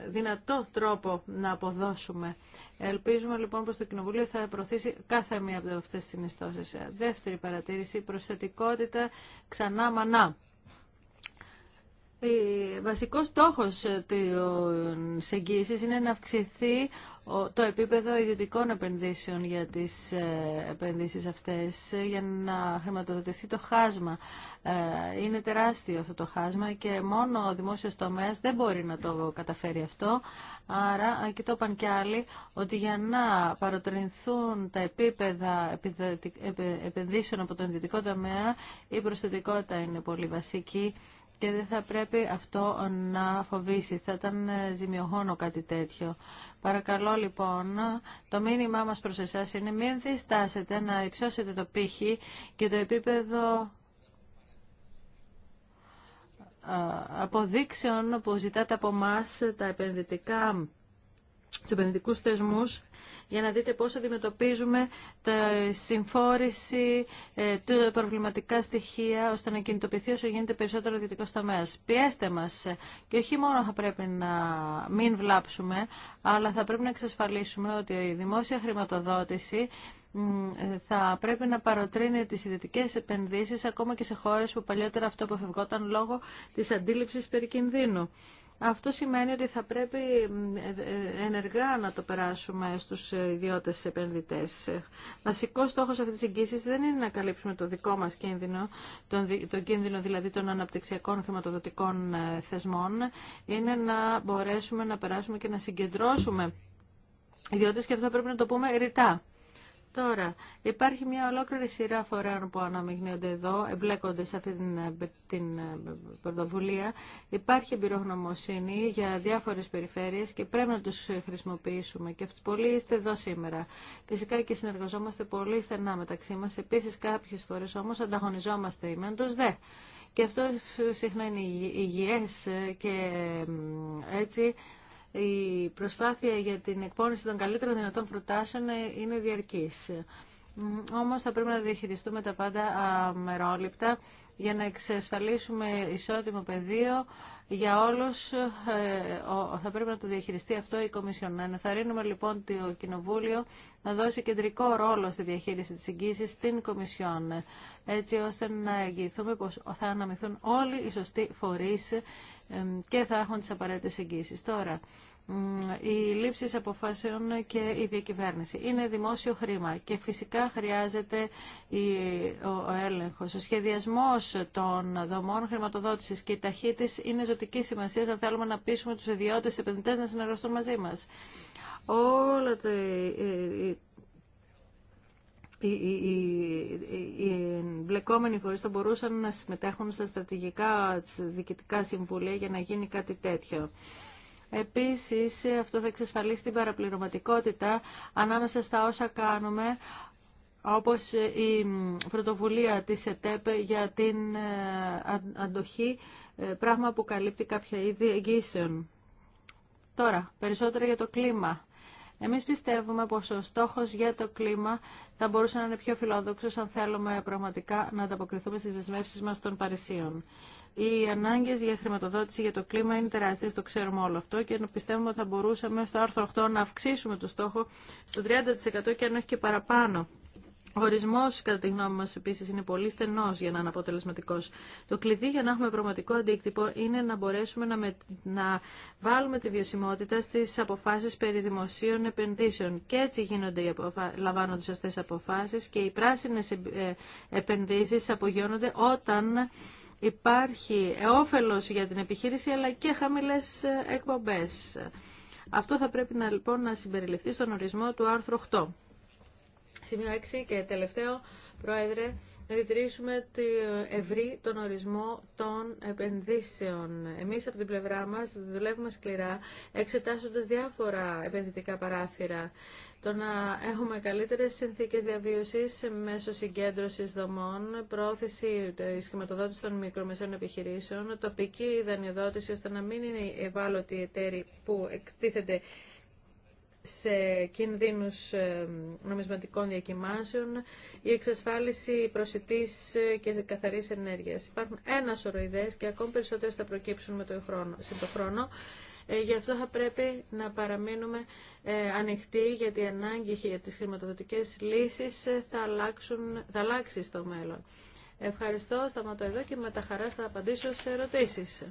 δυνατό τρόπο να αποδώσουμε. Ελπίζουμε λοιπόν πως το Κοινοβούλιο θα προωθήσει κάθε μία από αυτές τις συνιστώσεις. Δεύτερη παρατήρηση, προσθετικότητα ξανά μανά. Ε, βασικός στόχος ε, της εγγύησης είναι να αυξηθεί το επίπεδο ιδιωτικών επενδύσεων για τις ε, επενδύσεις αυτές για να χρηματοδοτηθεί το χάσμα. Είναι τεράστιο αυτό το χάσμα και μόνο ο δημόσιος τομέας δεν μπορεί να το καταφέρει αυτό. Άρα, και το είπαν άλλοι, ότι για να παροτρινθούν τα επίπεδα επενδύσεων από τον ιδιωτικό τομέα, η προσθετικότητα είναι πολύ βασική και δεν θα πρέπει αυτό να φοβήσει. Θα ήταν ε, ζημιογόνο κάτι τέτοιο. Παρακαλώ λοιπόν, το μήνυμά μας προς εσάς είναι μην διστάσετε να υψώσετε το πύχη και το επίπεδο ε, αποδείξεων που ζητάτε από μας τα επενδυτικά στους επενδυτικούς θεσμούς για να δείτε πώς αντιμετωπίζουμε τη συμφόρηση, ε, τα προβληματικά στοιχεία, ώστε να κινητοποιηθεί όσο γίνεται περισσότερο ο ιδιωτικός τομέας. Πιέστε μας ε, και όχι μόνο θα πρέπει να μην βλάψουμε, αλλά θα πρέπει να εξασφαλίσουμε ότι η δημόσια χρηματοδότηση θα πρέπει να παροτρύνει τις ιδιωτικές επενδύσεις ακόμα και σε χώρες που παλιότερα αυτό αποφευγόταν λόγω της αντίληψης περί κινδύνου. Αυτό σημαίνει ότι θα πρέπει ε, ενεργά να το περάσουμε στους ιδιώτες επενδυτές. Βασικός στόχος αυτής της εγγύσης δεν είναι να καλύψουμε το δικό μας κίνδυνο, τον, κίνδυνο δηλαδή των αναπτυξιακών χρηματοδοτικών ε, θεσμών, είναι να μπορέσουμε να περάσουμε και να συγκεντρώσουμε ιδιώτες και αυτό πρέπει να το πούμε ρητά. Τώρα, υπάρχει μια ολόκληρη σειρά φορέων που αναμειγνύονται εδώ, εμπλέκονται σε αυτή την, την πρωτοβουλία. Υπάρχει εμπειρογνωμοσύνη για διάφορες περιφέρειες και πρέπει να τους χρησιμοποιήσουμε. Και πολλοί είστε εδώ σήμερα. Φυσικά και συνεργαζόμαστε πολύ στενά μεταξύ μας. Επίσης κάποιες φορές όμως ανταγωνιζόμαστε οι τους δε. Και αυτό συχνά είναι υγιές και έτσι η προσπάθεια για την εκπόνηση των καλύτερων δυνατών προτάσεων είναι διαρκής. Όμως θα πρέπει να διαχειριστούμε τα πάντα αμερόληπτα για να εξασφαλίσουμε ισότιμο πεδίο για όλους. Ε, θα πρέπει να το διαχειριστεί αυτό η Κομισιόν. ενθαρρύνουμε λοιπόν το Κοινοβούλιο να δώσει κεντρικό ρόλο στη διαχείριση της εγγύησης στην Κομισιόν, έτσι ώστε να εγγυηθούμε πως θα αναμειχθούν όλοι οι σωστοί φορείς και θα έχουν τις απαραίτητες εγγύσεις. Τώρα, οι λήψει αποφάσεων και η διακυβέρνηση. Είναι δημόσιο χρήμα και φυσικά χρειάζεται ο έλεγχος. Ο σχεδιασμός των δομών χρηματοδότησης και η ταχύτης είναι ζωτική σημασία αν θέλουμε να πείσουμε τους ιδιώτες επενδυτές να συνεργαστούν μαζί μας. Όλα τα ε, ε, οι, οι, εμπλεκόμενοι φορείς θα μπορούσαν να συμμετέχουν στα στρατηγικά διοικητικά συμβούλια για να γίνει κάτι τέτοιο. Επίσης, αυτό θα εξασφαλίσει την παραπληρωματικότητα ανάμεσα στα όσα κάνουμε, όπως η πρωτοβουλία της ΕΤΕΠ για την ε, αντοχή, ε, πράγμα που καλύπτει κάποια είδη εγγύσεων. Τώρα, περισσότερα για το κλίμα. Εμείς πιστεύουμε πως ο στόχος για το κλίμα θα μπορούσε να είναι πιο φιλόδοξος αν θέλουμε πραγματικά να ανταποκριθούμε στις δεσμεύσεις μας των Παρισίων. Οι ανάγκε για χρηματοδότηση για το κλίμα είναι τεράστιε, το ξέρουμε όλο αυτό και πιστεύουμε ότι θα μπορούσαμε στο άρθρο 8 να αυξήσουμε το στόχο στο 30% και αν όχι και παραπάνω. Ο ορισμό, κατά τη γνώμη μα, επίση είναι πολύ στενό για να είναι αποτελεσματικό. Το κλειδί για να έχουμε πραγματικό αντίκτυπο είναι να μπορέσουμε να, να βάλουμε τη βιωσιμότητα στι αποφάσει περί δημοσίων επενδύσεων. Και έτσι γίνονται οι λαμβάνονται σωστέ αποφάσει και οι πράσινε επενδύσει απογειώνονται όταν υπάρχει όφελο για την επιχείρηση αλλά και χαμηλέ ε, εκπομπέ. Αυτό θα πρέπει να λοιπόν να συμπεριληφθεί στον ορισμό του άρθρου 8. Σημείο 6 και τελευταίο, Πρόεδρε, να διτηρήσουμε το ευρύ τον ορισμό των επενδύσεων. Εμείς από την πλευρά μας δουλεύουμε σκληρά, εξετάζοντας διάφορα επενδυτικά παράθυρα. Το να έχουμε καλύτερες συνθήκες διαβίωσης μέσω συγκέντρωσης δομών, πρόθεση τη χρηματοδότηση των μικρομεσαίων επιχειρήσεων, τοπική δανειοδότηση ώστε να μην είναι ευάλωτοι εταίροι που εκτίθεται σε κινδύνους ε, νομισματικών διακυμάνσεων, η εξασφάλιση προσιτής ε, και καθαρής ενέργειας. Υπάρχουν ένα σωρό ιδέες και ακόμη περισσότερες θα προκύψουν με το χρόνο, σε το χρόνο. Ε, γι' αυτό θα πρέπει να παραμείνουμε ανοιχτοί γιατί η ανάγκη για τις χρηματοδοτικές λύσεις θα, αλλάξουν, θα αλλάξει στο μέλλον. Ευχαριστώ, σταματώ εδώ και με τα χαρά θα απαντήσω σε ερωτήσεις.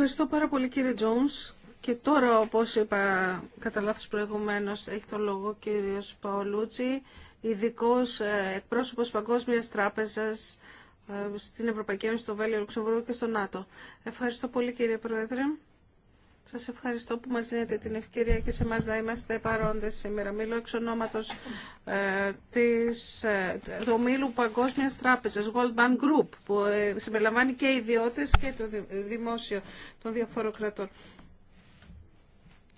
Ευχαριστώ πάρα πολύ κύριε Τζόμς Και τώρα, όπως είπα κατά λάθος προηγουμένως, έχει το λόγο κύριος Παολούτσι, ειδικό ε, εκπρόσωπος Παγκόσμιας Τράπεζας ε, στην Ευρωπαϊκή Ένωση, στο Βέλιο Λουξεμβούργο και στο ΝΑΤΟ. Ευχαριστώ πολύ κύριε Πρόεδρε. Σας ευχαριστώ που μας δίνετε την ευκαιρία και σε μας να είμαστε παρόντες σήμερα. Μιλώ εξ ονόματος ε, της, ε, του ομίλου Παγκόσμιας Τράπεζας, Gold Bank Group, που ε, συμπεριλαμβάνει και ιδιώτες και το δημόσιο των διαφόρων κρατών.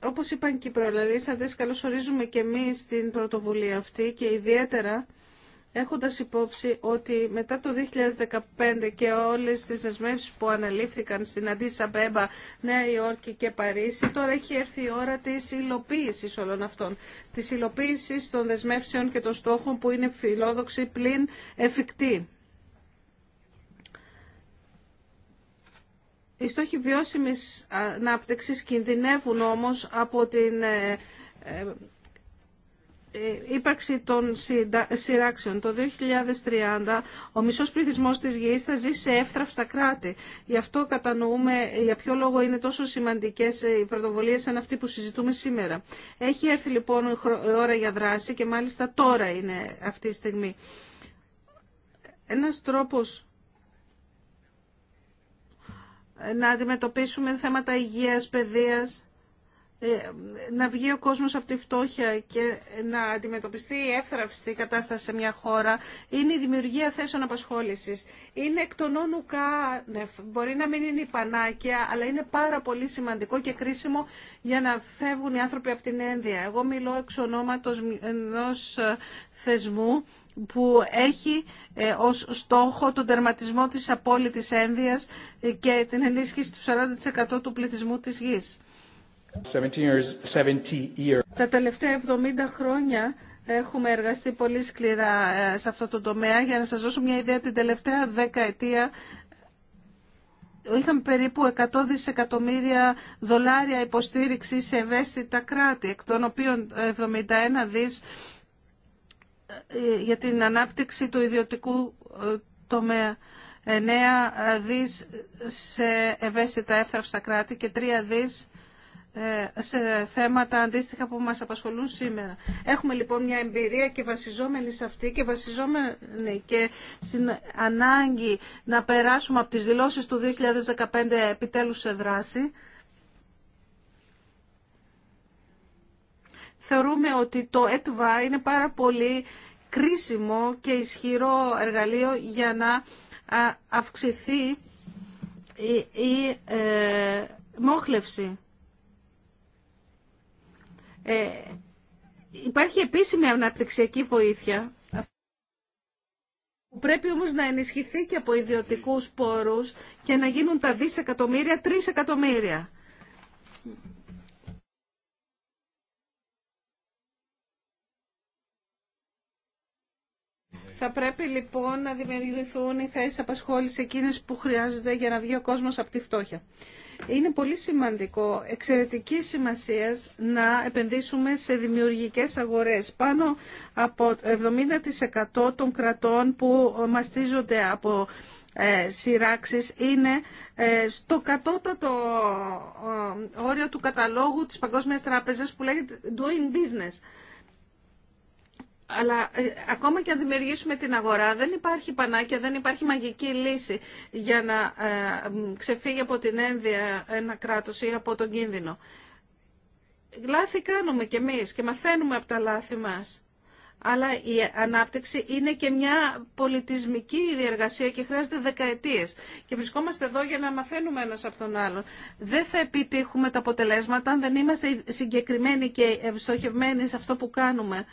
Όπως είπαν και οι προλαλήσαντες, καλώς ορίζουμε και εμείς την πρωτοβουλία αυτή και ιδιαίτερα έχοντας υπόψη ότι μετά το 2015 και όλες τις δεσμεύσεις που αναλήφθηκαν στην Αντίσα Μπέμπα, Νέα Υόρκη και Παρίσι, τώρα έχει έρθει η ώρα της υλοποίηση όλων αυτών. Της υλοποίηση των δεσμεύσεων και των στόχων που είναι φιλόδοξη πλην εφικτή. Οι στόχοι βιώσιμης ανάπτυξης κινδυνεύουν όμως από την ε, ε, ε, ύπαρξη των σειράξεων. Το 2030 ο μισός πληθυσμός της γης θα ζει σε εύθραυστα κράτη. Γι' αυτό κατανοούμε για ποιο λόγο είναι τόσο σημαντικές ε, οι πρωτοβολίες σαν αυτή που συζητούμε σήμερα. Έχει έρθει λοιπόν η ώρα για δράση και μάλιστα τώρα είναι αυτή η στιγμή. Ένας τρόπος ε, να αντιμετωπίσουμε θέματα υγείας, παιδείας, ε, να βγει ο κόσμος από τη φτώχεια και να αντιμετωπιστεί η εύθραυστη κατάσταση σε μια χώρα είναι η δημιουργία θέσεων απασχόλησης. Είναι εκ των όνου κάνευ. Μπορεί να μην είναι η πανάκια, αλλά είναι πάρα πολύ σημαντικό και κρίσιμο για να φεύγουν οι άνθρωποι από την ένδια. Εγώ μιλώ εξ ονόματος ενός ε, θεσμού που έχει ε, ως στόχο τον τερματισμό της απόλυτης ένδυας και την ενίσχυση του 40% του πληθυσμού της γης. Τα τελευταία 70 χρόνια έχουμε εργαστεί πολύ σκληρά ε, σε αυτό το τομέα. Για να σας δώσω μια ιδέα, την τελευταία δεκαετία είχαμε περίπου 100 δισεκατομμύρια δολάρια υποστήριξη σε ευαίσθητα κράτη, εκ των οποίων 71 δις ε, για την ανάπτυξη του ιδιωτικού ε, τομέα. 9 δις σε ευαίσθητα έφθραυστα κράτη και 3 δις ε, σε θέματα αντίστοιχα που μας απασχολούν σήμερα. Έχουμε λοιπόν μια εμπειρία και βασιζόμενη σε αυτή και βασιζόμενη και στην ανάγκη να περάσουμε από τις δηλώσεις του 2015 επιτέλους σε δράση. Θεωρούμε ότι το ΕΤΒΑ είναι πάρα πολύ κρίσιμο και ισχυρό εργαλείο για να αυξηθεί η, η ε, μόχλευση ε, υπάρχει επίσημη αναπτυξιακή βοήθεια που πρέπει όμως να ενισχυθεί και από ιδιωτικούς πόρους και να γίνουν τα δισεκατομμύρια τρισεκατομμύρια. εκατομμύρια. Θα πρέπει λοιπόν να δημιουργηθούν οι θέσει απασχόληση εκείνε που χρειάζονται για να βγει ο κόσμος από τη φτώχεια. Είναι πολύ σημαντικό, εξαιρετική σημασία να επενδύσουμε σε δημιουργικές αγορές. Πάνω από 70% των κρατών που μαστίζονται από ε, σειράξεις είναι ε, στο κατώτατο ε, όριο του καταλόγου της Παγκόσμιας Τράπεζας που λέγεται Doing Business. Αλλά ε, ακόμα και αν δημιουργήσουμε την αγορά δεν υπάρχει πανάκια, δεν υπάρχει μαγική λύση για να ε, ξεφύγει από την ένδυα ένα κράτος ή από τον κίνδυνο. Λάθη κάνουμε κι εμείς και μαθαίνουμε από τα λάθη μας. Αλλά η ανάπτυξη είναι και μια πολιτισμική διεργασία και χρειάζεται δεκαετίες. Και βρισκόμαστε εδώ για να μαθαίνουμε ένας από τον άλλον. Δεν θα επιτύχουμε τα αποτελέσματα αν δεν είμαστε συγκεκριμένοι και ευστοχευμένοι σε αυτό που κάνουμε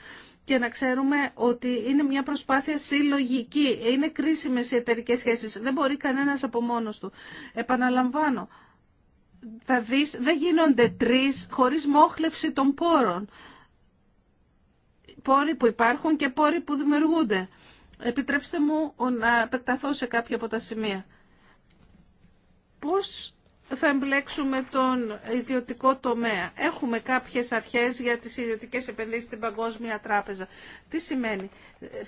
και να ξέρουμε ότι είναι μια προσπάθεια συλλογική. Είναι κρίσιμε οι εταιρικέ σχέσει. Δεν μπορεί κανένας από μόνος του. Επαναλαμβάνω, θα δεις, δεν γίνονται τρεις χωρίς μόχλευση των πόρων. Πόροι που υπάρχουν και πόροι που δημιουργούνται. Επιτρέψτε μου να επεκταθώ σε κάποια από τα σημεία. Πώς θα εμπλέξουμε τον ιδιωτικό τομέα. Έχουμε κάποιες αρχές για τις ιδιωτικές επενδύσεις στην Παγκόσμια Τράπεζα. Τι σημαίνει.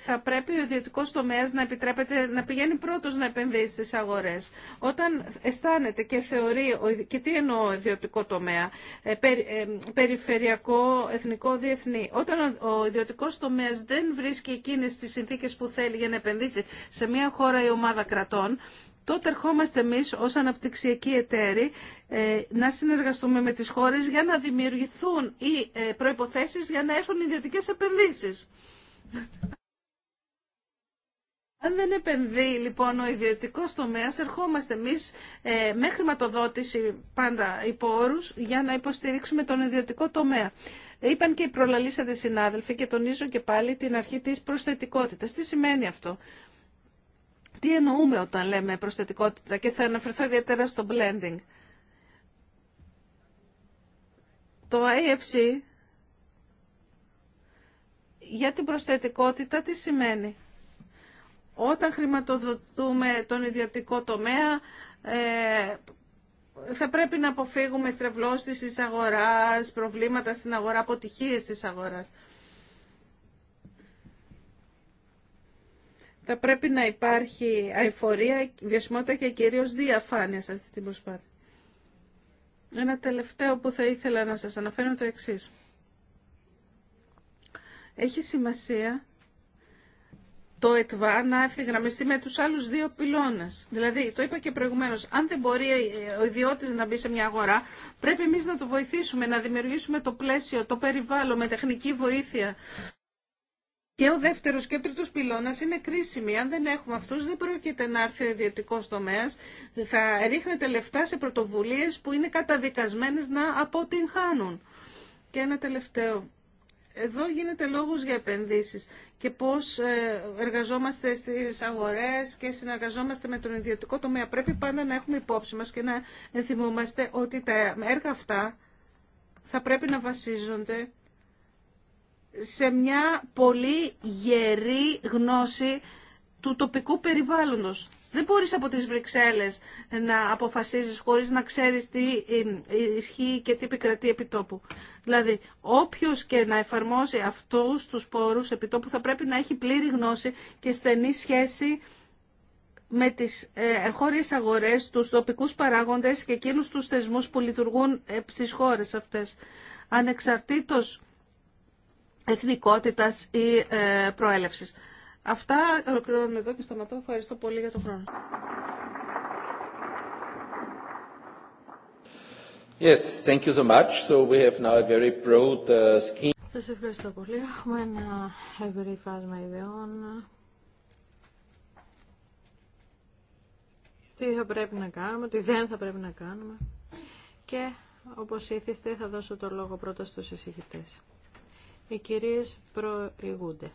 Θα πρέπει ο ιδιωτικός τομέας να επιτρέπεται να πηγαίνει πρώτος να επενδύσει στις αγορές. Όταν αισθάνεται και θεωρεί, και τι εννοώ ιδιωτικό τομέα, ε, ε, περιφερειακό, εθνικό, διεθνή. Όταν ο ιδιωτικός τομέας δεν βρίσκει εκείνες τις συνθήκες που θέλει για να επενδύσει σε μια χώρα ή ομάδα κρατών, τότε ερχόμαστε εμείς ως αναπτυξιακοί εταίροι ε, να συνεργαστούμε με τις χώρες για να δημιουργηθούν οι ε, προϋποθέσεις για να έρθουν ιδιωτικές επενδύσεις. Αν δεν επενδύει λοιπόν ο ιδιωτικό τομέα, ερχόμαστε εμεί ε, με χρηματοδότηση πάντα υπό όρους, για να υποστηρίξουμε τον ιδιωτικό τομέα. Είπαν και οι προλαλήσατε συνάδελφοι και τονίζω και πάλι την αρχή τη προσθετικότητα. Τι σημαίνει αυτό. Τι εννοούμε όταν λέμε προσθετικότητα και θα αναφερθώ ιδιαίτερα στο blending. Το IFC για την προσθετικότητα τι σημαίνει. Όταν χρηματοδοτούμε τον ιδιωτικό τομέα ε, θα πρέπει να αποφύγουμε στρεβλώσεις της αγοράς, προβλήματα στην αγορά, αποτυχίες της αγοράς. Θα πρέπει να υπάρχει αηφορία, βιωσιμότητα και κυρίως διαφάνεια σε αυτή την προσπάθεια. Ένα τελευταίο που θα ήθελα να σας αναφέρω το εξής. Έχει σημασία το ΕΤΒΑ να ευθυγραμμιστεί με τους άλλους δύο πυλώνες. Δηλαδή, το είπα και προηγουμένως, αν δεν μπορεί ο ιδιώτης να μπει σε μια αγορά, πρέπει εμείς να το βοηθήσουμε, να δημιουργήσουμε το πλαίσιο, το περιβάλλον με τεχνική βοήθεια, και ο δεύτερος και ο τρίτος πυλώνας είναι κρίσιμοι. Αν δεν έχουμε αυτούς δεν πρόκειται να έρθει ο ιδιωτικό τομέα. Θα ρίχνετε λεφτά σε πρωτοβουλίε που είναι καταδικασμένες να αποτυγχάνουν. Και ένα τελευταίο. Εδώ γίνεται λόγος για επενδύσεις και πώς ε, εργαζόμαστε στις αγορές και συνεργαζόμαστε με τον ιδιωτικό τομέα. Πρέπει πάντα να έχουμε υπόψη μας και να ενθυμούμαστε ότι τα έργα αυτά θα πρέπει να βασίζονται σε μια πολύ γερή γνώση του τοπικού περιβάλλοντος. Δεν μπορείς από τις Βρυξέλλες να αποφασίζεις χωρίς να ξέρεις τι ε, ε, ισχύει και τι επικρατεί επιτόπου. Δηλαδή, όποιος και να εφαρμόσει αυτούς τους πόρους επιτόπου θα πρέπει να έχει πλήρη γνώση και στενή σχέση με τις ε, χώριες αγορές, τους τοπικούς παράγοντες και εκείνους τους θεσμούς που λειτουργούν στις χώρες αυτές. Ανεξαρτήτως εθνικότητας ή ε, προέλευσης. Αυτά ολοκληρώνω εδώ και σταματώ. Ευχαριστώ πολύ για τον χρόνο. Yes, thank you so much. So we have now a very broad uh, scheme. Σας ευχαριστώ πολύ. Έχουμε ένα ευρύ φάσμα ιδεών. Τι θα πρέπει να κάνουμε, τι δεν θα πρέπει να κάνουμε. Και όπως ήθιστε θα δώσω το λόγο πρώτα στους εισηγητές οι κυρίες προηγούνται.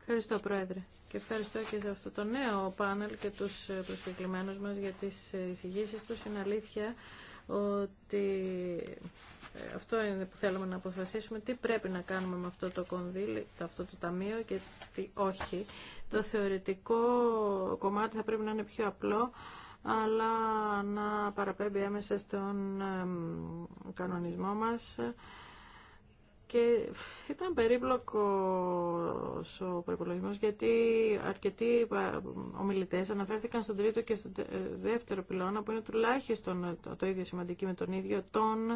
Ευχαριστώ Πρόεδρε και ευχαριστώ και σε αυτό το νέο πάνελ και τους ε, προσκεκλημένους μας για τις ε, εισηγήσεις τους. Είναι αλήθεια ότι ε, αυτό είναι που θέλουμε να αποφασίσουμε τι πρέπει να κάνουμε με αυτό το κονδύλι, αυτό το ταμείο και τι όχι. Το θεωρητικό κομμάτι θα πρέπει να είναι πιο απλό αλλά να παραπέμπει άμεσα στον κανονισμό μας και ήταν περίπλοκο ο προπολογισμό γιατί αρκετοί ε, ομιλητέ αναφέρθηκαν στον τρίτο και στον ε, δεύτερο πυλώνα που είναι τουλάχιστον το ίδιο σημαντική με τον ίδιο τον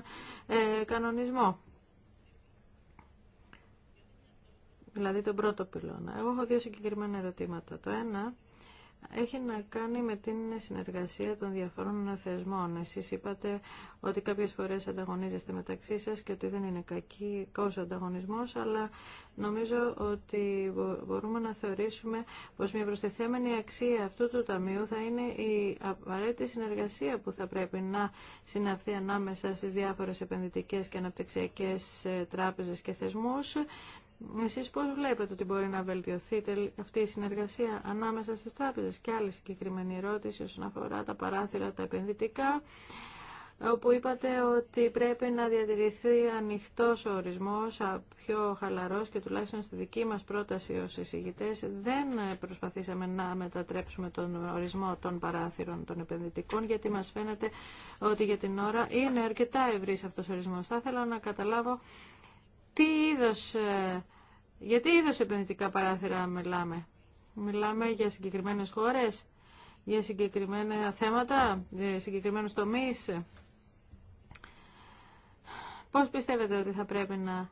ε, κανονισμό. Δηλαδή τον πρώτο πυλώνα. Εγώ έχω δύο συγκεκριμένα ερωτήματα. Το ένα έχει να κάνει με την συνεργασία των διαφορών θεσμών. Εσείς είπατε ότι κάποιες φορές ανταγωνίζεστε μεταξύ σας και ότι δεν είναι ο ανταγωνισμός, αλλά νομίζω ότι μπορούμε να θεωρήσουμε πως μια προστεθέμενη αξία αυτού του ταμείου θα είναι η απαραίτητη συνεργασία που θα πρέπει να συναυθεί ανάμεσα στι διάφορε επενδυτικέ και αναπτυξιακέ ε, τράπεζες και θεσμούς εσείς πώς βλέπετε ότι μπορεί να βελτιωθεί αυτή η συνεργασία ανάμεσα στις τράπεζες και άλλη συγκεκριμένη ερώτηση όσον αφορά τα παράθυρα τα επενδυτικά όπου είπατε ότι πρέπει να διατηρηθεί ανοιχτός ο ορισμός, πιο χαλαρός και τουλάχιστον στη δική μας πρόταση ως εισηγητές δεν προσπαθήσαμε να μετατρέψουμε τον ορισμό των παράθυρων των επενδυτικών γιατί μας φαίνεται ότι για την ώρα είναι αρκετά ευρύς αυτός ο ορισμός. Θα ήθελα να καταλάβω τι είδος, ε, γιατί είδος επενδυτικά παράθυρα μιλάμε. Μιλάμε για συγκεκριμένες χώρες, για συγκεκριμένα θέματα, για ε, συγκεκριμένους τομείς. Πώς πιστεύετε ότι θα πρέπει να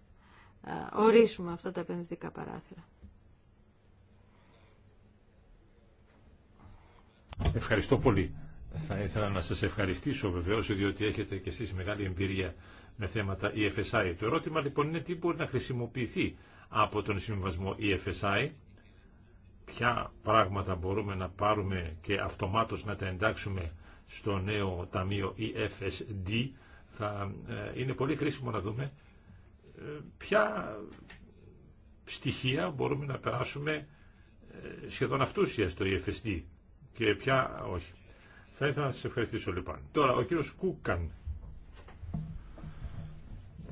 ε, ορίσουμε αυτά τα επενδυτικά παράθυρα. Ευχαριστώ πολύ. Θα ήθελα να σας ευχαριστήσω βεβαίως διότι έχετε και εσείς μεγάλη εμπειρία με θέματα EFSI. Το ερώτημα λοιπόν είναι τι μπορεί να χρησιμοποιηθεί από τον συμβασμό EFSI, ποια πράγματα μπορούμε να πάρουμε και αυτομάτως να τα εντάξουμε στο νέο ταμείο EFSD. Θα, ε, είναι πολύ χρήσιμο να δούμε ε, ποια στοιχεία μπορούμε να περάσουμε ε, σχεδόν αυτούσια στο EFSD και ποια όχι. Θα ήθελα να σας ευχαριστήσω λοιπόν. Τώρα ο κύριος Κούκαν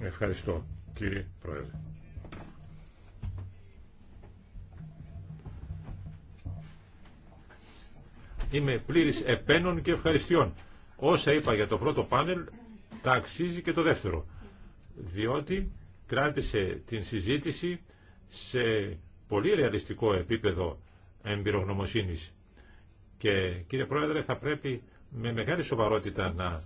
Ευχαριστώ κύριε Πρόεδρε. Είμαι πλήρης επένων και ευχαριστειών. Όσα είπα για το πρώτο πάνελ τα αξίζει και το δεύτερο. Διότι κράτησε την συζήτηση σε πολύ ρεαλιστικό επίπεδο εμπειρογνωμοσύνης. Και κύριε Πρόεδρε θα πρέπει με μεγάλη σοβαρότητα να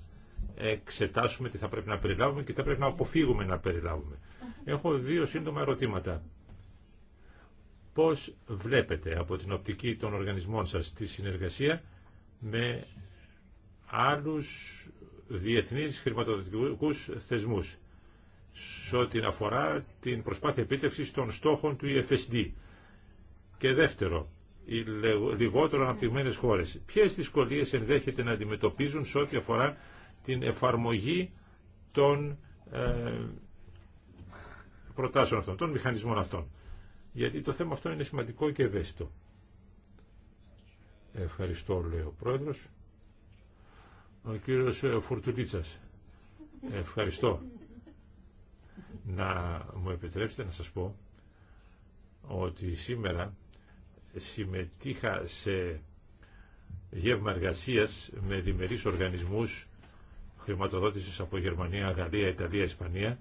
εξετάσουμε τι θα πρέπει να περιλάβουμε και τι θα πρέπει να αποφύγουμε να περιλάβουμε. Έχω δύο σύντομα ερωτήματα. Πώς βλέπετε από την οπτική των οργανισμών σας τη συνεργασία με άλλους διεθνείς χρηματοδοτικούς θεσμούς σε ό,τι αφορά την προσπάθεια επίτευξης των στόχων του EFSD. Και δεύτερο, οι λιγότερο αναπτυγμένες χώρες. Ποιες δυσκολίες ενδέχεται να αντιμετωπίζουν σε ό,τι αφορά την εφαρμογή των ε, προτάσεων αυτών, των μηχανισμών αυτών. Γιατί το θέμα αυτό είναι σημαντικό και ευαίσθητο. Ευχαριστώ, λέει ο Πρόεδρος. Ο κύριος ε, Φουρτουλίτσας. Ευχαριστώ. Να μου επιτρέψετε να σας πω ότι σήμερα συμμετείχα σε γεύμα εργασία με διμερείς οργανισμούς Χρηματοδότηση από Γερμανία, Γαλλία, Ιταλία, Ισπανία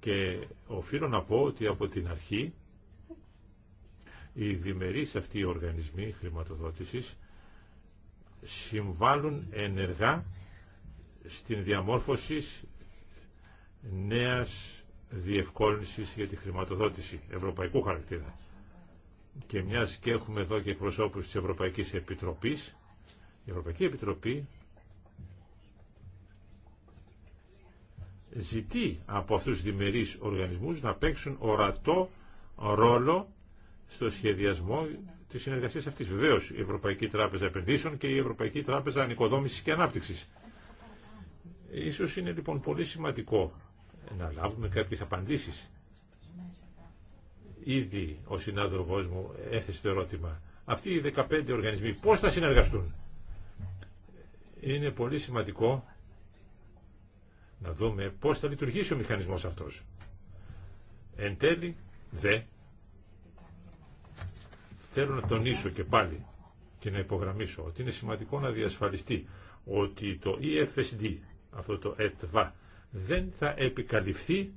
και οφείλω να πω ότι από την αρχή οι διμερείς αυτοί οι οργανισμοί χρηματοδότησης συμβάλλουν ενεργά στην διαμόρφωση νέας διευκόλυνσης για τη χρηματοδότηση ευρωπαϊκού χαρακτήρα. Και μιας και έχουμε εδώ και εκπροσώπους της Ευρωπαϊκής Επιτροπής, η Ευρωπαϊκή Επιτροπή ζητεί από αυτούς τους διμερείς οργανισμούς να παίξουν ορατό ρόλο στο σχεδιασμό τη συνεργασία αυτή. Βεβαίω η Ευρωπαϊκή Τράπεζα Επενδύσεων και η Ευρωπαϊκή Τράπεζα Ανοικοδόμηση και Ανάπτυξη. Ίσως είναι λοιπόν πολύ σημαντικό να λάβουμε κάποιε απαντήσεις. Ήδη ο συνάδελφός μου έθεσε το ερώτημα. Αυτοί οι 15 οργανισμοί πώ θα συνεργαστούν. Είναι πολύ σημαντικό να δούμε πώς θα λειτουργήσει ο μηχανισμός αυτός. Εν τέλει, δε, θέλω να τονίσω και πάλι και να υπογραμμίσω ότι είναι σημαντικό να διασφαλιστεί ότι το EFSD, αυτό το ΕΤΒΑ, e δεν θα επικαλυφθεί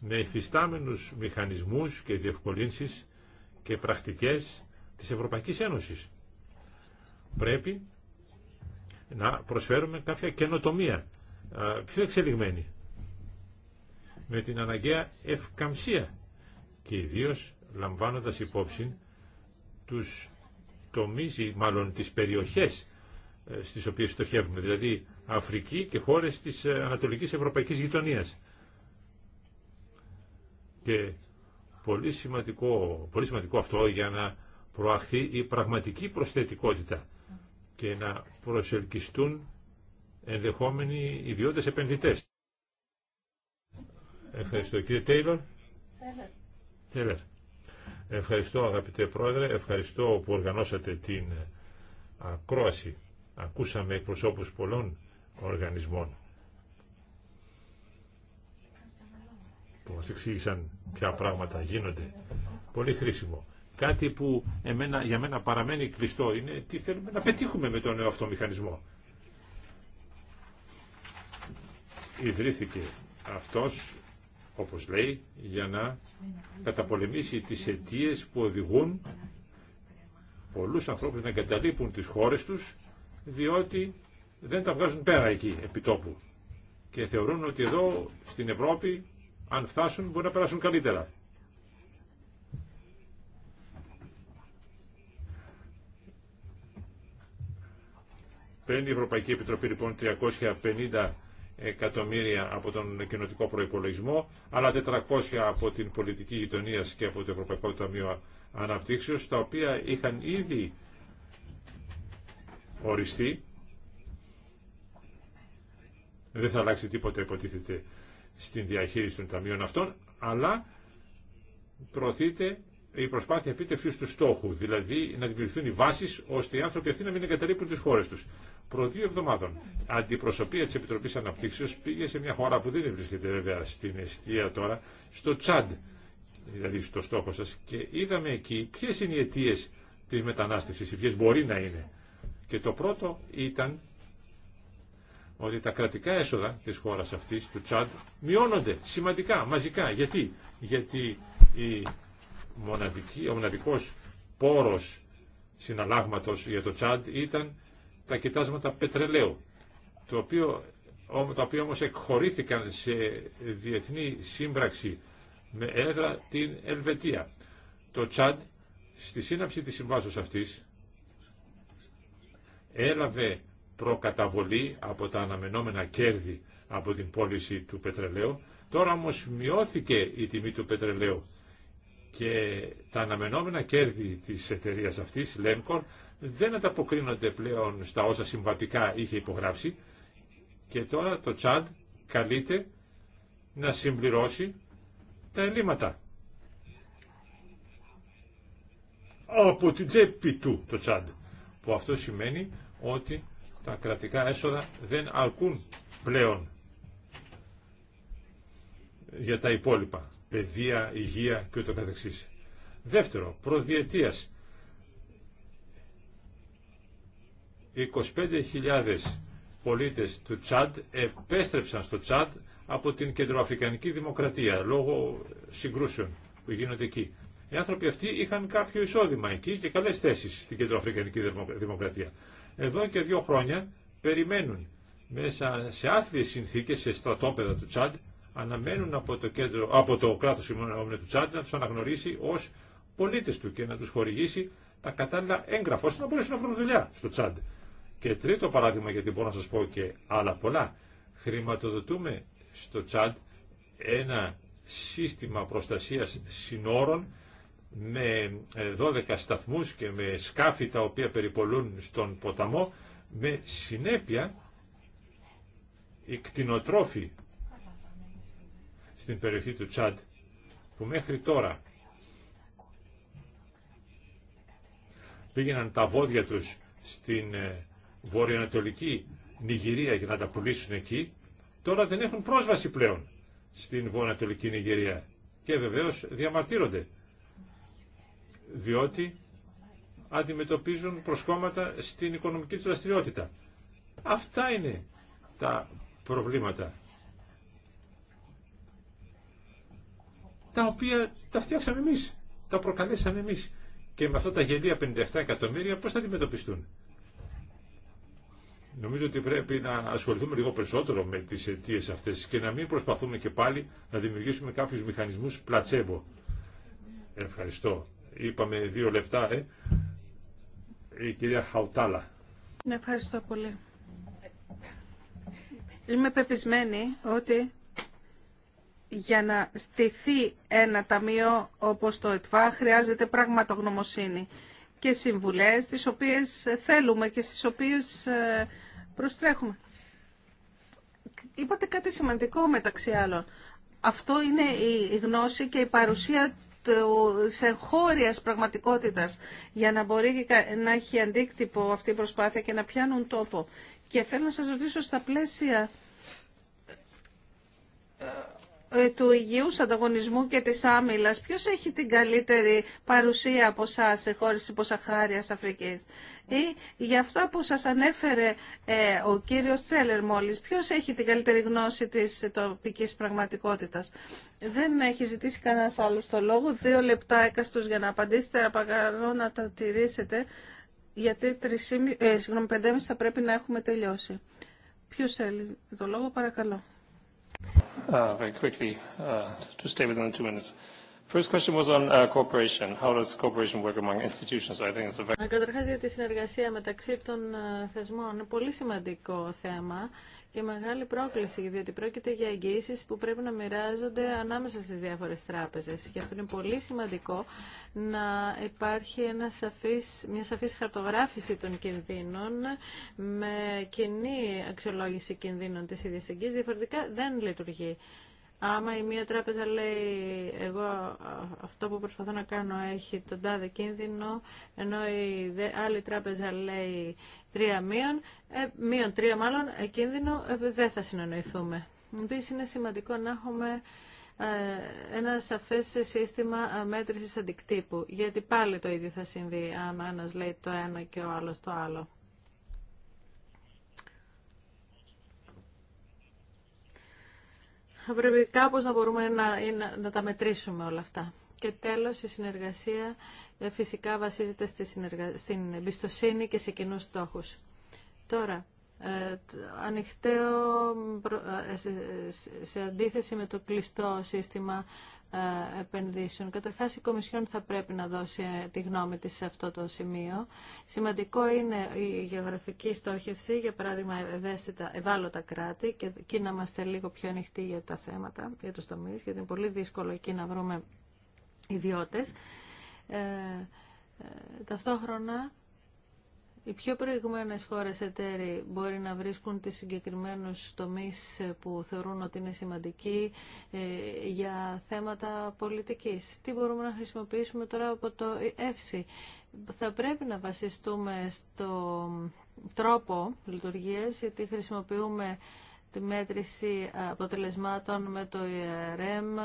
με υφιστάμενους μηχανισμούς και διευκολύνσεις και πρακτικές της Ευρωπαϊκής Ένωσης. Πρέπει να προσφέρουμε κάποια καινοτομία πιο εξελιγμένη με την αναγκαία ευκαμψία και ιδίω λαμβάνοντας υπόψη τους τομείς ή μάλλον τις περιοχές ε, στις οποίες στοχεύουμε, δηλαδή Αφρική και χώρες της ε, Ανατολικής Ευρωπαϊκής Γειτονίας. Και πολύ σημαντικό, πολύ σημαντικό αυτό για να προαχθεί η πραγματική προσθετικότητα και να προσελκυστούν ενδεχόμενοι ιδιώτες επενδυτές. Ευχαριστώ. Κύριε Τέιλορ. Τέλερ. Ευχαριστώ αγαπητέ Πρόεδρε, ευχαριστώ που οργανώσατε την ακρόαση. Ακούσαμε εκπροσώπους πολλών οργανισμών που μας εξήγησαν ποια πράγματα γίνονται. Πολύ χρήσιμο. Κάτι που εμένα, για μένα παραμένει κλειστό είναι τι θέλουμε να πετύχουμε με τον νέο αυτό μηχανισμό. ιδρύθηκε αυτός, όπως λέει, για να καταπολεμήσει τις αιτίε που οδηγούν πολλούς ανθρώπους να εγκαταλείπουν τις χώρες τους, διότι δεν τα βγάζουν πέρα εκεί, επί τόπου. Και θεωρούν ότι εδώ, στην Ευρώπη, αν φτάσουν, μπορεί να περάσουν καλύτερα. Παίρνει η Ευρωπαϊκή Επιτροπή λοιπόν 350 εκατομμύρια από τον κοινοτικό προϋπολογισμό, αλλά 400 από την πολιτική γειτονία και από το Ευρωπαϊκό Ταμείο Αναπτύξεω, τα οποία είχαν ήδη οριστεί. Δεν θα αλλάξει τίποτα υποτίθεται στην διαχείριση των ταμείων αυτών, αλλά προωθείται η προσπάθεια επίτευξη του στόχου, δηλαδή να δημιουργηθούν οι βάσει ώστε οι άνθρωποι αυτοί να μην εγκαταλείπουν τι χώρε του. Προ δύο εβδομάδων, αντιπροσωπεία τη Επιτροπή Αναπτύξεω πήγε σε μια χώρα που δεν βρίσκεται βέβαια στην αιστεία τώρα, στο Τσάντ, δηλαδή στο στόχο σα, και είδαμε εκεί ποιε είναι οι αιτίε τη μετανάστευση, οι ποιε μπορεί να είναι. Και το πρώτο ήταν ότι τα κρατικά έσοδα της χώρας αυτής, του Τσάντ, μειώνονται σημαντικά, μαζικά. Γιατί, Γιατί η μοναδική, ο μοναδικός πόρος συναλλάγματος για το Τσάντ ήταν τα κοιτάσματα πετρελαίου, το οποίο, τα οποία όμως εκχωρήθηκαν σε διεθνή σύμπραξη με έδρα την Ελβετία. Το Τσάντ στη σύναψη της συμβάσεως αυτής έλαβε προκαταβολή από τα αναμενόμενα κέρδη από την πώληση του πετρελαίου. Τώρα όμως μειώθηκε η τιμή του πετρελαίου και τα αναμενόμενα κέρδη της εταιρείας αυτής, Lemcor, δεν ανταποκρίνονται πλέον στα όσα συμβατικά είχε υπογράψει και τώρα το Τσάντ καλείται να συμπληρώσει τα ελλείμματα. Από την τσέπη του το Τσάντ, που αυτό σημαίνει ότι τα κρατικά έσοδα δεν αρκούν πλέον για τα υπόλοιπα παιδεία, υγεία και ούτω καθεξής. Δεύτερο, προδιετίας. 25.000 πολίτες του Τσάντ επέστρεψαν στο Τσάντ από την κεντροαφρικανική δημοκρατία λόγω συγκρούσεων που γίνονται εκεί. Οι άνθρωποι αυτοί είχαν κάποιο εισόδημα εκεί και καλές θέσεις στην κεντροαφρικανική δημοκρατία. Εδώ και δύο χρόνια περιμένουν μέσα σε άθλιες συνθήκες, σε στρατόπεδα του Τσάντ, αναμένουν από το, κέντρο, από το κράτος του Τσάντ να τους αναγνωρίσει ως πολίτες του και να τους χορηγήσει τα κατάλληλα έγγραφα ώστε να μπορέσουν να βρουν δουλειά στο Τσάντ. Και τρίτο παράδειγμα, γιατί μπορώ να σας πω και άλλα πολλά, χρηματοδοτούμε στο Τσάντ ένα σύστημα προστασίας συνόρων με 12 ε, σταθμούς και με σκάφη τα οποία περιπολούν στον ποταμό με συνέπεια οι κτηνοτρόφοι στην περιοχή του Τσάντ που μέχρι τώρα πήγαιναν τα βόδια τους στην ε, βορειοανατολική Νιγηρία για να τα πουλήσουν εκεί, τώρα δεν έχουν πρόσβαση πλέον στην βορειοανατολική Νιγηρία. Και βεβαίως διαμαρτύρονται, διότι αντιμετωπίζουν προσκόμματα στην οικονομική του δραστηριότητα. Αυτά είναι τα προβλήματα. τα οποία τα φτιάξαμε εμεί, τα προκαλέσαμε εμείς. Και με αυτά τα γελία 57 εκατομμύρια πώς θα αντιμετωπιστούν. Νομίζω ότι πρέπει να ασχοληθούμε λίγο περισσότερο με τις αιτίε αυτές και να μην προσπαθούμε και πάλι να δημιουργήσουμε κάποιου μηχανισμούς πλατσέβο. Ευχαριστώ. Είπαμε δύο λεπτά, ε. Η κυρία Χαουτάλα. Ναι, ευχαριστώ πολύ. Είμαι πεπισμένη ότι για να στηθεί ένα ταμείο όπως το ΕΤΒΑ χρειάζεται πραγματογνωμοσύνη και συμβουλές τις οποίες θέλουμε και στις οποίες ε, προστρέχουμε. Είπατε κάτι σημαντικό μεταξύ άλλων. Αυτό είναι η γνώση και η παρουσία της εγχώριας πραγματικότητας για να μπορεί να έχει αντίκτυπο αυτή η προσπάθεια και να πιάνουν τόπο. Και θέλω να σας ρωτήσω στα πλαίσια ε, ε, του υγιούς ανταγωνισμού και της άμυλας, ποιος έχει την καλύτερη παρουσία από εσά σε χώρες υποσαχάριας Αφρικής. Ή για αυτό που σας ανέφερε ε, ο κύριος Τσέλερ μόλις, ποιος έχει την καλύτερη γνώση της τοπικής πραγματικότητας. Δεν έχει ζητήσει κανένας άλλος το λόγο. Δύο λεπτά έκαστος για να απαντήσετε, παρακαλώ να τα τηρήσετε, γιατί ε, πεντέμιση θα πρέπει να έχουμε τελειώσει. Ποιος θέλει το λόγο, παρακαλώ very quickly to stay within two minutes. First question was on cooperation. How does cooperation work among institutions? I think it's a very... Καταρχάς για τη συνεργασία μεταξύ των θεσμών. Είναι πολύ σημαντικό θέμα και μεγάλη πρόκληση, διότι πρόκειται για εγγυήσει που πρέπει να μοιράζονται ανάμεσα στι διάφορε τράπεζε. Γι' αυτό είναι πολύ σημαντικό να υπάρχει ένα σαφής, μια σαφή χαρτογράφηση των κινδύνων με κοινή αξιολόγηση κινδύνων τη ίδια εγγύηση. Διαφορετικά δεν λειτουργεί. Άμα η μία τράπεζα λέει εγώ αυτό που προσπαθώ να κάνω έχει τον τάδε κίνδυνο, ενώ η άλλη τράπεζα λέει τρία μείον, ε, μείον τρία μάλλον, ε, κίνδυνο, ε, δεν θα συνεννοηθούμε. Επίση είναι σημαντικό να έχουμε ε, ένα σαφές σύστημα ε, μέτρησης αντικτύπου, γιατί πάλι το ίδιο θα συμβεί αν ένας λέει το ένα και ο άλλος το άλλο. θα πρέπει να μπορούμε να, να, να τα μετρήσουμε όλα αυτά. Και τέλος, η συνεργασία ε, φυσικά βασίζεται στη συνεργα... στην εμπιστοσύνη και σε κοινού στόχους. Τώρα, ε, ε σε, σε αντίθεση με το κλειστό σύστημα ε, επενδύσεων. Καταρχάς η Κομισιόν θα πρέπει να δώσει ε, τη γνώμη της σε αυτό το σημείο. Σημαντικό είναι η γεωγραφική στόχευση, για παράδειγμα ευαίσθητα, ευάλωτα κράτη και εκεί να είμαστε λίγο πιο ανοιχτοί για τα θέματα, για το τομεί, γιατί είναι πολύ δύσκολο εκεί να βρούμε ιδιώτες. Ε, ε, ταυτόχρονα οι πιο προηγούμενε χώρες εταίροι μπορεί να βρίσκουν τις συγκεκριμένου τομείς που θεωρούν ότι είναι σημαντικοί ε, για θέματα πολιτικής. Τι μπορούμε να χρησιμοποιήσουμε τώρα από το ΕΦΣΥ. Θα πρέπει να βασιστούμε στο τρόπο λειτουργίας, γιατί χρησιμοποιούμε τη μέτρηση αποτελεσμάτων με το ΙΡΕΜ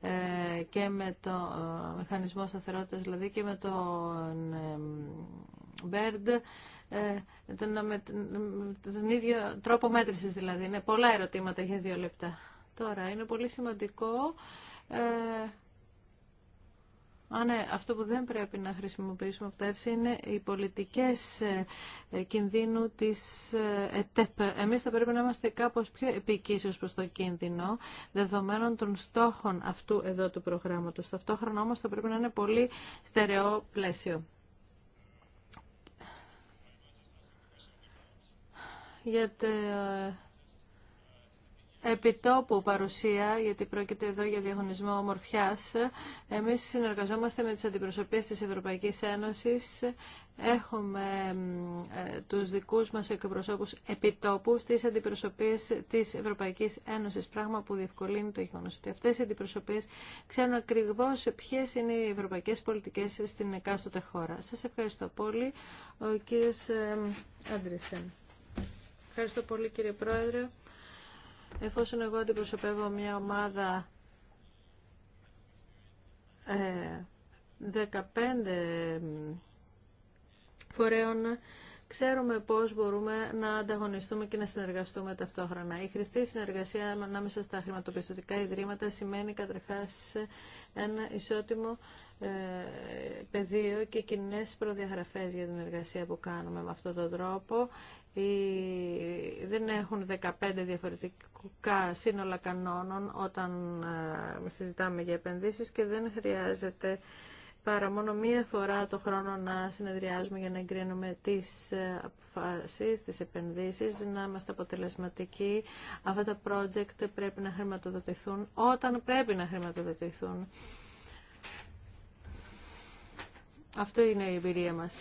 ε, και με το ε, Μηχανισμό Σταθερότητας, δηλαδή και με το BERD, ε, με τον ίδιο τρόπο μέτρησης δηλαδή. Είναι πολλά ερωτήματα για δύο λεπτά. Τώρα, είναι πολύ σημαντικό Α, ναι, αυτό που δεν πρέπει να χρησιμοποιήσουμε από τα είναι οι πολιτικές ε, ε, κινδύνου της ε, ΕΤΕΠ. Εμείς θα πρέπει να είμαστε κάπως πιο επικίσιους προς το κίνδυνο, δεδομένων των στόχων αυτού εδώ του προγράμματος. Ταυτόχρονα όμως θα πρέπει να είναι πολύ στερεό πλαίσιο. Γιατί επιτόπου παρουσία, γιατί πρόκειται εδώ για διαγωνισμό ομορφιά. Εμείς συνεργαζόμαστε με τις αντιπροσωπείε της Ευρωπαϊκής Ένωσης. Έχουμε ε, τους δικούς μας εκπροσώπους επιτόπου στις αντιπροσωπείες της Ευρωπαϊκής Ένωσης, πράγμα που διευκολύνει το γεγονός ότι αυτές οι αντιπροσωπείες ξέρουν ακριβώς ποιες είναι οι ευρωπαϊκές πολιτικές στην εκάστοτε χώρα. Σας ευχαριστώ πολύ, ο κύριος ε, Άντρισεν. Ευχαριστώ πολύ κύριε Πρόεδρε. Εφόσον εγώ αντιπροσωπεύω μια ομάδα 15 ε, φορέων, ξέρουμε πώς μπορούμε να ανταγωνιστούμε και να συνεργαστούμε ταυτόχρονα. Η χρηστή συνεργασία ανάμεσα στα χρηματοπιστωτικά ιδρύματα σημαίνει καταρχάς ένα ισότιμο ε, πεδίο και κοινέ προδιαγραφές για την εργασία που κάνουμε με αυτόν τον τρόπο δεν έχουν 15 διαφορετικά σύνολα κανόνων όταν ε, συζητάμε για επενδύσεις και δεν χρειάζεται παρά μόνο μία φορά το χρόνο να συνεδριάζουμε για να εγκρίνουμε τις ε, αποφάσεις, τις επενδύσεις, να είμαστε αποτελεσματικοί. Αυτά τα project πρέπει να χρηματοδοτηθούν όταν πρέπει να χρηματοδοτηθούν. Αυτό είναι η εμπειρία μας.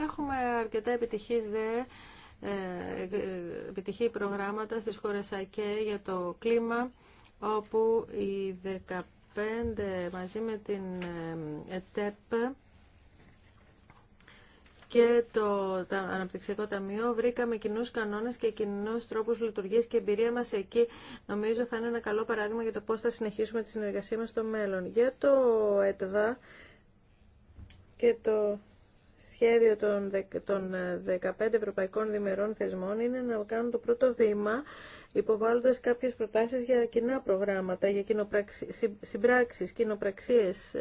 Έχουμε αρκετά επιτυχίες δε επιτυχή προγράμματα στις χώρες ΑΚΕ για το κλίμα, όπου οι 15 μαζί με την ε, ΕΤΕΠ και το Αναπτυξιακό Ταμείο βρήκαμε κοινού κανόνε και κοινού τρόπους λειτουργία και εμπειρία μα εκεί νομίζω θα είναι ένα καλό παράδειγμα για το πώ θα συνεχίσουμε τη συνεργασία μα στο μέλλον. Για το ΕΤΒΑ και το σχέδιο των 15 ε, ευρωπαϊκών δημερών θεσμών είναι να κάνουν το πρώτο βήμα υποβάλλοντας κάποιες προτάσεις για κοινά προγράμματα, για συμπράξει συμπράξεις, κοινοπραξίες.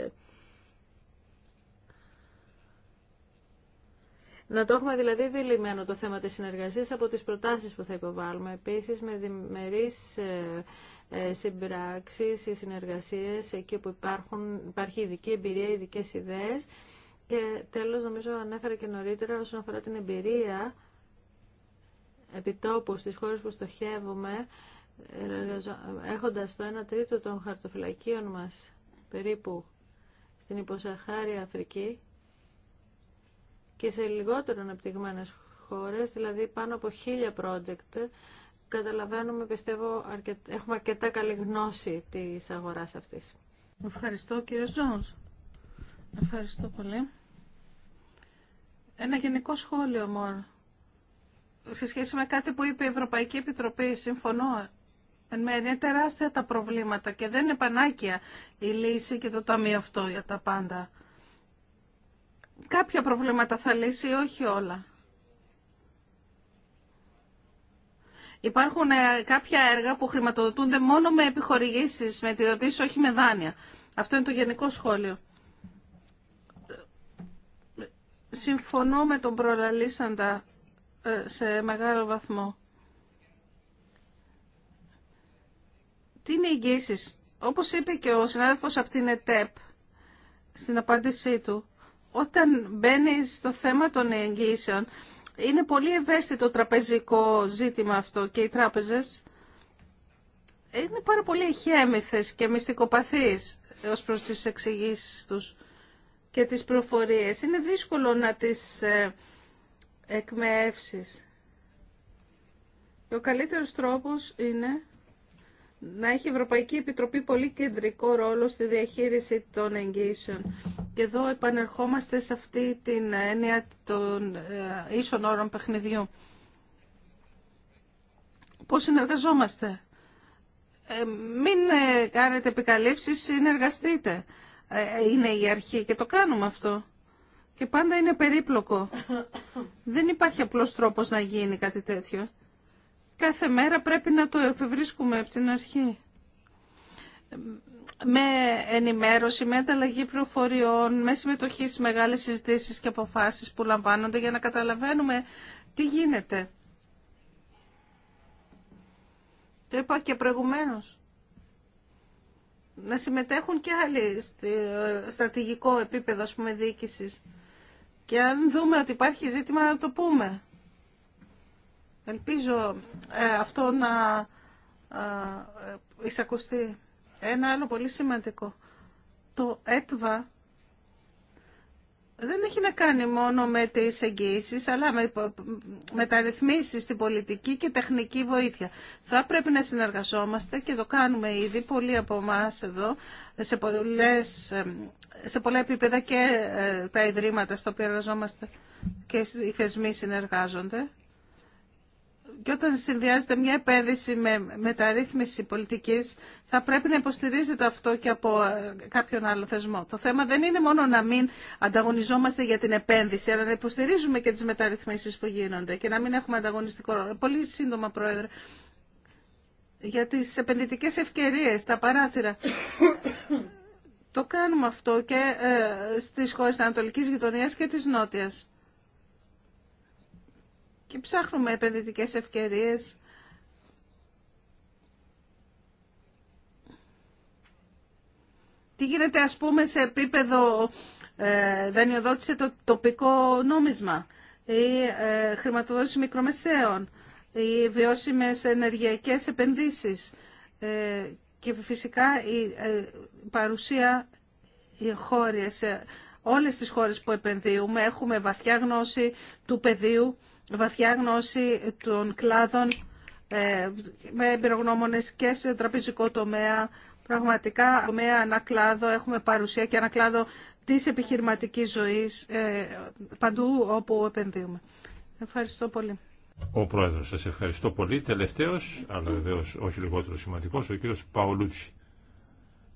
Να το έχουμε δηλαδή δηλημένο το θέμα της συνεργασίας από τις προτάσεις που θα υποβάλουμε. Επίσης με διμερείς ε, ε, συμπράξεις ή συνεργασίες εκεί που υπάρχουν, υπάρχει ειδική εμπειρία, ειδικέ ιδέες και τέλος, νομίζω ανέφερα και νωρίτερα όσον αφορά την εμπειρία επιτόπου στις χώρες που στοχεύουμε, έχοντας το 1 τρίτο των χαρτοφυλακίων μας περίπου στην υποσαχάρια Αφρική και σε λιγότερο αναπτυγμένες χώρες, δηλαδή πάνω από χίλια project, καταλαβαίνουμε, πιστεύω, έχουμε αρκετά καλή γνώση της αγοράς αυτής. Ευχαριστώ κύριε Ζώνς. Ευχαριστώ πολύ. Ένα γενικό σχόλιο μόνο. Σε σχέση με κάτι που είπε η Ευρωπαϊκή Επιτροπή, συμφωνώ. Εν είναι τεράστια τα προβλήματα και δεν είναι πανάκια η λύση και το ταμείο αυτό για τα πάντα. Κάποια προβλήματα θα λύσει, όχι όλα. Υπάρχουν ε, κάποια έργα που χρηματοδοτούνται μόνο με επιχορηγήσεις, με δοτήση, όχι με δάνεια. Αυτό είναι το γενικό σχόλιο. Συμφωνώ με τον προλαλήσαντα ε, σε μεγάλο βαθμό. Τι είναι οι εγγύσεις. Όπως είπε και ο συνάδελφος από την ΕΤΕΠ στην απάντησή του, όταν μπαίνει στο θέμα των εγγύσεων, είναι πολύ ευαίσθητο τραπεζικό ζήτημα αυτό και οι τράπεζες είναι πάρα πολύ εχέμηθες και μυστικοπαθείς ως προς τις εξηγήσεις τους και τις προφορίες. Είναι δύσκολο να τις ε, εκμεύσεις. Ο καλύτερος τρόπος είναι να έχει η Ευρωπαϊκή Επιτροπή πολύ κεντρικό ρόλο στη διαχείριση των εγγύσεων. Και εδώ επανερχόμαστε σε αυτή την έννοια των ε, ίσων όρων παιχνιδιού. Πώς συνεργαζόμαστε. Ε, μην κάνετε επικαλύψεις, συνεργαστείτε. Ε, ε, είναι η αρχή και το κάνουμε αυτό. Και πάντα είναι περίπλοκο. Δεν υπάρχει απλός τρόπος να γίνει κάτι τέτοιο. Κάθε μέρα πρέπει να το εφευρίσκουμε από την αρχή. Με ενημέρωση, με ανταλλαγή πληροφοριών, με συμμετοχή σε μεγάλες συζητήσεις και αποφάσεις που λαμβάνονται για να καταλαβαίνουμε τι γίνεται. Το είπα και προηγουμένως να συμμετέχουν και άλλοι ε, στρατηγικό επίπεδο, ας Και αν δούμε ότι υπάρχει ζήτημα να το πούμε. Ελπίζω ε, αυτό να ε, εισακουστεί. Ένα άλλο πολύ σημαντικό. Το ΕΤΒΑ δεν έχει να κάνει μόνο με τις εγγύησεις, αλλά με τα ρυθμίσεις στην πολιτική και τεχνική βοήθεια. Θα πρέπει να συνεργαζόμαστε και το κάνουμε ήδη πολλοί από εμά εδώ, σε, πολλές, σε πολλά επίπεδα και ε, τα ιδρύματα στα οποία εργαζόμαστε και οι θεσμοί συνεργάζονται. Και όταν συνδυάζεται μια επένδυση με μεταρρύθμιση πολιτική, θα πρέπει να υποστηρίζεται αυτό και από ε, κάποιον άλλο θεσμό. Το θέμα δεν είναι μόνο να μην ανταγωνιζόμαστε για την επένδυση, αλλά να υποστηρίζουμε και τις μεταρρυθμίσει που γίνονται και να μην έχουμε ανταγωνιστικό ρόλο. Πολύ σύντομα, Πρόεδρε, για τι επενδυτικέ ευκαιρίε, τα παράθυρα. Το κάνουμε αυτό και ε, στις χώρες της Ανατολικής Γειτονίας και της Νότιας και ψάχνουμε επενδυτικές ευκαιρίες Τι γίνεται ας πούμε σε επίπεδο ε, το τοπικό νόμισμα ή ε, χρηματοδότηση μικρομεσαίων ή βιώσιμες ενεργειακές επενδύσεις ε, και φυσικά η ε, παρουσία οι χώρες, όλες τις χώρες που επενδύουμε έχουμε βαθιά γνώση του πεδίου βαθιά γνώση των κλάδων ε, με εμπειρογνώμονες και σε τραπεζικό τομέα. Πραγματικά, τομέα κλάδο, έχουμε παρουσία και κλάδο της επιχειρηματικής ζωής ε, παντού όπου επενδύουμε. Ευχαριστώ πολύ. Ο Πρόεδρος, σας ευχαριστώ πολύ. Τελευταίος, αλλά βεβαίω όχι λιγότερο σημαντικό, ο κύριος Παολούτσι.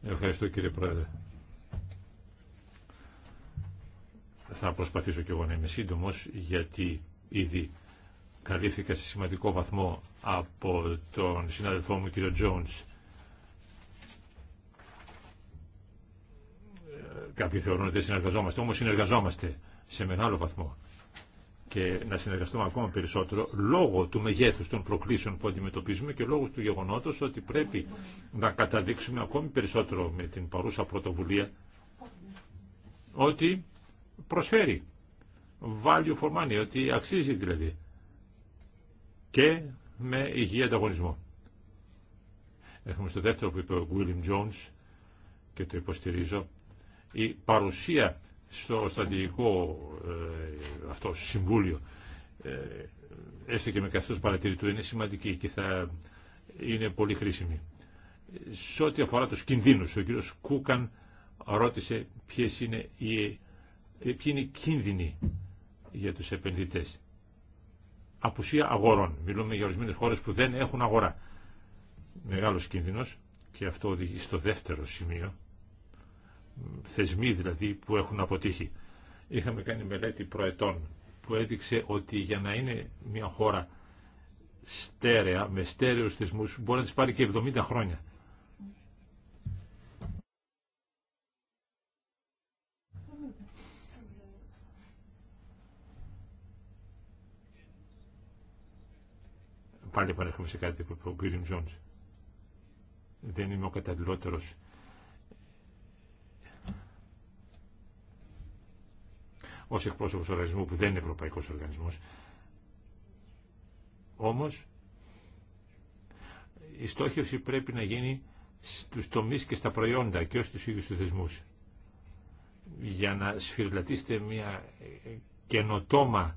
Ευχαριστώ κύριε Πρόεδρε. Θα προσπαθήσω κι εγώ να είμαι σύντομο, γιατί ήδη καλύφθηκα σε σημαντικό βαθμό από τον συνάδελφό μου κύριο Τζονς Κάποιοι θεωρούν ότι δεν συνεργαζόμαστε, όμως συνεργαζόμαστε σε μεγάλο βαθμό και να συνεργαστούμε ακόμα περισσότερο λόγω του μεγέθους των προκλήσεων που αντιμετωπίζουμε και λόγω του γεγονότος ότι πρέπει να καταδείξουμε ακόμη περισσότερο με την παρούσα πρωτοβουλία ότι προσφέρει value for money, ότι αξίζει δηλαδή. Και με υγιή ανταγωνισμό. Έχουμε στο δεύτερο που είπε ο William Jones και το υποστηρίζω, η παρουσία στο στρατηγικό ε, αυτό συμβούλιο ε, έστω και με καθώς παρατηρητού είναι σημαντική και θα είναι πολύ χρήσιμη. Σε ό,τι αφορά τους κινδύνους, ο κύριος Κούκαν ρώτησε ποιες είναι οι, ε, ποιοι είναι οι κίνδυνοι για τους επενδυτές. Απουσία αγορών. Μιλούμε για ορισμένες χώρες που δεν έχουν αγορά. Μεγάλος κίνδυνος και αυτό οδηγεί στο δεύτερο σημείο. Θεσμοί δηλαδή που έχουν αποτύχει. Είχαμε κάνει μελέτη προετών που έδειξε ότι για να είναι μια χώρα στέρεα, με στέρεους θεσμούς, μπορεί να τις πάρει και 70 χρόνια. πάλι επανέρχομαι σε κάτι που είπε ο Τζόνς. Δεν είμαι ο καταλληλότερος. Ω εκπρόσωπο οργανισμού που δεν είναι Ευρωπαϊκό Οργανισμό. Όμω, η στόχευση πρέπει να γίνει στους τομείς και στα προϊόντα και ως στους ίδιους τους θεσμούς. Για να σφυριλατήσετε μια καινοτόμα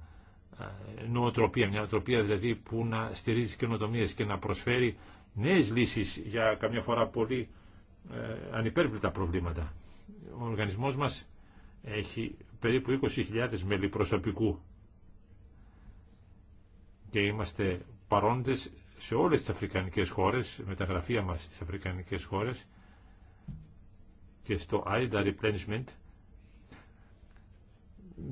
νοοτροπία, μια νοοτροπία δηλαδή που να στηρίζει καινοτομίες και να προσφέρει νέες λύσεις για καμιά φορά πολύ ε, ανυπέρβλητα προβλήματα. Ο οργανισμός μας έχει περίπου 20.000 μέλη προσωπικού και είμαστε παρόντες σε όλες τις αφρικανικές χώρες, με τα γραφεία μας στις αφρικανικές χώρες και στο AIDA Replenishment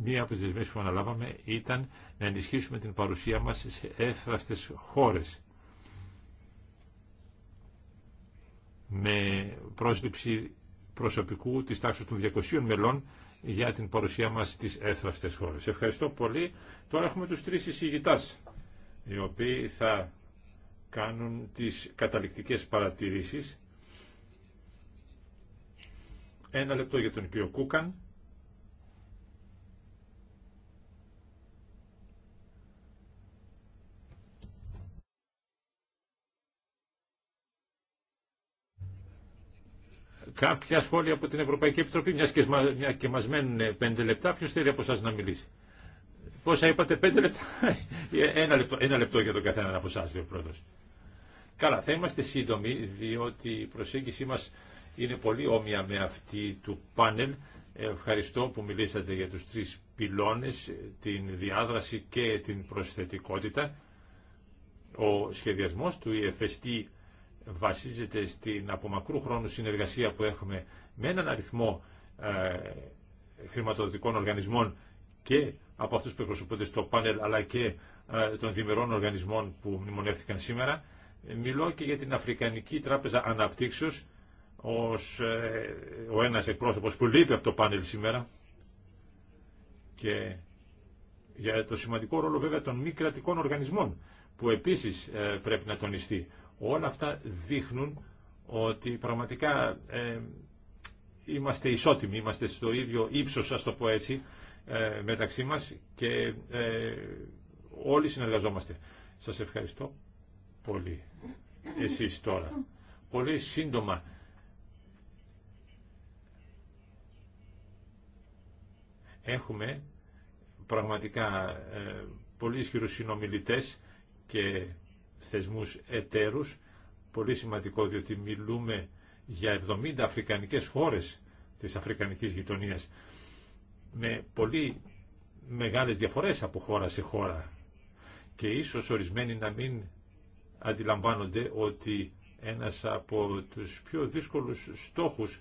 μία από τις δεσμές που αναλάβαμε ήταν να ενισχύσουμε την παρουσία μας σε έφραστες χώρες με πρόσληψη προσωπικού της τάξης των 200 μελών για την παρουσία μας στις έφραστες χώρες. Ευχαριστώ πολύ. Τώρα έχουμε τους τρεις εισηγητάς, οι οποίοι θα κάνουν τις καταληκτικές παρατηρήσεις. Ένα λεπτό για τον κύριο Κούκαν. κάποια σχόλια από την Ευρωπαϊκή Επιτροπή, μιας και, μια και μας μένουν πέντε λεπτά, ποιος θέλει από εσά να μιλήσει. Πόσα είπατε, πέντε λεπτά. Ένα λεπτό, για τον καθένα από εσά λέει ο πρόεδρο. Καλά, θα είμαστε σύντομοι, διότι η προσέγγιση μα είναι πολύ όμοια με αυτή του πάνελ. Ευχαριστώ που μιλήσατε για τους τρει πυλώνες, την διάδραση και την προσθετικότητα. Ο σχεδιασμό του EFST βασίζεται στην από μακρού χρόνου συνεργασία που έχουμε με έναν αριθμό ε, χρηματοδοτικών οργανισμών και από αυτούς που εκπροσωπούνται στο πάνελ αλλά και ε, των διμερών οργανισμών που μνημονεύτηκαν σήμερα. Μιλώ και για την Αφρικανική Τράπεζα Αναπτύξεως ως ε, ο ένας εκπρόσωπος που λείπει από το πάνελ σήμερα και για το σημαντικό ρόλο βέβαια των μη κρατικών οργανισμών που επίσης πρέπει να τονιστεί. Όλα αυτά δείχνουν ότι πραγματικά ε, είμαστε ισότιμοι, είμαστε στο ίδιο ύψος, ας το πω έτσι, ε, μεταξύ μας και ε, όλοι συνεργαζόμαστε. Σας ευχαριστώ πολύ. Εσείς τώρα. Πολύ σύντομα. Έχουμε πραγματικά πολύ ισχυρούς συνομιλητές και θεσμούς εταίρους. Πολύ σημαντικό διότι μιλούμε για 70 αφρικανικές χώρες της αφρικανικής γειτονίας με πολύ μεγάλες διαφορές από χώρα σε χώρα και ίσως ορισμένοι να μην αντιλαμβάνονται ότι ένας από τους πιο δύσκολους στόχους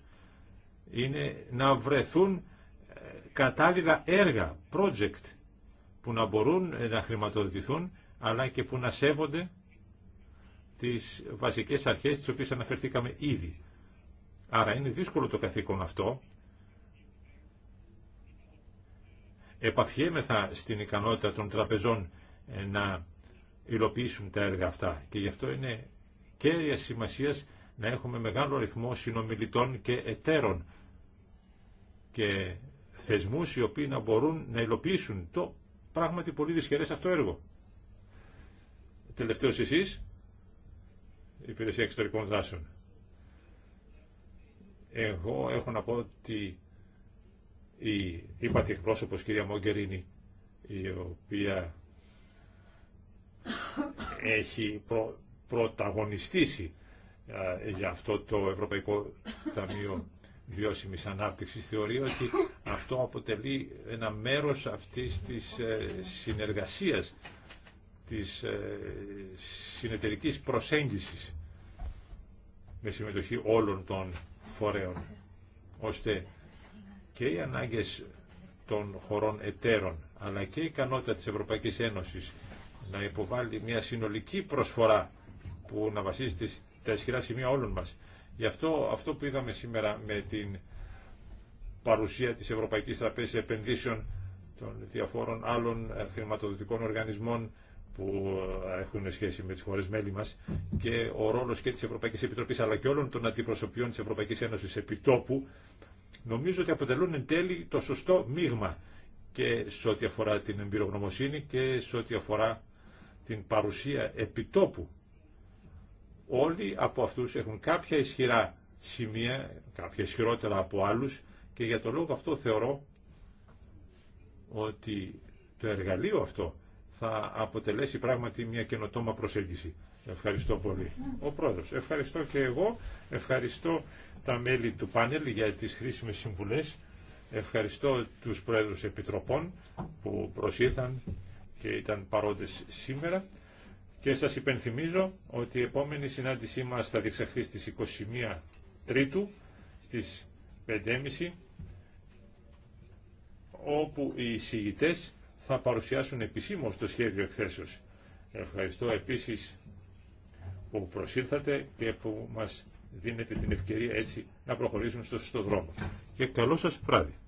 είναι να βρεθούν ε, κατάλληλα έργα, project, που να μπορούν να χρηματοδοτηθούν, αλλά και που να σέβονται τις βασικές αρχές τις οποίες αναφερθήκαμε ήδη. Άρα είναι δύσκολο το καθήκον αυτό. Επαφιέμεθα στην ικανότητα των τραπεζών ε, να υλοποιήσουν τα έργα αυτά και γι' αυτό είναι κέρια σημασίας να έχουμε μεγάλο αριθμό συνομιλητών και εταίρων και θεσμούς οι οποίοι να μπορούν να υλοποιήσουν το πράγματι πολύ δυσχερές αυτό έργο. Τελευταίος εσείς. Υπηρεσία Εξωτερικών Δράσεων. Εγώ έχω να πω ότι η είπατε εκπρόσωπος κυρία Μόγκερίνη η οποία έχει πρωταγωνιστήσει για αυτό το Ευρωπαϊκό Ταμείο Βιώσιμη ανάπτυξη. θεωρεί ότι αυτό αποτελεί ένα μέρος αυτής της ε, συνεργασίας της ε, συνεταιρικής προσέγγισης με συμμετοχή όλων των φορέων, ώστε και οι ανάγκες των χωρών εταίρων, αλλά και η ικανότητα της Ευρωπαϊκής Ένωσης να υποβάλει μια συνολική προσφορά που να βασίζεται στα ισχυρά σημεία όλων μας. Γι' αυτό αυτό που είδαμε σήμερα με την παρουσία της Ευρωπαϊκής Τραπέζης Επενδύσεων των διαφόρων άλλων χρηματοδοτικών οργανισμών που ε, έχουν σχέση με τις χώρε μέλη μας και ο ρόλος και της Ευρωπαϊκής Επιτροπής αλλά και όλων των αντιπροσωπιών τη Ευρωπαϊκής Ένωσης επιτόπου νομίζω ότι αποτελούν εν τέλει το σωστό μείγμα και σε ό,τι αφορά την εμπειρογνωμοσύνη και σε ό,τι αφορά την παρουσία επιτόπου. Όλοι από αυτούς έχουν κάποια ισχυρά σημεία, κάποια ισχυρότερα από άλλου και για τον λόγο αυτό θεωρώ ότι το εργαλείο αυτό θα αποτελέσει πράγματι μια καινοτόμα προσέγγιση. Ευχαριστώ πολύ. Ο Πρόεδρος, ευχαριστώ και εγώ, ευχαριστώ τα μέλη του πάνελ για τις χρήσιμες συμβουλές, ευχαριστώ τους Πρόεδρους Επιτροπών που προσήλθαν και ήταν παρόντες σήμερα και σας υπενθυμίζω ότι η επόμενη συνάντησή μας θα διεξαχθεί στις 21 Τρίτου στις 5.30 όπου οι εισηγητές να παρουσιάσουν επισήμως το σχέδιο εκθέσεως. Ευχαριστώ επίσης που προσήλθατε και που μας δίνετε την ευκαιρία έτσι να προχωρήσουμε στο σωστό δρόμο. Και καλό σας βράδυ.